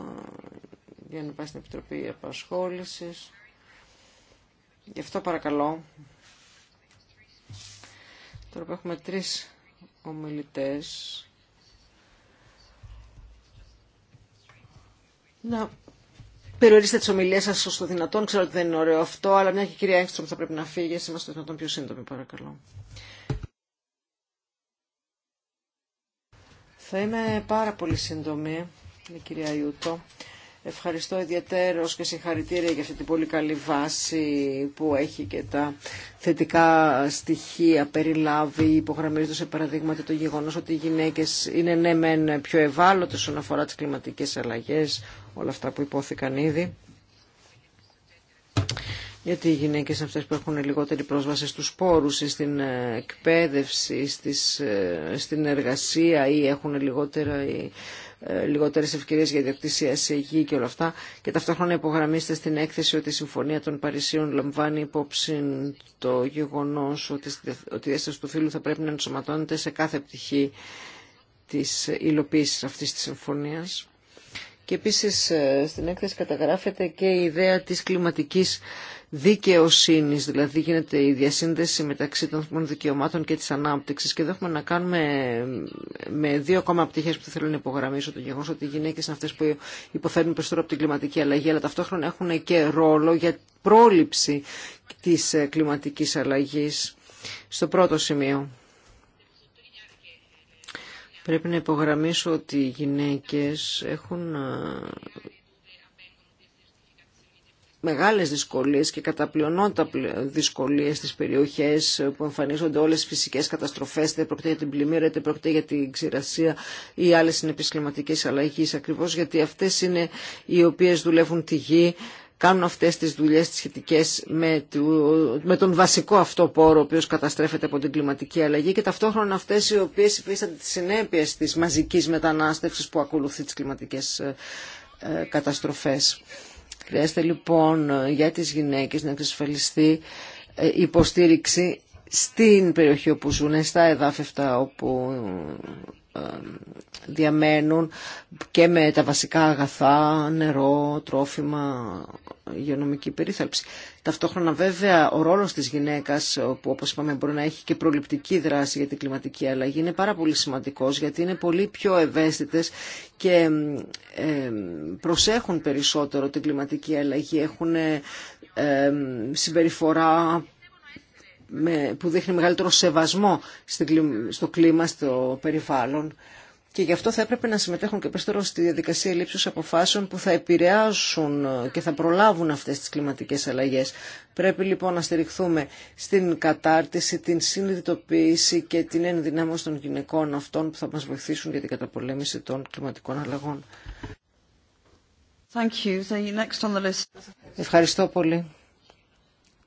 για να πάει στην Επιτροπή Απασχόλησης. Γι' αυτό παρακαλώ Τώρα που έχουμε τρεις ομιλητές, να περιορίστε τις ομιλίες σας στο δυνατόν. Ξέρω ότι δεν είναι ωραίο αυτό, αλλά μια και η κυρία Έγκστρομ θα πρέπει να φύγει. Είμαστε στο δυνατόν πιο σύντομοι, παρακαλώ. Θα είμαι πάρα πολύ σύντομη, η κυρία Ιούτο. Ευχαριστώ ιδιαίτερως και συγχαρητήρια για αυτή την πολύ καλή βάση που έχει και τα θετικά στοιχεία περιλάβει, υπογραμμίζοντα σε παραδείγματα το γεγονό ότι οι γυναίκες είναι ναι μεν πιο ευάλωτες όσον αφορά τι κλιματικές αλλαγές, όλα αυτά που υπόθηκαν ήδη. Γιατί οι γυναίκες αυτές που έχουν λιγότερη πρόσβαση στους πόρους ή στην ε, εκπαίδευση, ε, στην εργασία ή έχουν λιγότερα ε, λιγότερε ευκαιρίε για διακτήσια ή εγγή και όλα αυτά. και ταυτόχρονα υπογραμτεί στην έκθεση ότι σε γη και όλα αυτά. Και ταυτόχρονα υπογραμμίστε στην έκθεση ότι η Συμφωνία των Παρισίων λαμβάνει υπόψη το γεγονό ότι η αίσθηση του φύλου θα πρέπει να ενσωματώνεται σε κάθε πτυχή τη υλοποίηση αυτή τη συμφωνία. Και επίσης ε, στην έκθεση καταγράφεται και η ιδέα της κλιματικής δικαιοσύνης, δηλαδή γίνεται η διασύνδεση μεταξύ των δικαιωμάτων και της ανάπτυξης και εδώ έχουμε να κάνουμε με δύο ακόμα πτυχές που θέλω να υπογραμμίσω το γεγονός ότι οι γυναίκες είναι αυτές που υποφέρουν περισσότερο από την κλιματική αλλαγή αλλά ταυτόχρονα έχουν και ρόλο για πρόληψη της ε, κλιματικής αλλαγής στο πρώτο σημείο. Πρέπει να υπογραμμίσω ότι οι γυναίκες έχουν ε, μεγάλες δυσκολίες και καταπλειονότητα δυσκολίες στις περιοχές που εμφανίζονται όλες τις φυσικές καταστροφές, είτε πρόκειται για την πλημμύρα, είτε πρόκειται για την ξηρασία ή άλλες συνεπείς κλιματικές αλλαγής, ακριβώς γιατί αυτές είναι οι οποίες δουλεύουν τη γη, κάνουν αυτές τις δουλειές τις σχετικές με, με τον βασικό αυτό πόρο ο οποίος καταστρέφεται από την κλιματική αλλαγή και ταυτόχρονα αυτές οι οποίες υφίστανται τις συνέπειες της μαζικής μετανάστευσης που ακολουθεί τις κλιματικές ε, ε, καταστροφές. Χρειάζεται λοιπόν για τις γυναίκες να εξασφαλιστεί ε, υποστήριξη στην περιοχή όπου ζουν, στα εδάφευτα όπου διαμένουν και με τα βασικά αγαθά, νερό, τρόφιμα, υγειονομική περίθαλψη. Ταυτόχρονα βέβαια ο ρόλος της γυναίκας που όπως είπαμε μπορεί να έχει και προληπτική δράση για την κλιματική αλλαγή είναι πάρα πολύ σημαντικός γιατί είναι πολύ πιο ευαίσθητες και ε, προσέχουν περισσότερο την κλιματική αλλαγή, έχουν ε, ε, συμπεριφορά που δείχνει μεγαλύτερο σεβασμό στο κλίμα, στο περιβάλλον. Και γι' αυτό θα έπρεπε να συμμετέχουν και περισσότερο στη διαδικασία λήψη αποφάσεων που θα επηρεάσουν ε, και θα προλάβουν αυτέ τι κλιματικέ αλλαγέ. Πρέπει λοιπόν να στηριχθούμε στην κατάρτιση, την συνειδητοποίηση και την ενδυνάμωση των γυναικών αυτών που θα μα βοηθήσουν για την καταπολέμηση των κλιματικών αλλαγών. Ευχαριστώ πολύ.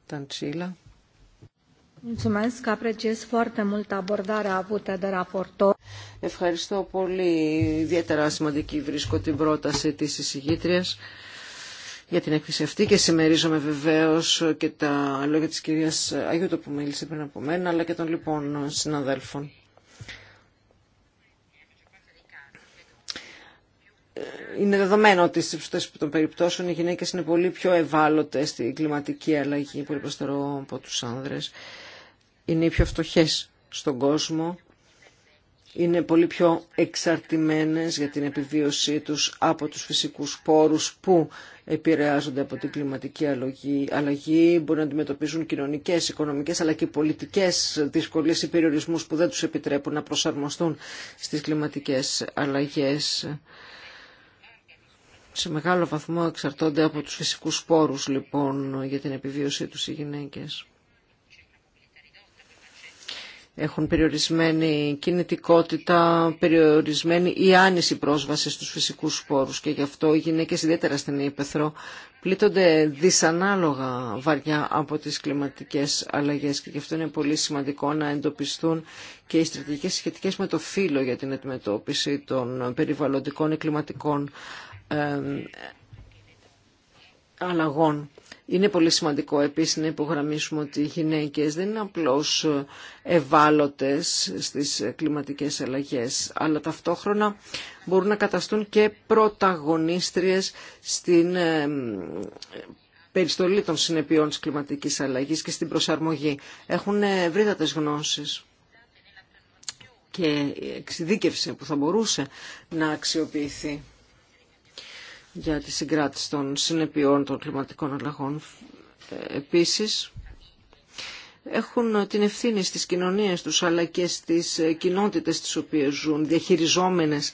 Ταντσίλα. Ευχαριστώ πολύ. Ιδιαίτερα σημαντική βρίσκω την πρόταση της εισηγήτριας για την έκθεση αυτή και συμμερίζομαι βεβαίως και τα λόγια της κυρίας Αγιούτο που μίλησε πριν από μένα αλλά και των λοιπόν συναδέλφων. είναι δεδομένο ότι στι ψηφοφορίε των περιπτώσεων οι γυναίκε είναι πολύ πιο ευάλωτε στην κλιματική αλλαγή, πολύ προστερό από του άνδρες είναι οι πιο φτωχές στον κόσμο, είναι πολύ πιο εξαρτημένες για την επιβίωσή τους από τους φυσικούς πόρους που επηρεάζονται από την κλιματική αλλαγή, μπορεί να αντιμετωπίζουν κοινωνικές, οικονομικές αλλά και πολιτικές δυσκολίες ή περιορισμούς που δεν τους επιτρέπουν να προσαρμοστούν στις κλιματικές αλλαγές. Σε μεγάλο βαθμό εξαρτώνται από τους φυσικούς πόρους λοιπόν για την επιβίωσή τους οι γυναίκες έχουν περιορισμένη κινητικότητα, περιορισμένη ή άνηση πρόσβαση στους φυσικούς σπόρους και γι' αυτό οι γυναίκες ιδιαίτερα στην Ήπεθρο πλήττονται δυσανάλογα βαριά από τις κλιματικές αλλαγές και γι' αυτό είναι πολύ σημαντικό να εντοπιστούν και οι στρατηγικές σχετικές με το φύλλο για την αντιμετώπιση των περιβαλλοντικών και κλιματικών αλλαγών. Είναι πολύ σημαντικό επίσης να υπογραμμίσουμε ότι οι γυναίκες δεν είναι απλώς ευάλωτες στις κλιματικές αλλαγές, αλλά ταυτόχρονα μπορούν να καταστούν και πρωταγωνίστριες στην ε, περιστολή των συνεπειών της κλιματικής αλλαγής και στην προσαρμογή. Έχουν ευρύτατες γνώσεις και εξειδίκευση που θα μπορούσε να αξιοποιηθεί για τη συγκράτηση των συνεπειών των κλιματικών αλλαγών. Επίσης, έχουν την ευθύνη στις κοινωνίες τους αλλά και στις κοινότητες τις οποίες ζουν, διαχειριζόμενες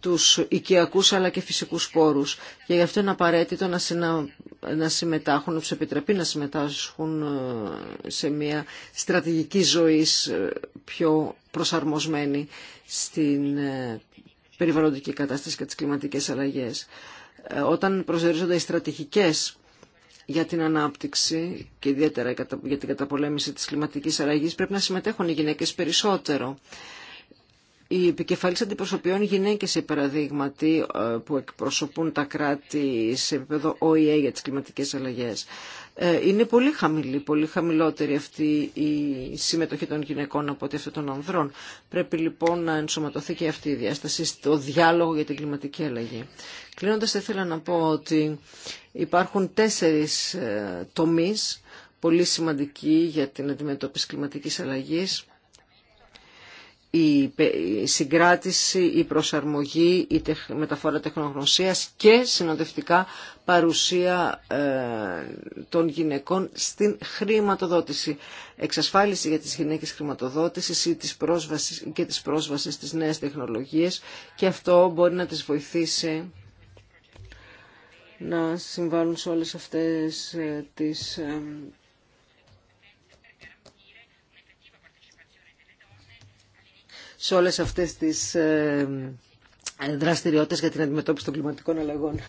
τους οικιακούς αλλά και φυσικούς πόρους. Και γι' αυτό είναι απαραίτητο να, συνα... να συμμετάχουν, να να συμμετάσχουν ε, σε μια στρατηγική ζωής ε, πιο προσαρμοσμένη στην ε, περιβαλλοντική κατάσταση και τις κλιματικές αλλαγές. Ε, όταν προσδιορίζονται οι στρατηγικές για την ανάπτυξη και ιδιαίτερα για την καταπολέμηση της κλιματικής αλλαγής πρέπει να συμμετέχουν οι γυναίκες περισσότερο. Οι επικεφαλής αντιπροσωπιών γυναίκες, οι παραδείγματοι, ε, που εκπροσωπούν τα κράτη σε επίπεδο ΟΗΕ για τις κλιματικές αλλαγές, ε, είναι πολύ χαμηλή, πολύ χαμηλότερη αυτή η συμμετοχή των γυναικών από ό,τι αυτή των ανδρών. Πρέπει λοιπόν να ενσωματωθεί και αυτή η διάσταση στο διάλογο για την κλιματική αλλαγή. Κλείνοντας, ήθελα να πω ότι υπάρχουν τέσσερις ε, τομείς πολύ σημαντικοί για την αντιμετώπιση κλιματικής αλλαγής η συγκράτηση, η προσαρμογή, η μεταφορά τεχνογνωσίας και συνοδευτικά παρουσία ε, των γυναικών στην χρηματοδότηση. Εξασφάλιση για τις γυναίκες χρηματοδότησης ή της πρόσβασης, και της πρόσβασης στις νέες τεχνολογίες και αυτό μπορεί να τις βοηθήσει να συμβάλλουν σε όλες αυτές ε, τις ε, σε όλες αυτές τις ε, δραστηριότητες για την αντιμετώπιση των κλιματικών αλλαγών.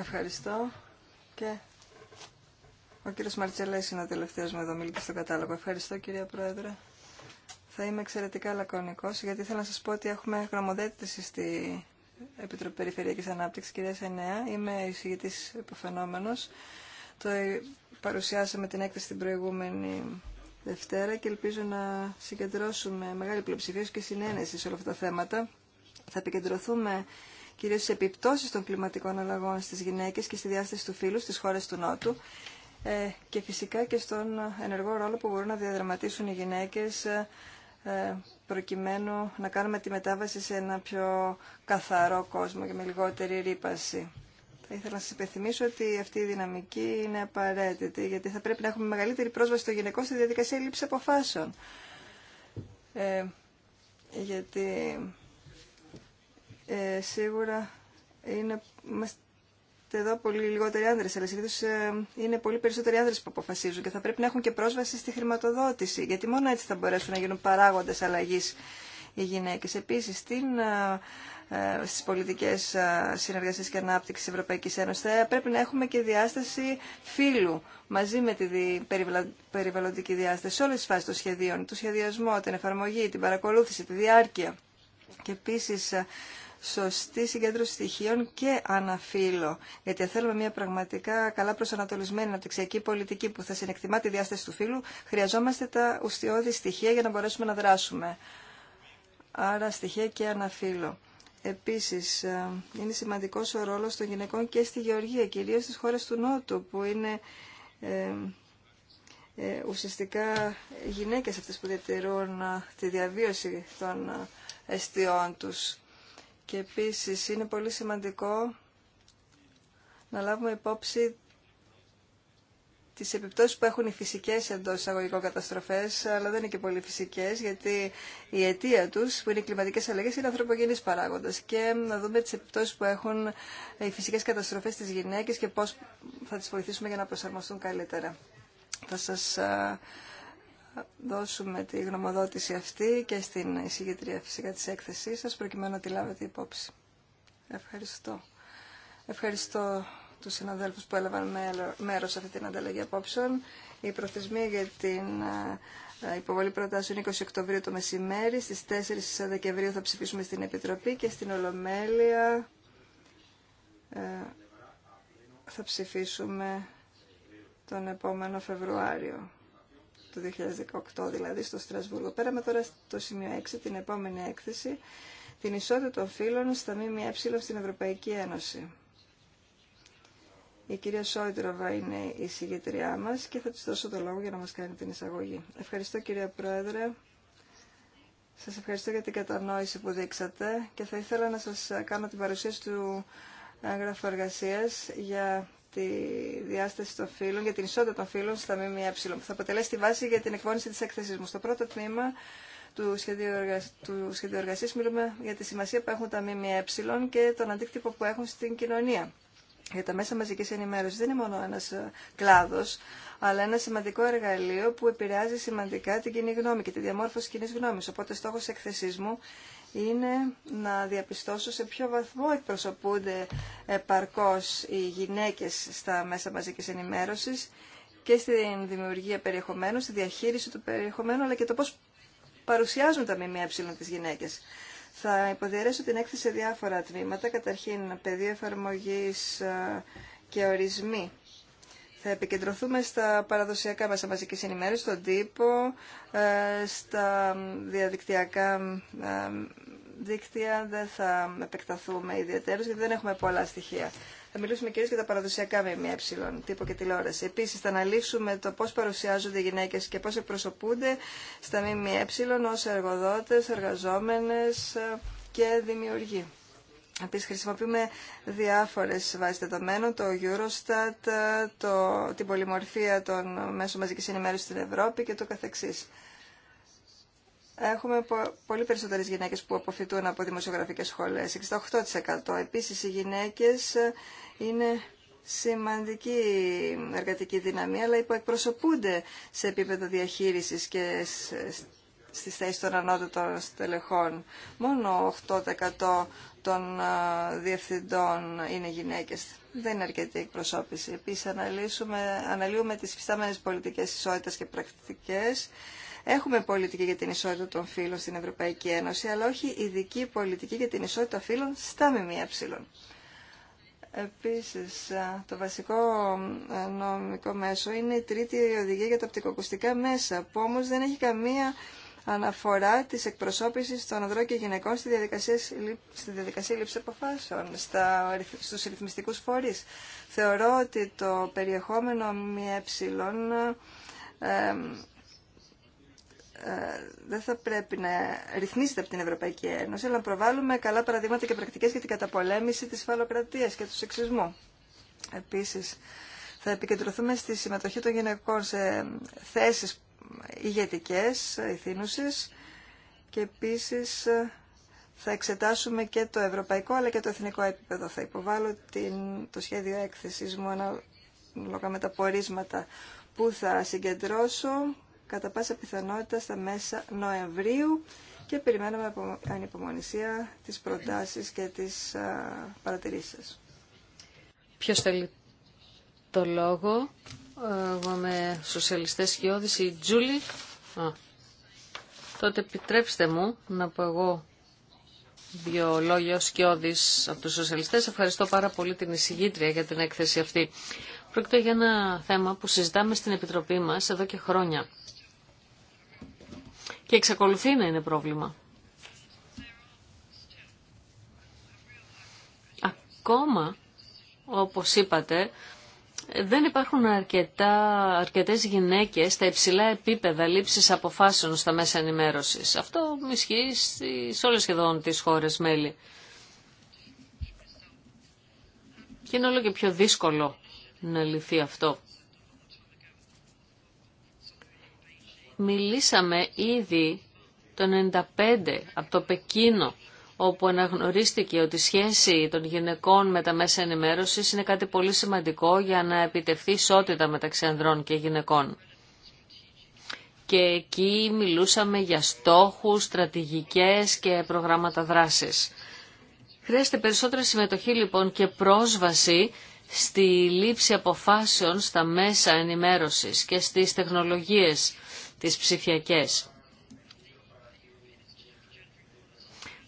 Ευχαριστώ. Και ο κύριος Μαρτζελέης είναι ο τελευταίος μου εδώ μιλητής στον κατάλογο. Ευχαριστώ κυρία Πρόεδρε. Θα είμαι εξαιρετικά λακωνικός γιατί θέλω να σας πω ότι έχουμε γραμμοδέτηση στη Επιτροπή Περιφερειακής Ανάπτυξης κυρία Σενέα. Είμαι εισηγητής υποφαινόμενος. Το παρουσιάσαμε την έκθεση την προηγούμενη Δευτέρα και ελπίζω να συγκεντρώσουμε μεγάλη πλειοψηφία και συνένεση σε όλα αυτά τα θέματα. Θα επικεντρωθούμε κυρίως στις επιπτώσεις των κλιματικών αλλαγών στις γυναίκες και στη διάσταση του φύλου στις χώρες του Νότου ε, και φυσικά και στον ενεργό ρόλο που μπορούν να διαδραματίσουν οι γυναίκες ε, προκειμένου να κάνουμε τη μετάβαση σε ένα πιο καθαρό κόσμο και με λιγότερη ρήπαση. Θα ήθελα να σα υπενθυμίσω ότι αυτή η δυναμική είναι απαραίτητη, γιατί θα πρέπει να έχουμε μεγαλύτερη πρόσβαση στο γυναικό στη διαδικασία λήψη αποφάσεων. Ε, γιατί ε, σίγουρα είναι, είμαστε εδώ πολύ λιγότεροι άνδρες, αλλά συνήθω ε, είναι πολύ περισσότεροι άνδρες που αποφασίζουν και θα πρέπει να έχουν και πρόσβαση στη χρηματοδότηση, γιατί μόνο έτσι θα μπορέσουν να γίνουν παράγοντε αλλαγή οι γυναίκε. Επίσης, στην ε, στις πολιτικές ε, συνεργασίες και ανάπτυξης Ευρωπαϊκής Ένωσης. Θα πρέπει να έχουμε και διάσταση φύλου μαζί με τη περιβαλλοντική διάσταση σε όλες τις φάσεις των σχεδίων, του σχεδιασμού, την εφαρμογή, την παρακολούθηση, τη διάρκεια και επίσης ε, σωστή συγκέντρωση στοιχείων και αναφύλλω. Γιατί θέλουμε μια πραγματικά καλά προσανατολισμένη αναπτυξιακή πολιτική που θα συνεκτιμά τη διάσταση του φύλου, χρειαζόμαστε τα ουσιώδη στοιχεία για να μπορέσουμε να δράσουμε. Άρα στοιχεία και αναφύλλω. Επίσης, ε, είναι σημαντικός ο ρόλος των γυναικών και στη Γεωργία, κυρίως στις χώρες του Νότου, που είναι ε, ε, ουσιαστικά γυναίκες αυτές που διατηρούν ε, τη διαβίωση των αισθειών ε, τους. Και επίσης, είναι πολύ σημαντικό να λάβουμε υπόψη τι επιπτώσει που έχουν οι φυσικέ εντό εισαγωγικών καταστροφέ, αλλά δεν είναι και πολύ φυσικέ γιατί η αιτία του που είναι οι κλιματικέ αλλαγές, είναι ανθρωπογενής παράγοντας. Και να δούμε τι επιπτώσει που έχουν οι φυσικέ καταστροφέ στι γυναίκε και πώ θα τι βοηθήσουμε για να προσαρμοστούν καλύτερα. Θα σα δώσουμε τη γνωμοδότηση αυτή και στην εισηγητρία φυσικά της έκθεσής σας, προκειμένου να τη λάβετε υπόψη. Ευχαριστώ. Ευχαριστώ τους συναδέλφους που έλαβαν μέρος σε αυτή την ανταλλαγή απόψεων. Η προθεσμία για την ε, ε, υποβολή προτάσεων 20 Οκτωβρίου το μεσημέρι. Στις 4 Δεκεμβρίου θα ψηφίσουμε στην Επιτροπή και στην Ολομέλεια ε, θα ψηφίσουμε τον επόμενο Φεβρουάριο του 2018, δηλαδή στο Στρασβούργο. Πέραμε τώρα στο σημείο 6, την επόμενη έκθεση, την ισότητα των φύλων στα ΜΜΕ στην Ευρωπαϊκή Ένωση. Η κυρία Σόιτροβα είναι η συγγετριά μας και θα της δώσω το λόγο για να μας κάνει την εισαγωγή. Ευχαριστώ κυρία Πρόεδρε. Σας ευχαριστώ για την κατανόηση που δείξατε και θα ήθελα να σας κάνω την παρουσίαση του έγγραφου εργασία για τη διάσταση των φύλων, για την ισότητα των φύλων στα ΜΜΕ, που θα αποτελέσει τη βάση για την εκπόνηση της έκθεσής μου. Στο πρώτο τμήμα του σχεδίου, του σχεδίου εργασίας μιλούμε για τη σημασία που έχουν τα ΜΜΕ και τον αντίκτυπο που έχουν στην κοινωνία για τα μέσα μαζικής ενημέρωσης δεν είναι μόνο ένας ε, κλάδος, αλλά ένα σημαντικό εργαλείο που επηρεάζει σημαντικά την κοινή γνώμη και τη διαμόρφωση κοινή γνώμη. Οπότε στόχο μου είναι να διαπιστώσω σε ποιο βαθμό εκπροσωπούνται επαρκώς οι γυναίκες στα μέσα μαζικής ενημέρωσης και στη δημιουργία περιεχομένου, στη διαχείριση του περιεχομένου, αλλά και το πώς παρουσιάζουν τα ΜΜΕ τι γυναίκες. Θα υποδιαιρέσω την έκθεση σε διάφορα τμήματα. Καταρχήν, πεδίο εφαρμογή ε, και ορισμοί. Θα επικεντρωθούμε στα παραδοσιακά μέσα μαζικής ενημέρωση στον τύπο, ε, στα διαδικτυακά ε, δίκτυα. Δεν θα επεκταθούμε ιδιαίτερως γιατί δεν έχουμε πολλά στοιχεία. Θα μιλήσουμε κυρίω για τα παραδοσιακά ΜΜΕ, τύπο και τηλεόραση. Επίση, θα αναλύσουμε το πώ παρουσιάζονται οι γυναίκε και πώ εκπροσωπούνται στα ΜΜΕ ω εργοδότε, εργαζόμενε και δημιουργοί. Επίση χρησιμοποιούμε διάφορε βάσει δεδομένων, το Eurostat, το, την πολυμορφία των μέσων μαζική ενημέρωση στην Ευρώπη και το καθεξή. Έχουμε πολύ περισσότερε γυναίκε που αποφυτούν από δημοσιογραφικέ σχολέ, 68%. Επίση οι γυναίκε είναι σημαντική εργατική δύναμη αλλά υποεκπροσωπούνται σε επίπεδο διαχείρισης και στις θέσεις των ανώτατων στελεχών. Μόνο 8% των διευθυντών είναι γυναίκες. Δεν είναι αρκετή εκπροσώπηση. Επίσης, αναλύουμε τις φυστάμενες πολιτικές ισότητας και πρακτικές. Έχουμε πολιτική για την ισότητα των φύλων στην Ευρωπαϊκή Ένωση, αλλά όχι ειδική πολιτική για την ισότητα φύλων στα ΜΜΕ. Επίσης, το βασικό νομικό μέσο είναι η τρίτη οδηγία για τα οπτικοκουστικά μέσα, που όμως δεν έχει καμία αναφορά της εκπροσώπησης των ανδρών και γυναικών στη διαδικασία, στη διαδικασία λήψη αποφάσεων, στα, στους ρυθμιστικούς φορείς. Θεωρώ ότι το περιεχόμενο μη ε, ε ε, δεν θα πρέπει να ρυθμίσετε από την Ευρωπαϊκή Ένωση, αλλά να προβάλλουμε καλά παραδείγματα και πρακτικές για την καταπολέμηση της φαλοκρατίας και του σεξισμού. Επίσης, θα επικεντρωθούμε στη συμμετοχή των γυναικών σε θέσεις ηγετικές, ηθήνουσες και επίσης ε, θα εξετάσουμε και το ευρωπαϊκό αλλά και το εθνικό επίπεδο. Θα υποβάλω την, το σχέδιο έκθεσης μου ανάλογα με τα πορίσματα που θα συγκεντρώσω κατά πάσα πιθανότητα στα μέσα Νοεμβρίου και περιμένουμε από ανυπομονησία τις προτάσεις και τις α, παρατηρήσεις σας. Ποιος θέλει το λόγο, εγώ είμαι σοσιαλιστές και όδηση, η Τζούλη. Τότε επιτρέψτε μου να πω εγώ δύο λόγια ως από τους σοσιαλιστές. Ευχαριστώ πάρα πολύ την εισηγήτρια για την έκθεση αυτή. Πρόκειται για ένα θέμα που συζητάμε στην Επιτροπή μας εδώ και χρόνια και εξακολουθεί να είναι πρόβλημα. Ακόμα, όπως είπατε, δεν υπάρχουν αρκετά, αρκετές γυναίκες στα υψηλά επίπεδα λήψης αποφάσεων στα μέσα ενημέρωσης. Αυτό ισχύει σε όλες σχεδόν τις χώρες μέλη. Και είναι όλο και πιο δύσκολο να λυθεί αυτό. μιλήσαμε ήδη το 95 από το Πεκίνο όπου αναγνωρίστηκε ότι η σχέση των γυναικών με τα μέσα ενημέρωσης είναι κάτι πολύ σημαντικό για να επιτευχθεί ισότητα μεταξύ ανδρών και γυναικών. Και εκεί μιλούσαμε για στόχους, στρατηγικές και προγράμματα δράσης. Χρειάζεται περισσότερη συμμετοχή λοιπόν και πρόσβαση στη λήψη αποφάσεων στα μέσα ενημέρωσης και στις τεχνολογίες τις ψηφιακές.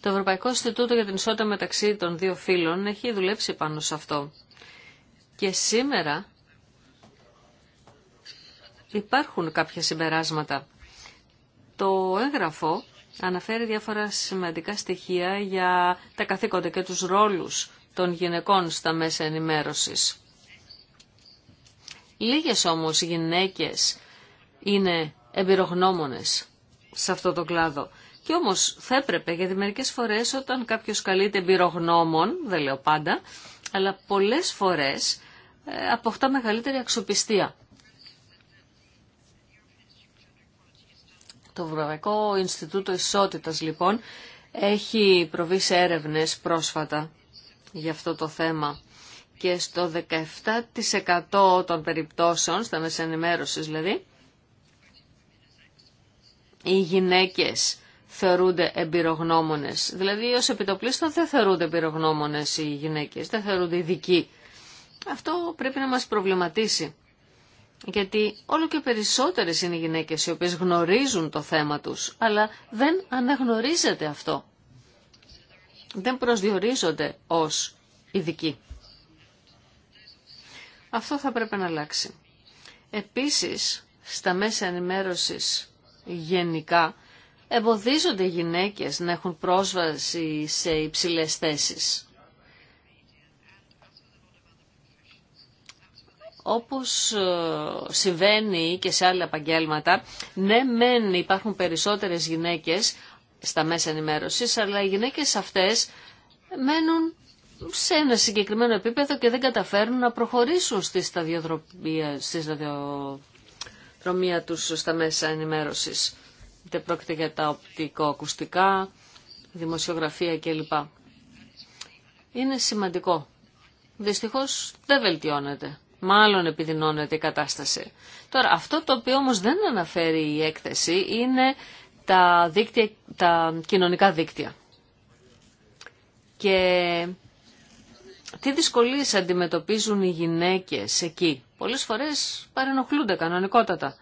Το Ευρωπαϊκό Ινστιτούτο για την Ισότητα μεταξύ των δύο φύλων έχει δουλέψει πάνω σε αυτό. Και σήμερα υπάρχουν κάποια συμπεράσματα. Το έγγραφο αναφέρει διάφορα σημαντικά στοιχεία για τα καθήκοντα και τους ρόλους των γυναικών στα μέσα ενημέρωσης. Λίγες όμως γυναίκες είναι εμπειρογνώμονες σε αυτό το κλάδο. Και όμως θα έπρεπε, γιατί μερικές φορές όταν κάποιος καλείται εμπειρογνώμων, δεν λέω πάντα, αλλά πολλές φορές ε, αποκτά μεγαλύτερη αξιοπιστία. Το Ευρωπαϊκό Ινστιτούτο Ισότητας λοιπόν έχει προβεί σε έρευνες πρόσφατα για αυτό το θέμα και στο 17% των περιπτώσεων, στα μέσα δηλαδή, οι γυναίκες θεωρούνται εμπειρογνώμονες. Δηλαδή ως επιτοπλίστων δεν θεωρούνται εμπειρογνώμονες οι γυναίκες, δεν θεωρούνται ειδικοί. Αυτό πρέπει να μας προβληματίσει. Γιατί όλο και περισσότερες είναι οι γυναίκες οι οποίες γνωρίζουν το θέμα τους, αλλά δεν αναγνωρίζεται αυτό. Δεν προσδιορίζονται ως ειδικοί. Αυτό θα πρέπει να αλλάξει. Επίσης, στα μέσα ενημέρωσης γενικά εμποδίζονται οι γυναίκες να έχουν πρόσβαση σε υψηλές θέσεις. όπως ε, συμβαίνει και σε άλλα επαγγέλματα, ναι μεν υπάρχουν περισσότερες γυναίκες στα μέσα ενημέρωσης, αλλά οι γυναίκες αυτές μένουν σε ένα συγκεκριμένο επίπεδο και δεν καταφέρνουν να προχωρήσουν στη σταδιοδρομία, στη καινοτομία τους στα μέσα ενημέρωσης. Είτε πρόκειται για τα οπτικοακουστικά, δημοσιογραφία κλπ. Είναι σημαντικό. Δυστυχώς δεν βελτιώνεται. Μάλλον επιδεινώνεται η κατάσταση. Τώρα, αυτό το οποίο όμως δεν αναφέρει η έκθεση είναι τα, δίκτυα, τα κοινωνικά δίκτυα. Και τι δυσκολίες αντιμετωπίζουν οι γυναίκες εκεί πολλές φορές παρενοχλούνται κανονικότατα.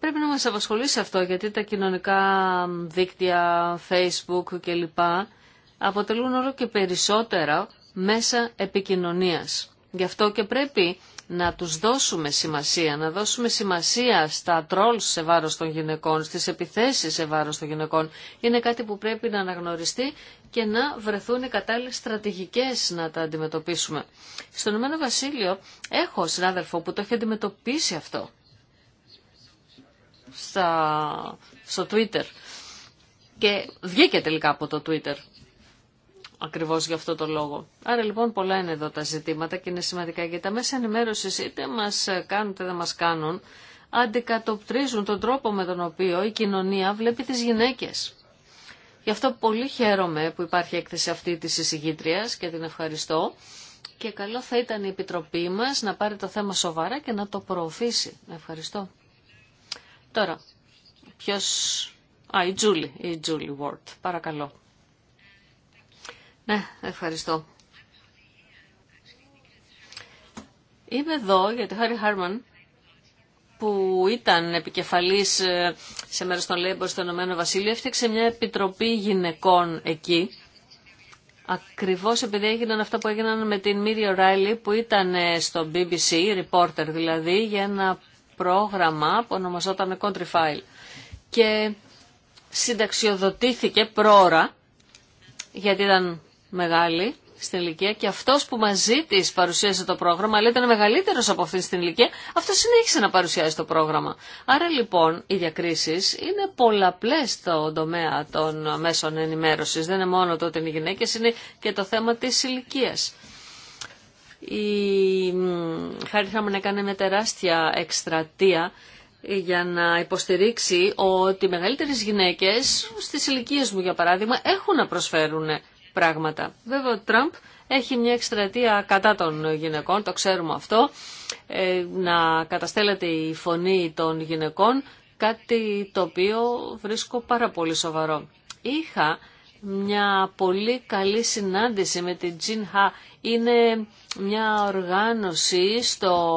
Πρέπει να μας απασχολήσει αυτό γιατί τα κοινωνικά δίκτυα, facebook κλπ. αποτελούν όλο και περισσότερα μέσα επικοινωνίας. Γι' αυτό και πρέπει να τους δώσουμε σημασία, να δώσουμε σημασία στα τρόλς σε βάρος των γυναικών, στις επιθέσεις σε βάρος των γυναικών. Είναι κάτι που πρέπει να αναγνωριστεί και να βρεθούν οι κατάλληλες στρατηγικές να τα αντιμετωπίσουμε. Στον Ηνωμένο Βασίλειο έχω συνάδελφο που το έχει αντιμετωπίσει αυτό στο Twitter και βγήκε τελικά από το Twitter ακριβώς γι' αυτό το λόγο. Άρα λοιπόν πολλά είναι εδώ τα ζητήματα και είναι σημαντικά γιατί τα μέσα ενημέρωση είτε μας κάνουν είτε δεν μα κάνουν αντικατοπτρίζουν τον τρόπο με τον οποίο η κοινωνία βλέπει τις γυναίκες. Γι' αυτό πολύ χαίρομαι που υπάρχει έκθεση αυτή της εισηγήτριας και την ευχαριστώ και καλό θα ήταν η Επιτροπή μα να πάρει το θέμα σοβαρά και να το προωθήσει. Ευχαριστώ. Τώρα, ποιο. Α, η Τζούλη, η Τζούλη Βόρτ, παρακαλώ. Ναι, ευχαριστώ. Είμαι εδώ για τη Χάρη Χάρμαν που ήταν επικεφαλής ε, σε μέρος των Λέμπορ στο Ηνωμένο Βασίλειο έφτιαξε μια επιτροπή γυναικών εκεί ακριβώς επειδή έγιναν αυτά που έγιναν με την Μύριο Ράιλι που ήταν ε, στο BBC, reporter δηλαδή, για ένα πρόγραμμα που ονομαζόταν Country File και συνταξιοδοτήθηκε πρόωρα γιατί ήταν μεγάλη στην ηλικία και αυτό που μαζί τη παρουσίασε το πρόγραμμα, αλλά ήταν μεγαλύτερο από αυτήν στην ηλικία, αυτό συνέχισε να παρουσιάζει το πρόγραμμα. Άρα λοιπόν οι διακρίσει είναι πολλαπλέ στον τομέα των μέσων ενημέρωση. Δεν είναι μόνο το ότι είναι οι είναι και το θέμα τη ηλικία. Η Χάρη να έκανε μια τεράστια εκστρατεία για να υποστηρίξει ότι οι μεγαλύτερες γυναίκες στις ηλικίες μου για παράδειγμα έχουν να προσφέρουν πράγματα. Βέβαια ο Τραμπ έχει μια εκστρατεία κατά των γυναικών, το ξέρουμε αυτό, ε, να καταστέλλεται η φωνή των γυναικών, κάτι το οποίο βρίσκω πάρα πολύ σοβαρό. Είχα μια πολύ καλή συνάντηση με την Τζιν Είναι μια οργάνωση στο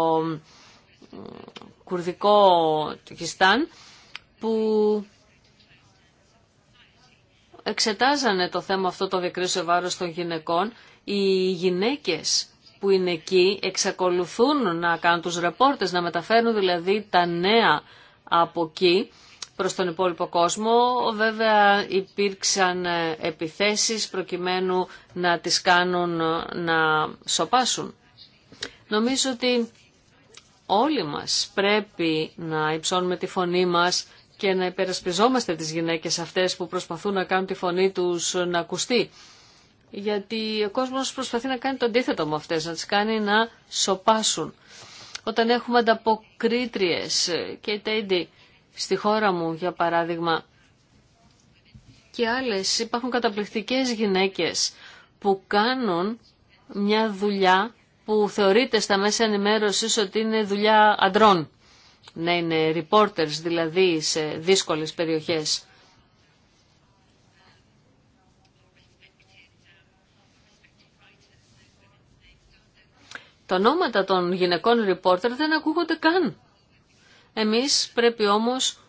κουρδικό Τουχιστάν που εξετάζανε το θέμα αυτό το σε βάρος των γυναικών, οι γυναίκες που είναι εκεί εξακολουθούν να κάνουν τους ρεπόρτες, να μεταφέρουν δηλαδή τα νέα από εκεί προς τον υπόλοιπο κόσμο. Βέβαια υπήρξαν ε, επιθέσεις προκειμένου να τις κάνουν να σοπάσουν. Νομίζω ότι όλοι μας πρέπει να υψώνουμε τη φωνή μας και να υπερασπιζόμαστε τις γυναίκες αυτές που προσπαθούν να κάνουν τη φωνή τους να ακουστεί. Γιατί ο κόσμος προσπαθεί να κάνει το αντίθετο με αυτές, να τις κάνει να σοπάσουν. Όταν έχουμε ανταποκρίτριες και τέντι στη χώρα μου για παράδειγμα και άλλες υπάρχουν καταπληκτικές γυναίκες που κάνουν μια δουλειά που θεωρείται στα μέσα ενημέρωσης ότι είναι δουλειά αντρών να είναι reporters δηλαδή σε δύσκολες περιοχές. Τα ονόματα των γυναικών reporters δεν ακούγονται καν. Εμείς πρέπει όμως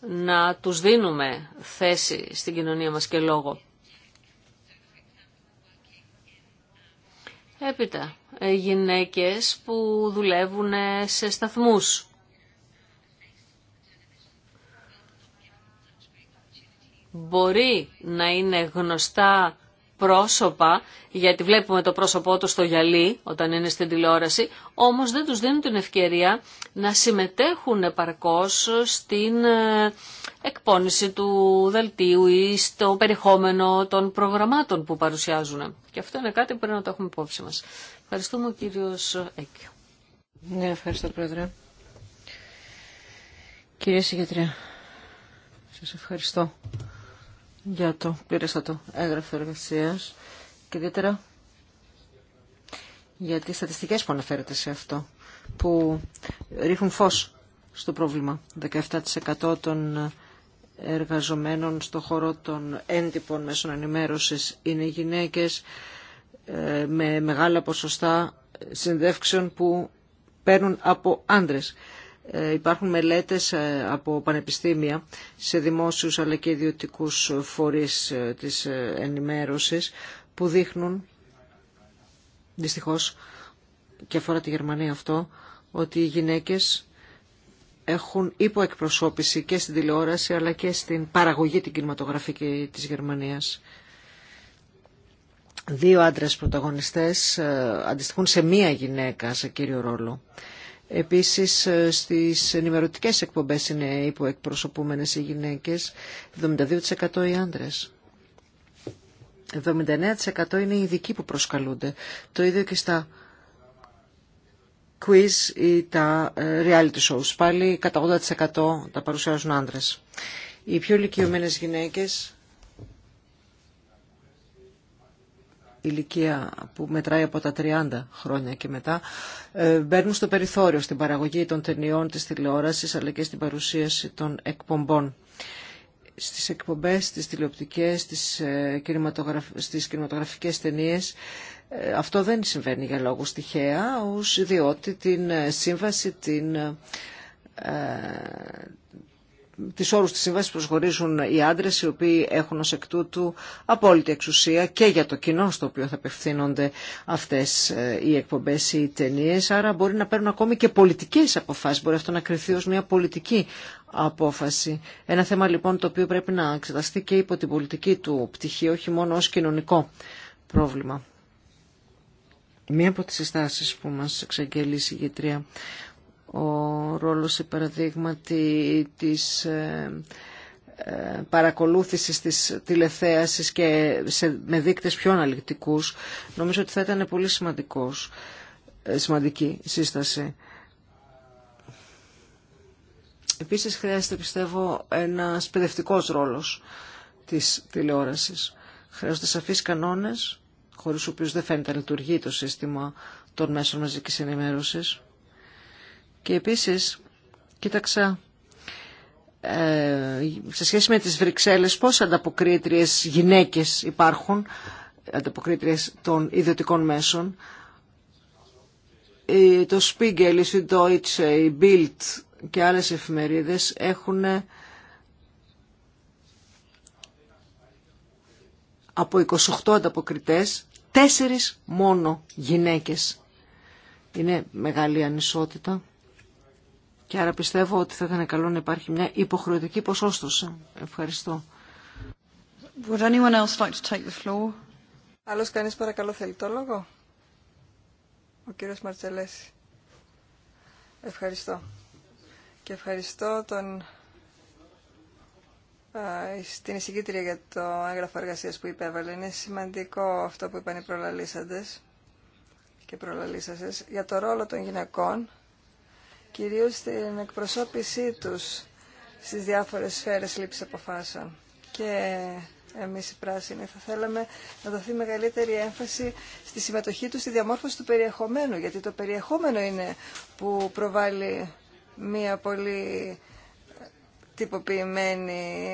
να τους δίνουμε θέση στην κοινωνία μας και λόγο. Έπειτα, ε, γυναίκες που δουλεύουν ε, σε σταθμούς μπορεί να είναι γνωστά πρόσωπα, γιατί βλέπουμε το πρόσωπό του στο γυαλί όταν είναι στην τηλεόραση, όμως δεν τους δίνουν την ευκαιρία να συμμετέχουν επαρκώς στην ε, εκπόνηση του δελτίου ή στο περιεχόμενο των προγραμμάτων που παρουσιάζουν. Και αυτό είναι κάτι που πρέπει να το έχουμε υπόψη μας. Ευχαριστούμε ο κύριος Έκιο. Ναι, ευχαριστώ πρόεδρε. Κυρία Συγγετρία, σας ευχαριστώ για το πλήρωσα έγγραφο εργασία και ιδιαίτερα για τις στατιστικές που αναφέρεται σε αυτό, που ρίχνουν φως στο πρόβλημα. 17% των εργαζομένων στο χώρο των έντυπων μέσων ενημέρωση, είναι γυναίκες ε, με μεγάλα ποσοστά συνδεύξεων που παίρνουν από άντρες. Ε, υπάρχουν μελέτες ε, από πανεπιστήμια σε δημόσιους αλλά και ιδιωτικούς φορείς ε, της ενημέρωσης που δείχνουν, δυστυχώς και αφορά τη Γερμανία αυτό, ότι οι γυναίκες έχουν υποεκπροσώπηση και στην τηλεόραση αλλά και στην παραγωγή την κινηματογραφική της Γερμανίας. Δύο άντρες πρωταγωνιστές αντιστοιχούν σε μία γυναίκα σε κύριο ρόλο. Επίσης ε, στις ενημερωτικές εκπομπές είναι υποεκπροσωπούμενες οι γυναίκες, 72% οι άντρες. 79% είναι οι ειδικοί που προσκαλούνται. Το ίδιο και στα quiz ή τα ε, reality shows. Πάλι κατά 80% τα παρουσιάζουν άντρες. Οι πιο ηλικιωμένες γυναίκες ηλικία που μετράει από τα 30 χρόνια και μετά ε, μπαίνουν στο περιθώριο στην παραγωγή των ταινιών της τηλεόρασης αλλά και στην παρουσίαση των εκπομπών στις εκπομπές, στις τηλεοπτικές, στις, ε, κινηματογραφ... στις κινηματογραφικές ε, Αυτό δεν συμβαίνει για λόγους τυχαία, ως διότι την σύμβαση, την, τις όρους της σύμβασης προσχωρήσουν οι άντρες οι οποίοι έχουν ως εκ τούτου απόλυτη εξουσία και για το κοινό στο οποίο θα απευθύνονται αυτές ε, οι εκπομπές ή οι ταινίες. Άρα μπορεί να παίρνουν ακόμη και πολιτικές αποφάσεις. Μπορεί αυτό να κρυθεί ως μια πολιτική απόφαση. Ένα θέμα λοιπόν το οποίο πρέπει να εξεταστεί και υπό την πολιτική του πτυχή, όχι μόνο ως κοινωνικό πρόβλημα. Μία από τις συστάσεις που μας εξαγγέλει η συγγετρία ο ρόλος, παραδείγματι, της ε, ε, παρακολούθησης της τηλεθέασης και σε, με δείκτες πιο αναλυτικούς, νομίζω ότι θα ήταν πολύ σημαντικός, ε, σημαντική σύσταση. Επίσης χρειάζεται πιστεύω ένα παιδευτικός ρόλος της τηλεόρασης. Χρειάζονται σαφείς κανόνες, χωρίς οποίους δεν φαίνεται να λειτουργεί το σύστημα των μέσων μαζικής ενημέρωσης. Και επίσης, κοίταξα, ε, σε σχέση με τις Βρυξέλλες, πόσα ανταποκρίτριες γυναίκες υπάρχουν, ανταποκρίτριες των ιδιωτικών μέσων. Ε, το Spiegel, η Deutsche η Bild και άλλες εφημερίδες έχουν ε, από 28 ανταποκριτές, τέσσερις μόνο γυναίκες. Είναι μεγάλη ανισότητα. Και άρα πιστεύω ότι θα ήταν καλό να υπάρχει μια υποχρεωτική ποσόστοση. Ευχαριστώ. Άλλος κανείς παρακαλώ θέλει το λόγο. Ο κύριος Μαρτσελέση. Ευχαριστώ. Και ευχαριστώ τον στην εισηγήτρια για το έγγραφο εργασίας που υπέβαλε. Είναι σημαντικό αυτό που είπαν οι προλαλήσαντες και προλαλήσασες για το ρόλο των γυναικών κυρίως στην εκπροσώπησή τους στις διάφορες σφαίρες λήψης αποφάσεων. Και εμείς οι πράσινοι θα θέλαμε να δοθεί μεγαλύτερη έμφαση στη συμμετοχή του στη διαμόρφωση του περιεχομένου, γιατί το περιεχόμενο είναι που προβάλλει μία πολύ ε, τυποποιημένη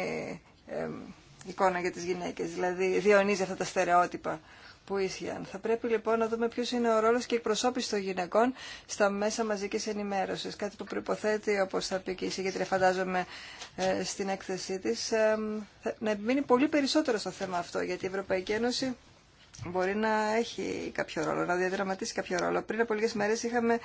ε, εικόνα για τις γυναίκες, δηλαδή διονύζει αυτά τα στερεότυπα που Θα πρέπει λοιπόν να δούμε ποιο είναι ο ρόλο και η εκπροσώπηση των γυναικών στα μέσα μαζική ενημέρωση. Κάτι που προποθέτει, όπω θα πει και η φαντάζομαι, ε, στην έκθεσή τη, ε, να επιμείνει πολύ περισσότερο στο θέμα αυτό. Γιατί η Ευρωπαϊκή Ένωση μπορεί να έχει κάποιο ρόλο, να διαδραματίσει κάποιο ρόλο. Πριν από λίγες μέρες είχαμε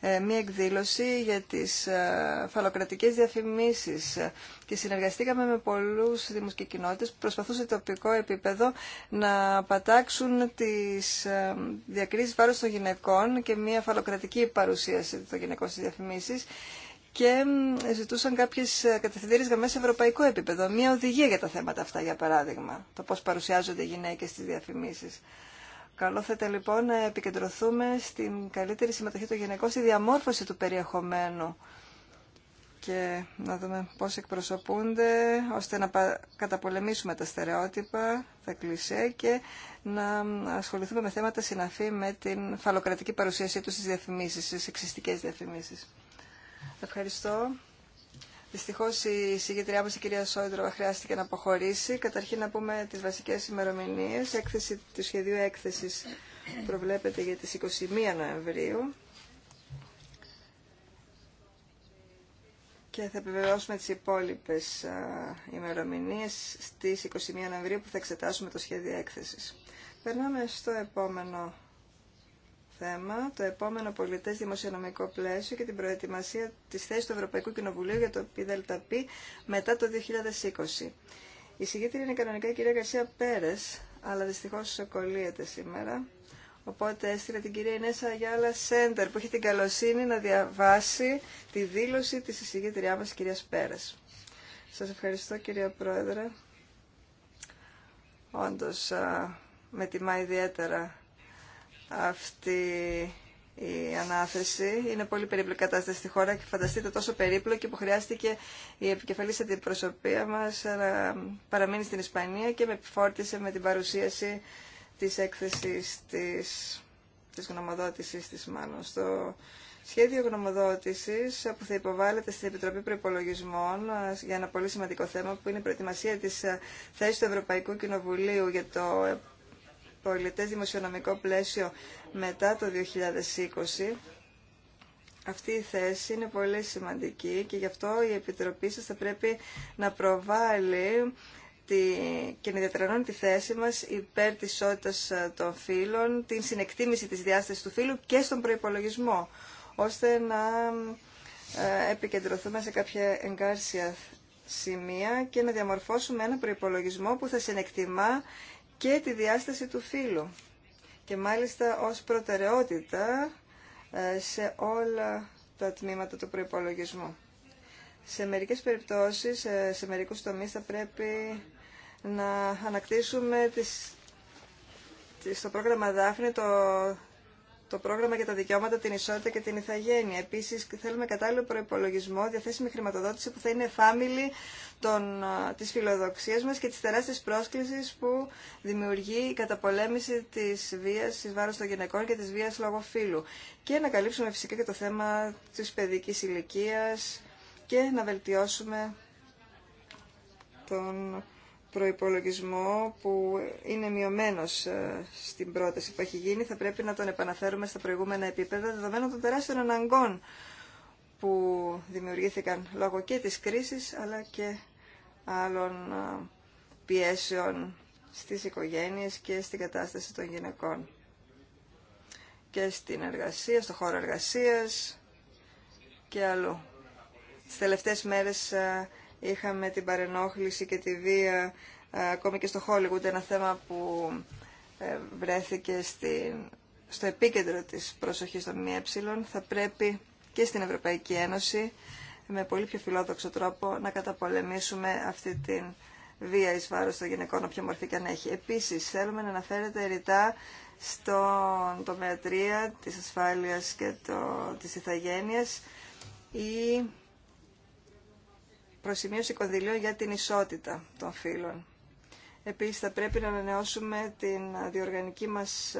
ε, μία εκδήλωση για τις ε, φαλοκρατικές διαφημίσεις και συνεργαστήκαμε με πολλούς δήμους και κοινότητες που προσπαθούν σε τοπικό επίπεδο να πατάξουν τις ε, διακρίσεις βάρος των γυναικών και μία φαλοκρατική παρουσίαση των γυναικών στις διαφημίσεις και ζητούσαν κάποιες ε, κατευθυντήριες γραμμές σε ευρωπαϊκό επίπεδο. Μία οδηγία για τα θέματα αυτά, για παράδειγμα, το πώς παρουσιάζονται οι γυναίκες στις διαφημίσεις. Καλό θα ήταν λοιπόν να επικεντρωθούμε στην καλύτερη συμμετοχή των γυναικών στη διαμόρφωση του περιεχομένου και να δούμε πώς εκπροσωπούνται ώστε να καταπολεμήσουμε τα στερεότυπα, τα κλισέ και να ασχοληθούμε με θέματα συναφή με την φαλοκρατική παρουσίασή τους στις διαφημίσεις, στις εξιστικές διαφημίσεις. Ευχαριστώ. Δυστυχώ η συγκεκριά μα, η κυρία Σόιντροβα, χρειάστηκε να αποχωρήσει. Καταρχήν να πούμε τι βασικέ ημερομηνίε. Έκθεση του σχεδίου έκθεση προβλέπεται για τι 21 Νοεμβρίου. Και θα επιβεβαιώσουμε τις υπόλοιπες ημερομηνίε ημερομηνίες στις 21 Νοεμβρίου που θα εξετάσουμε το σχέδιο έκθεσης. Περνάμε στο επόμενο θέμα, το επόμενο πολιτέ δημοσιονομικό πλαίσιο και την προετοιμασία τη θέση του Ευρωπαϊκού Κοινοβουλίου για το ΠΔΛΤΑΠ μετά το 2020. Η συγκίτρια είναι κανονικά η κυρία Γκαρσία Πέρε, αλλά δυστυχώ κολλείεται σήμερα. Οπότε έστειλε την κυρία Ινέσα Αγιάλα Σέντερ που έχει την καλοσύνη να διαβάσει τη δήλωση τη εισηγήτριά μα κυρίας Πέρας. Σα ευχαριστώ κυρία Πρόεδρε. Όντω με τιμά ιδιαίτερα αυτή η ανάθεση. Είναι πολύ περίπλοκη κατάσταση στη χώρα και φανταστείτε τόσο περίπλοκη που χρειάστηκε η επικεφαλής αντιπροσωπεία μας να παραμείνει στην Ισπανία και με επιφόρτησε με την παρουσίαση της έκθεσης της, της γνωμοδότησης της μάλλον στο σχέδιο γνωμοδότησης που θα υποβάλλεται στην Επιτροπή προπολογισμών ε, για ένα πολύ σημαντικό θέμα που είναι η προετοιμασία τη ε, θέση του Ευρωπαϊκού Κοινοβουλίου για το πολιτές δημοσιονομικό πλαίσιο μετά το 2020, αυτή η θέση είναι πολύ σημαντική και γι' αυτό η Επιτροπή σας θα πρέπει να προβάλλει τη, και να διατρανώνει τη θέση μας υπέρ της ισότητας των φύλων, την συνεκτίμηση της διάστασης του φύλου και στον προϋπολογισμό, ώστε να ε, επικεντρωθούμε σε κάποια εγκάρσια σημεία και να διαμορφώσουμε ένα προϋπολογισμό που θα συνεκτιμά και τη διάσταση του φύλου και μάλιστα ως προτεραιότητα ε, σε όλα τα τμήματα του προϋπολογισμού. Σε μερικές περιπτώσεις, ε, σε μερικούς τομείς θα πρέπει να ανακτήσουμε τις, στο πρόγραμμα Δάφνη το το πρόγραμμα για τα δικαιώματα, την ισότητα και την ηθαγένεια. Επίσης, θέλουμε κατάλληλο προπολογισμό, διαθέσιμη χρηματοδότηση που θα είναι εφάμιλη των, της φιλοδοξίας μας και της τεράστιας πρόσκλησης που δημιουργεί η καταπολέμηση της βίας της βάρος των γυναικών και της βίας λόγω φύλου. Και να καλύψουμε φυσικά και το θέμα της παιδικής ηλικία και να βελτιώσουμε τον προϋπολογισμό που είναι μειωμένος ε, στην πρόταση που έχει γίνει θα πρέπει να τον επαναφέρουμε στα προηγούμενα επίπεδα δεδομένων των τεράστιων αναγκών που δημιουργήθηκαν λόγω και της κρίσης αλλά και άλλων ε, πιέσεων στις οικογένειες και στην κατάσταση των γυναικών και στην εργασία, στο χώρο εργασίας και αλλού. Τις τελευταίες μέρες ε, είχαμε την παρενόχληση και τη βία ε, ακόμη και στο Hollywood, ένα θέμα που ε, βρέθηκε στη στο επίκεντρο της προσοχής των ΜΕ, θα πρέπει και στην Ευρωπαϊκή Ένωση με πολύ πιο φιλόδοξο τρόπο να καταπολεμήσουμε αυτή την βία εις βάρος των γυναικών, όποια μορφή και αν έχει. Επίσης, θέλουμε να αναφέρεται ρητά στον τομέα 3 της ασφάλειας και το, της ηθαγένειας ή προσημείωση κονδυλίων για την ισότητα των φύλων. Επίσης θα πρέπει να ανανεώσουμε την διοργανική μας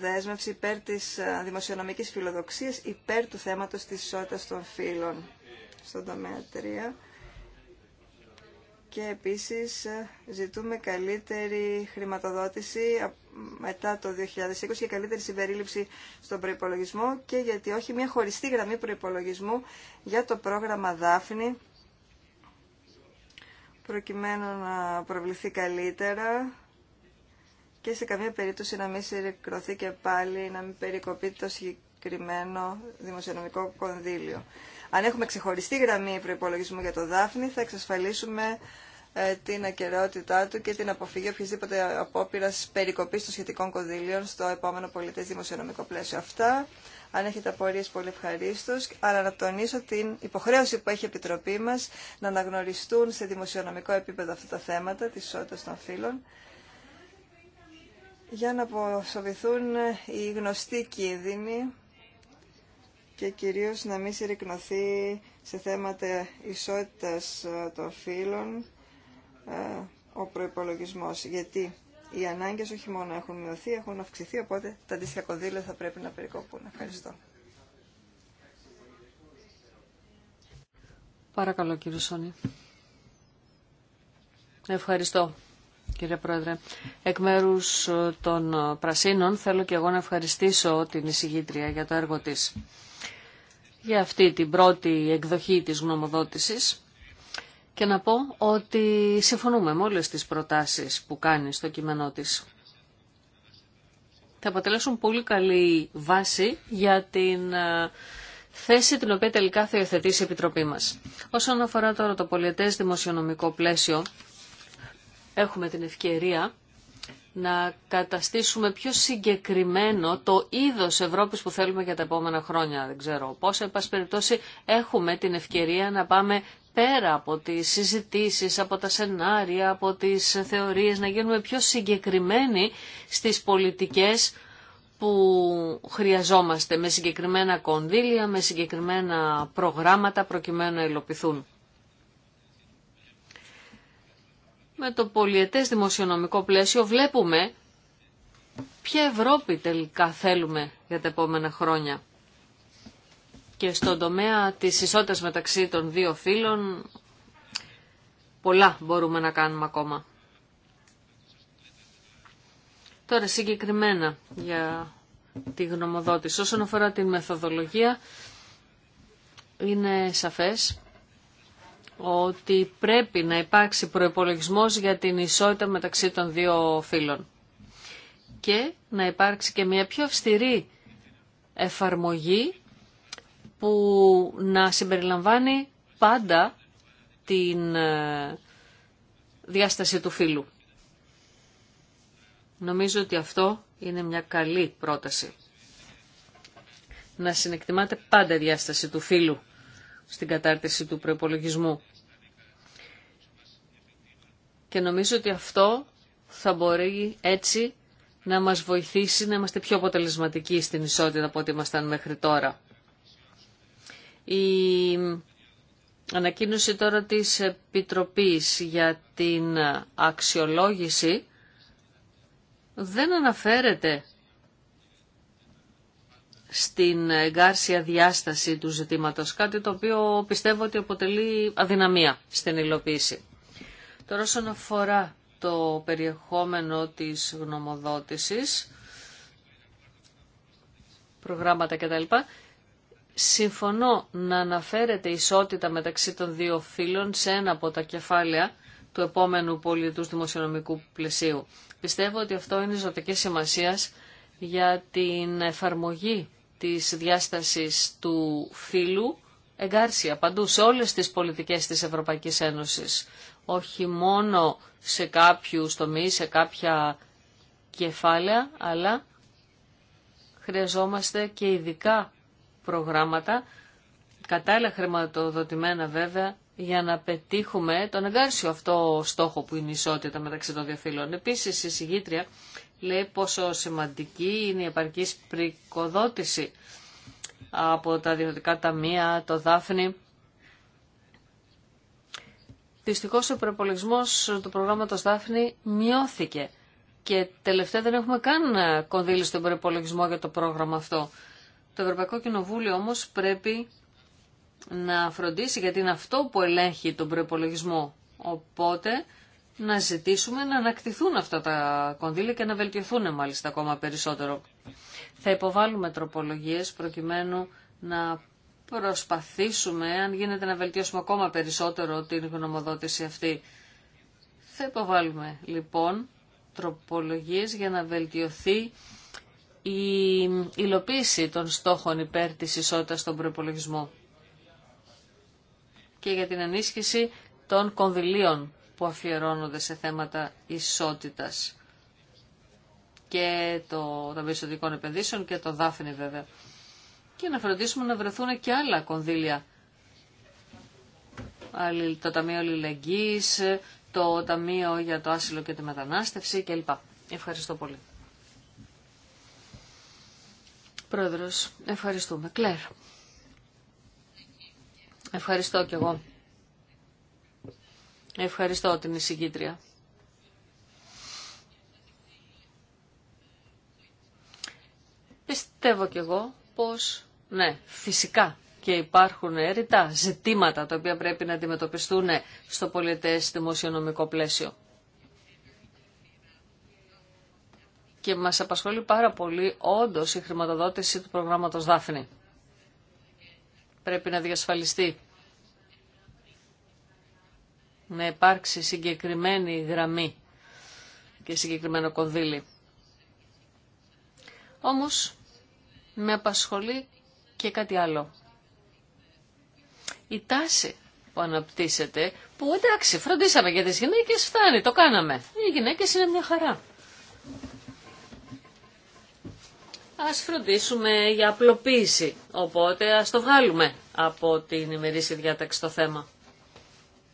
δέσμευση υπέρ της δημοσιονομικής φιλοδοξίας, υπέρ του θέματος της ισότητας των φύλων. Στον τομέα 3 και επίσης ε, ζητούμε καλύτερη χρηματοδότηση μετά το 2020 και καλύτερη συμπερίληψη στον προϋπολογισμό και γιατί όχι μια χωριστή γραμμή προϋπολογισμού για το πρόγραμμα Δάφνη προκειμένου να προβληθεί καλύτερα και σε καμία περίπτωση να μην συρρικρωθεί και πάλι, να μην περικοπεί το συγκεκριμένο δημοσιονομικό κονδύλιο αν έχουμε ξεχωριστή γραμμή προπολογισμού για το Δάφνη, θα εξασφαλίσουμε ε, την ακαιρεότητά του και την αποφυγή οποιασδήποτε απόπειρα περικοπή των σχετικών κονδύλιων στο επόμενο πολιτέ δημοσιονομικό πλαίσιο. Αυτά, αν έχετε απορίε, πολύ ευχαρίστω. Αλλά να τονίσω την υποχρέωση που έχει η Επιτροπή μα να αναγνωριστούν σε δημοσιονομικό επίπεδο αυτά τα θέματα τη ισότητα των φύλων για να αποσοβηθούν ε, οι γνωστοί κίνδυνοι και κυρίως να μην συρρυκνωθεί σε θέματα ισότητας ε, των φύλων ε, ο προϋπολογισμός. Γιατί οι ανάγκες όχι μόνο έχουν μειωθεί, έχουν αυξηθεί, οπότε τα αντίστοιχα κονδύλια θα πρέπει να περικοπούν. Ευχαριστώ. Παρακαλώ κύριε Σόνη. Ευχαριστώ κύριε Πρόεδρε. Εκ μέρου ε, των Πρασίνων θέλω και εγώ να ευχαριστήσω την εισηγήτρια για το έργο της για αυτή την πρώτη εκδοχή της γνωμοδότησης και να πω ότι συμφωνούμε με όλες τις προτάσεις που κάνει στο κείμενό της. Θα αποτελέσουν πολύ καλή βάση για την ε, θέση την οποία τελικά θα υιοθετήσει η Επιτροπή μας. Όσον αφορά τώρα το πολιετές δημοσιονομικό πλαίσιο, έχουμε την ευκαιρία να καταστήσουμε πιο συγκεκριμένο το είδος Ευρώπης που θέλουμε για τα επόμενα χρόνια. Δεν ξέρω πώς, εν περιπτώσει, έχουμε την ευκαιρία να πάμε πέρα από τις συζητήσεις, από τα σενάρια, από τις θεωρίες, να γίνουμε πιο συγκεκριμένοι στις πολιτικές που χρειαζόμαστε, με συγκεκριμένα κονδύλια, με συγκεκριμένα προγράμματα προκειμένου να υλοποιηθούν. με το πολιετές δημοσιονομικό πλαίσιο βλέπουμε ποια Ευρώπη τελικά θέλουμε για τα επόμενα χρόνια. Και στον τομέα της ισότητας μεταξύ των δύο φύλων πολλά μπορούμε να κάνουμε ακόμα. Τώρα συγκεκριμένα για τη γνωμοδότηση. Όσον αφορά την μεθοδολογία, είναι σαφές ότι πρέπει να υπάρξει προϋπολογισμός για την ισότητα μεταξύ των δύο φύλων και να υπάρξει και μια πιο αυστηρή εφαρμογή που να συμπεριλαμβάνει πάντα την ε, διάσταση του φύλου. Νομίζω ότι αυτό είναι μια καλή πρόταση. Να συνεκτιμάτε πάντα διάσταση του φύλου στην κατάρτιση του προϋπολογισμού. Και νομίζω ότι αυτό θα μπορεί έτσι να μας βοηθήσει να είμαστε πιο αποτελεσματικοί στην ισότητα από ό,τι ήμασταν μέχρι τώρα. Η ανακοίνωση τώρα της Επιτροπής για την αξιολόγηση δεν αναφέρεται στην εγκάρσια διάσταση του ζητήματος, κάτι το οποίο πιστεύω ότι αποτελεί αδυναμία στην υλοποίηση. Τώρα όσον αφορά το περιεχόμενο της γνωμοδότησης, προγράμματα κτλ. Συμφωνώ να αναφέρεται ισότητα μεταξύ των δύο φύλων σε ένα από τα κεφάλαια του επόμενου πολιτου δημοσιονομικού πλαισίου. Πιστεύω ότι αυτό είναι ζωτική σημασίας για την εφαρμογή της διάστασης του φύλου εγκάρσια παντού σε όλες τις πολιτικές της Ευρωπαϊκής Ένωσης. Όχι μόνο σε κάποιους τομείς, σε κάποια κεφάλαια, αλλά χρειαζόμαστε και ειδικά προγράμματα, κατάλληλα χρηματοδοτημένα βέβαια, για να πετύχουμε τον εγκάρσιο αυτό στόχο που είναι η ισότητα μεταξύ των δύο φύλων. Επίσης, η συγγήτρια λέει πόσο σημαντική είναι η επαρκής πρικοδότηση από τα διευθυντικά ταμεία, το Δάφνη. Δυστυχώς ο προπολογισμό του προγράμματος Δάφνη μειώθηκε και τελευταία δεν έχουμε καν κονδύλι στον προπολογισμό για το πρόγραμμα αυτό. Το Ευρωπαϊκό Κοινοβούλιο όμως πρέπει να φροντίσει γιατί είναι αυτό που ελέγχει τον προπολογισμό. Οπότε να ζητήσουμε να ανακτηθούν αυτά τα κονδύλια και να βελτιωθούν μάλιστα ακόμα περισσότερο. Θα υποβάλουμε τροπολογίες προκειμένου να προσπαθήσουμε, αν γίνεται να βελτιώσουμε ακόμα περισσότερο την γνωμοδότηση αυτή. Θα υποβάλουμε λοιπόν τροπολογίες για να βελτιωθεί η υλοποίηση των στόχων υπέρ της ισότητας στον προπολογισμό και για την ενίσχυση των κονδυλίων που αφιερώνονται σε θέματα ισότητας και το Ταμείο Ισοτικών Επενδύσεων και το Δάφνη βέβαια. Και να φροντίσουμε να βρεθούν και άλλα κονδύλια. Το Ταμείο Αλληλεγγύης, το Ταμείο για το Άσυλο και τη Μετανάστευση κλπ. Ευχαριστώ πολύ. Πρόεδρος, ευχαριστούμε. Κλέρ. Ευχαριστώ κι εγώ. Ευχαριστώ την εισηγήτρια. Πιστεύω κι εγώ πως ναι, φυσικά και υπάρχουν έρητα ζητήματα τα οποία πρέπει να αντιμετωπιστούν στο πολιτές δημοσιονομικό πλαίσιο. Και μας απασχολεί πάρα πολύ όντως η χρηματοδότηση του προγράμματος Δάφνη. Πρέπει να διασφαλιστεί να υπάρξει συγκεκριμένη γραμμή και συγκεκριμένο κονδύλι. Όμως με απασχολεί και κάτι άλλο. Η τάση που αναπτύσσεται, που εντάξει φροντίσαμε για τις γυναίκες, φτάνει, το κάναμε. Οι γυναίκες είναι μια χαρά. Ας φροντίσουμε για απλοποίηση, οπότε ας το βγάλουμε από την ημερήσια διάταξη το θέμα.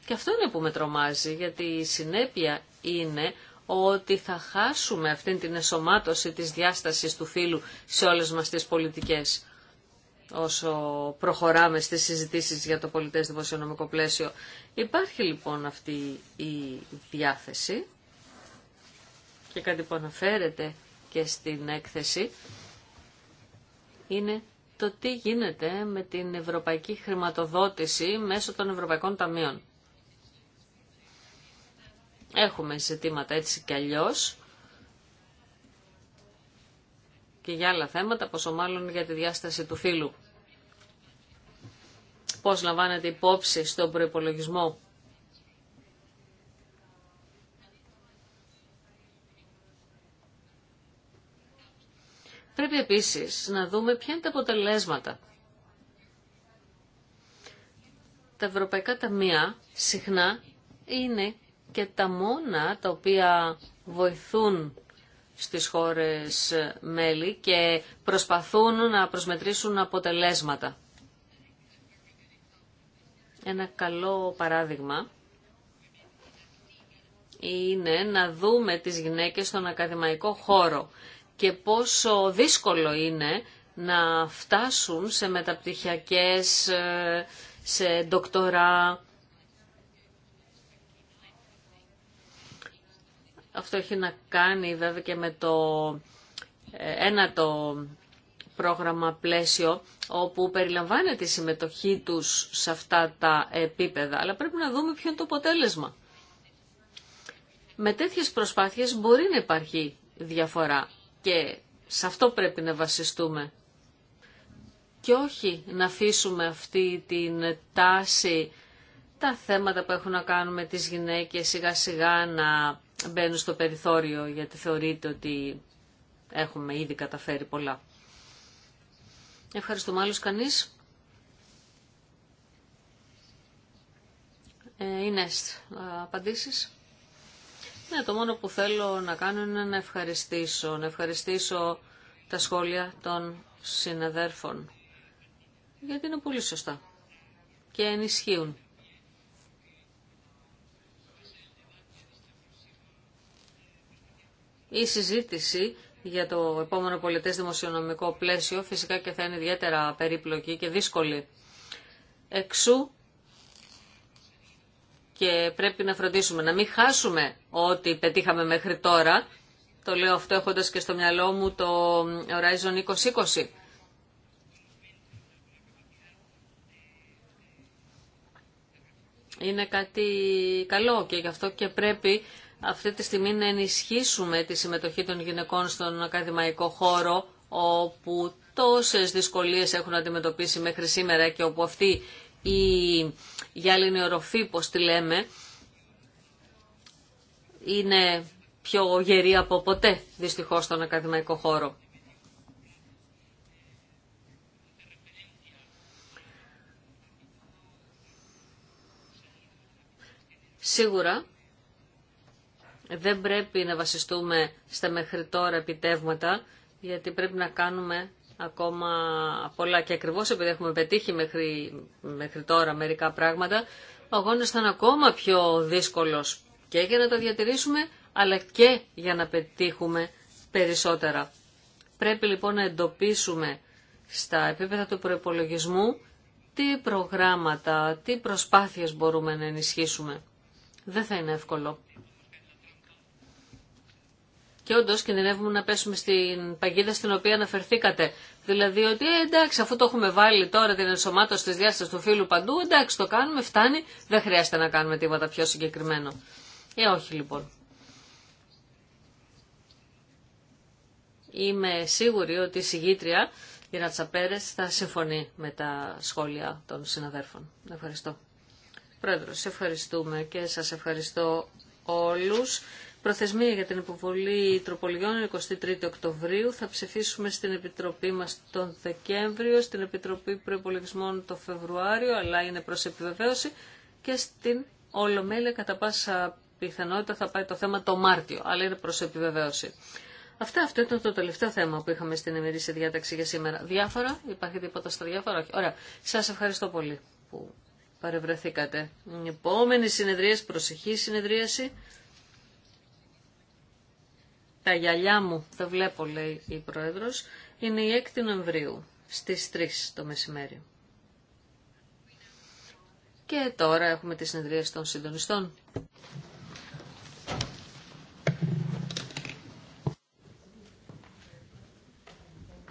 Και αυτό είναι που με τρομάζει, γιατί η συνέπεια είναι ότι θα χάσουμε αυτή την εσωμάτωση της διάστασης του φίλου σε όλες μας τις πολιτικές όσο προχωράμε στις συζητήσεις για το πολιτές δημοσιονομικό πλαίσιο. Υπάρχει λοιπόν αυτή η διάθεση και κάτι που αναφέρεται και στην έκθεση είναι το τι γίνεται με την ευρωπαϊκή χρηματοδότηση μέσω των ευρωπαϊκών ταμείων. Έχουμε ζητήματα έτσι κι αλλιώς και για άλλα θέματα, πόσο μάλλον για τη διάσταση του φύλου. Πώς λαμβάνεται υπόψη στον προϋπολογισμό. Πρέπει επίσης να δούμε ποια είναι τα αποτελέσματα. Τα ευρωπαϊκά ταμεία συχνά είναι και τα μόνα τα οποία βοηθούν στις χώρες μέλη και προσπαθούν να προσμετρήσουν αποτελέσματα. Ένα καλό παράδειγμα είναι να δούμε τις γυναίκες στον ακαδημαϊκό χώρο και πόσο δύσκολο είναι να φτάσουν σε μεταπτυχιακές, ε, σε ντοκτορά, Αυτό έχει να κάνει βέβαια και με το ε, ένα το πρόγραμμα πλαίσιο όπου περιλαμβάνεται η συμμετοχή τους σε αυτά τα επίπεδα. Αλλά πρέπει να δούμε ποιο είναι το αποτέλεσμα. Με τέτοιες προσπάθειες μπορεί να υπάρχει διαφορά και σε αυτό πρέπει να βασιστούμε. Και όχι να αφήσουμε αυτή την τάση τα θέματα που έχουν να κάνουν με τις γυναίκες σιγά σιγά να μπαίνουν στο περιθώριο γιατί θεωρείται ότι έχουμε ήδη καταφέρει πολλά. Ευχαριστούμε άλλους κανείς. Ε, είναι απαντήσεις. Ναι, το μόνο που θέλω να κάνω είναι να ευχαριστήσω, να ευχαριστήσω τα σχόλια των συναδέρφων. Γιατί είναι πολύ σωστά και ενισχύουν Η συζήτηση για το επόμενο πολιτές δημοσιονομικό πλαίσιο φυσικά και θα είναι ιδιαίτερα περίπλοκη και δύσκολη. Εξού και πρέπει να φροντίσουμε να μην χάσουμε ό,τι πετύχαμε μέχρι τώρα. Το λέω αυτό έχοντας και στο μυαλό μου το Horizon 2020. Είναι κάτι καλό και γι' αυτό και πρέπει αυτή τη στιγμή να ενισχύσουμε τη συμμετοχή των γυναικών στον ακαδημαϊκό χώρο όπου τόσες δυσκολίες έχουν αντιμετωπίσει μέχρι σήμερα και όπου αυτή η γυάλινη οροφή, πως τη λέμε, είναι πιο γερή από ποτέ, δυστυχώς, στον ακαδημαϊκό χώρο. Σίγουρα δεν πρέπει να βασιστούμε στα μέχρι τώρα επιτεύγματα, γιατί πρέπει να κάνουμε ακόμα πολλά. Και ακριβώς επειδή έχουμε πετύχει μέχρι, μέχρι τώρα μερικά πράγματα, ο αγώνας θα είναι ακόμα πιο δύσκολος και για να τα διατηρήσουμε, αλλά και για να πετύχουμε περισσότερα. Πρέπει λοιπόν να εντοπίσουμε στα επίπεδα του προπολογισμού τι προγράμματα, τι προσπάθειες μπορούμε να ενισχύσουμε. Δεν θα είναι εύκολο. Και όντω κινδυνεύουμε να πέσουμε στην παγίδα στην οποία αναφερθήκατε. Δηλαδή ότι ε, εντάξει, αφού το έχουμε βάλει τώρα την ενσωμάτωση τη διάσταση του φύλου παντού, εντάξει, το κάνουμε, φτάνει, δεν χρειάζεται να κάνουμε τίποτα πιο συγκεκριμένο. Ε, όχι λοιπόν. Είμαι σίγουρη ότι η συγγήτρια, η Ράτσα θα συμφωνεί με τα σχόλια των συναδέρφων. Ευχαριστώ. Πρόεδρος, ευχαριστούμε και σας ευχαριστώ όλους. Προθεσμία για την υποβολή τροπολογιών 23 Οκτωβρίου. Θα ψηφίσουμε στην Επιτροπή μας τον Δεκέμβριο, στην Επιτροπή Προϋπολογισμών τον Φεβρουάριο, αλλά είναι προς επιβεβαίωση και στην Ολομέλεια κατά πάσα πιθανότητα θα πάει το θέμα το Μάρτιο, αλλά είναι προς επιβεβαίωση. Αυτά, αυτό ήταν το τελευταίο θέμα που είχαμε στην σε διάταξη για σήμερα. Διάφορα, υπάρχει τίποτα στα διάφορα, όχι. Ωραία, σας ευχαριστώ πολύ που παρευρεθήκατε. Επόμενη συνεδρίαση, προσεχή συνεδρίαση τα γυαλιά μου, θα βλέπω λέει η Πρόεδρος, είναι η 6η Νοεμβρίου, στις 3 το μεσημέρι. Και τώρα έχουμε τη συνεδρία των συντονιστών.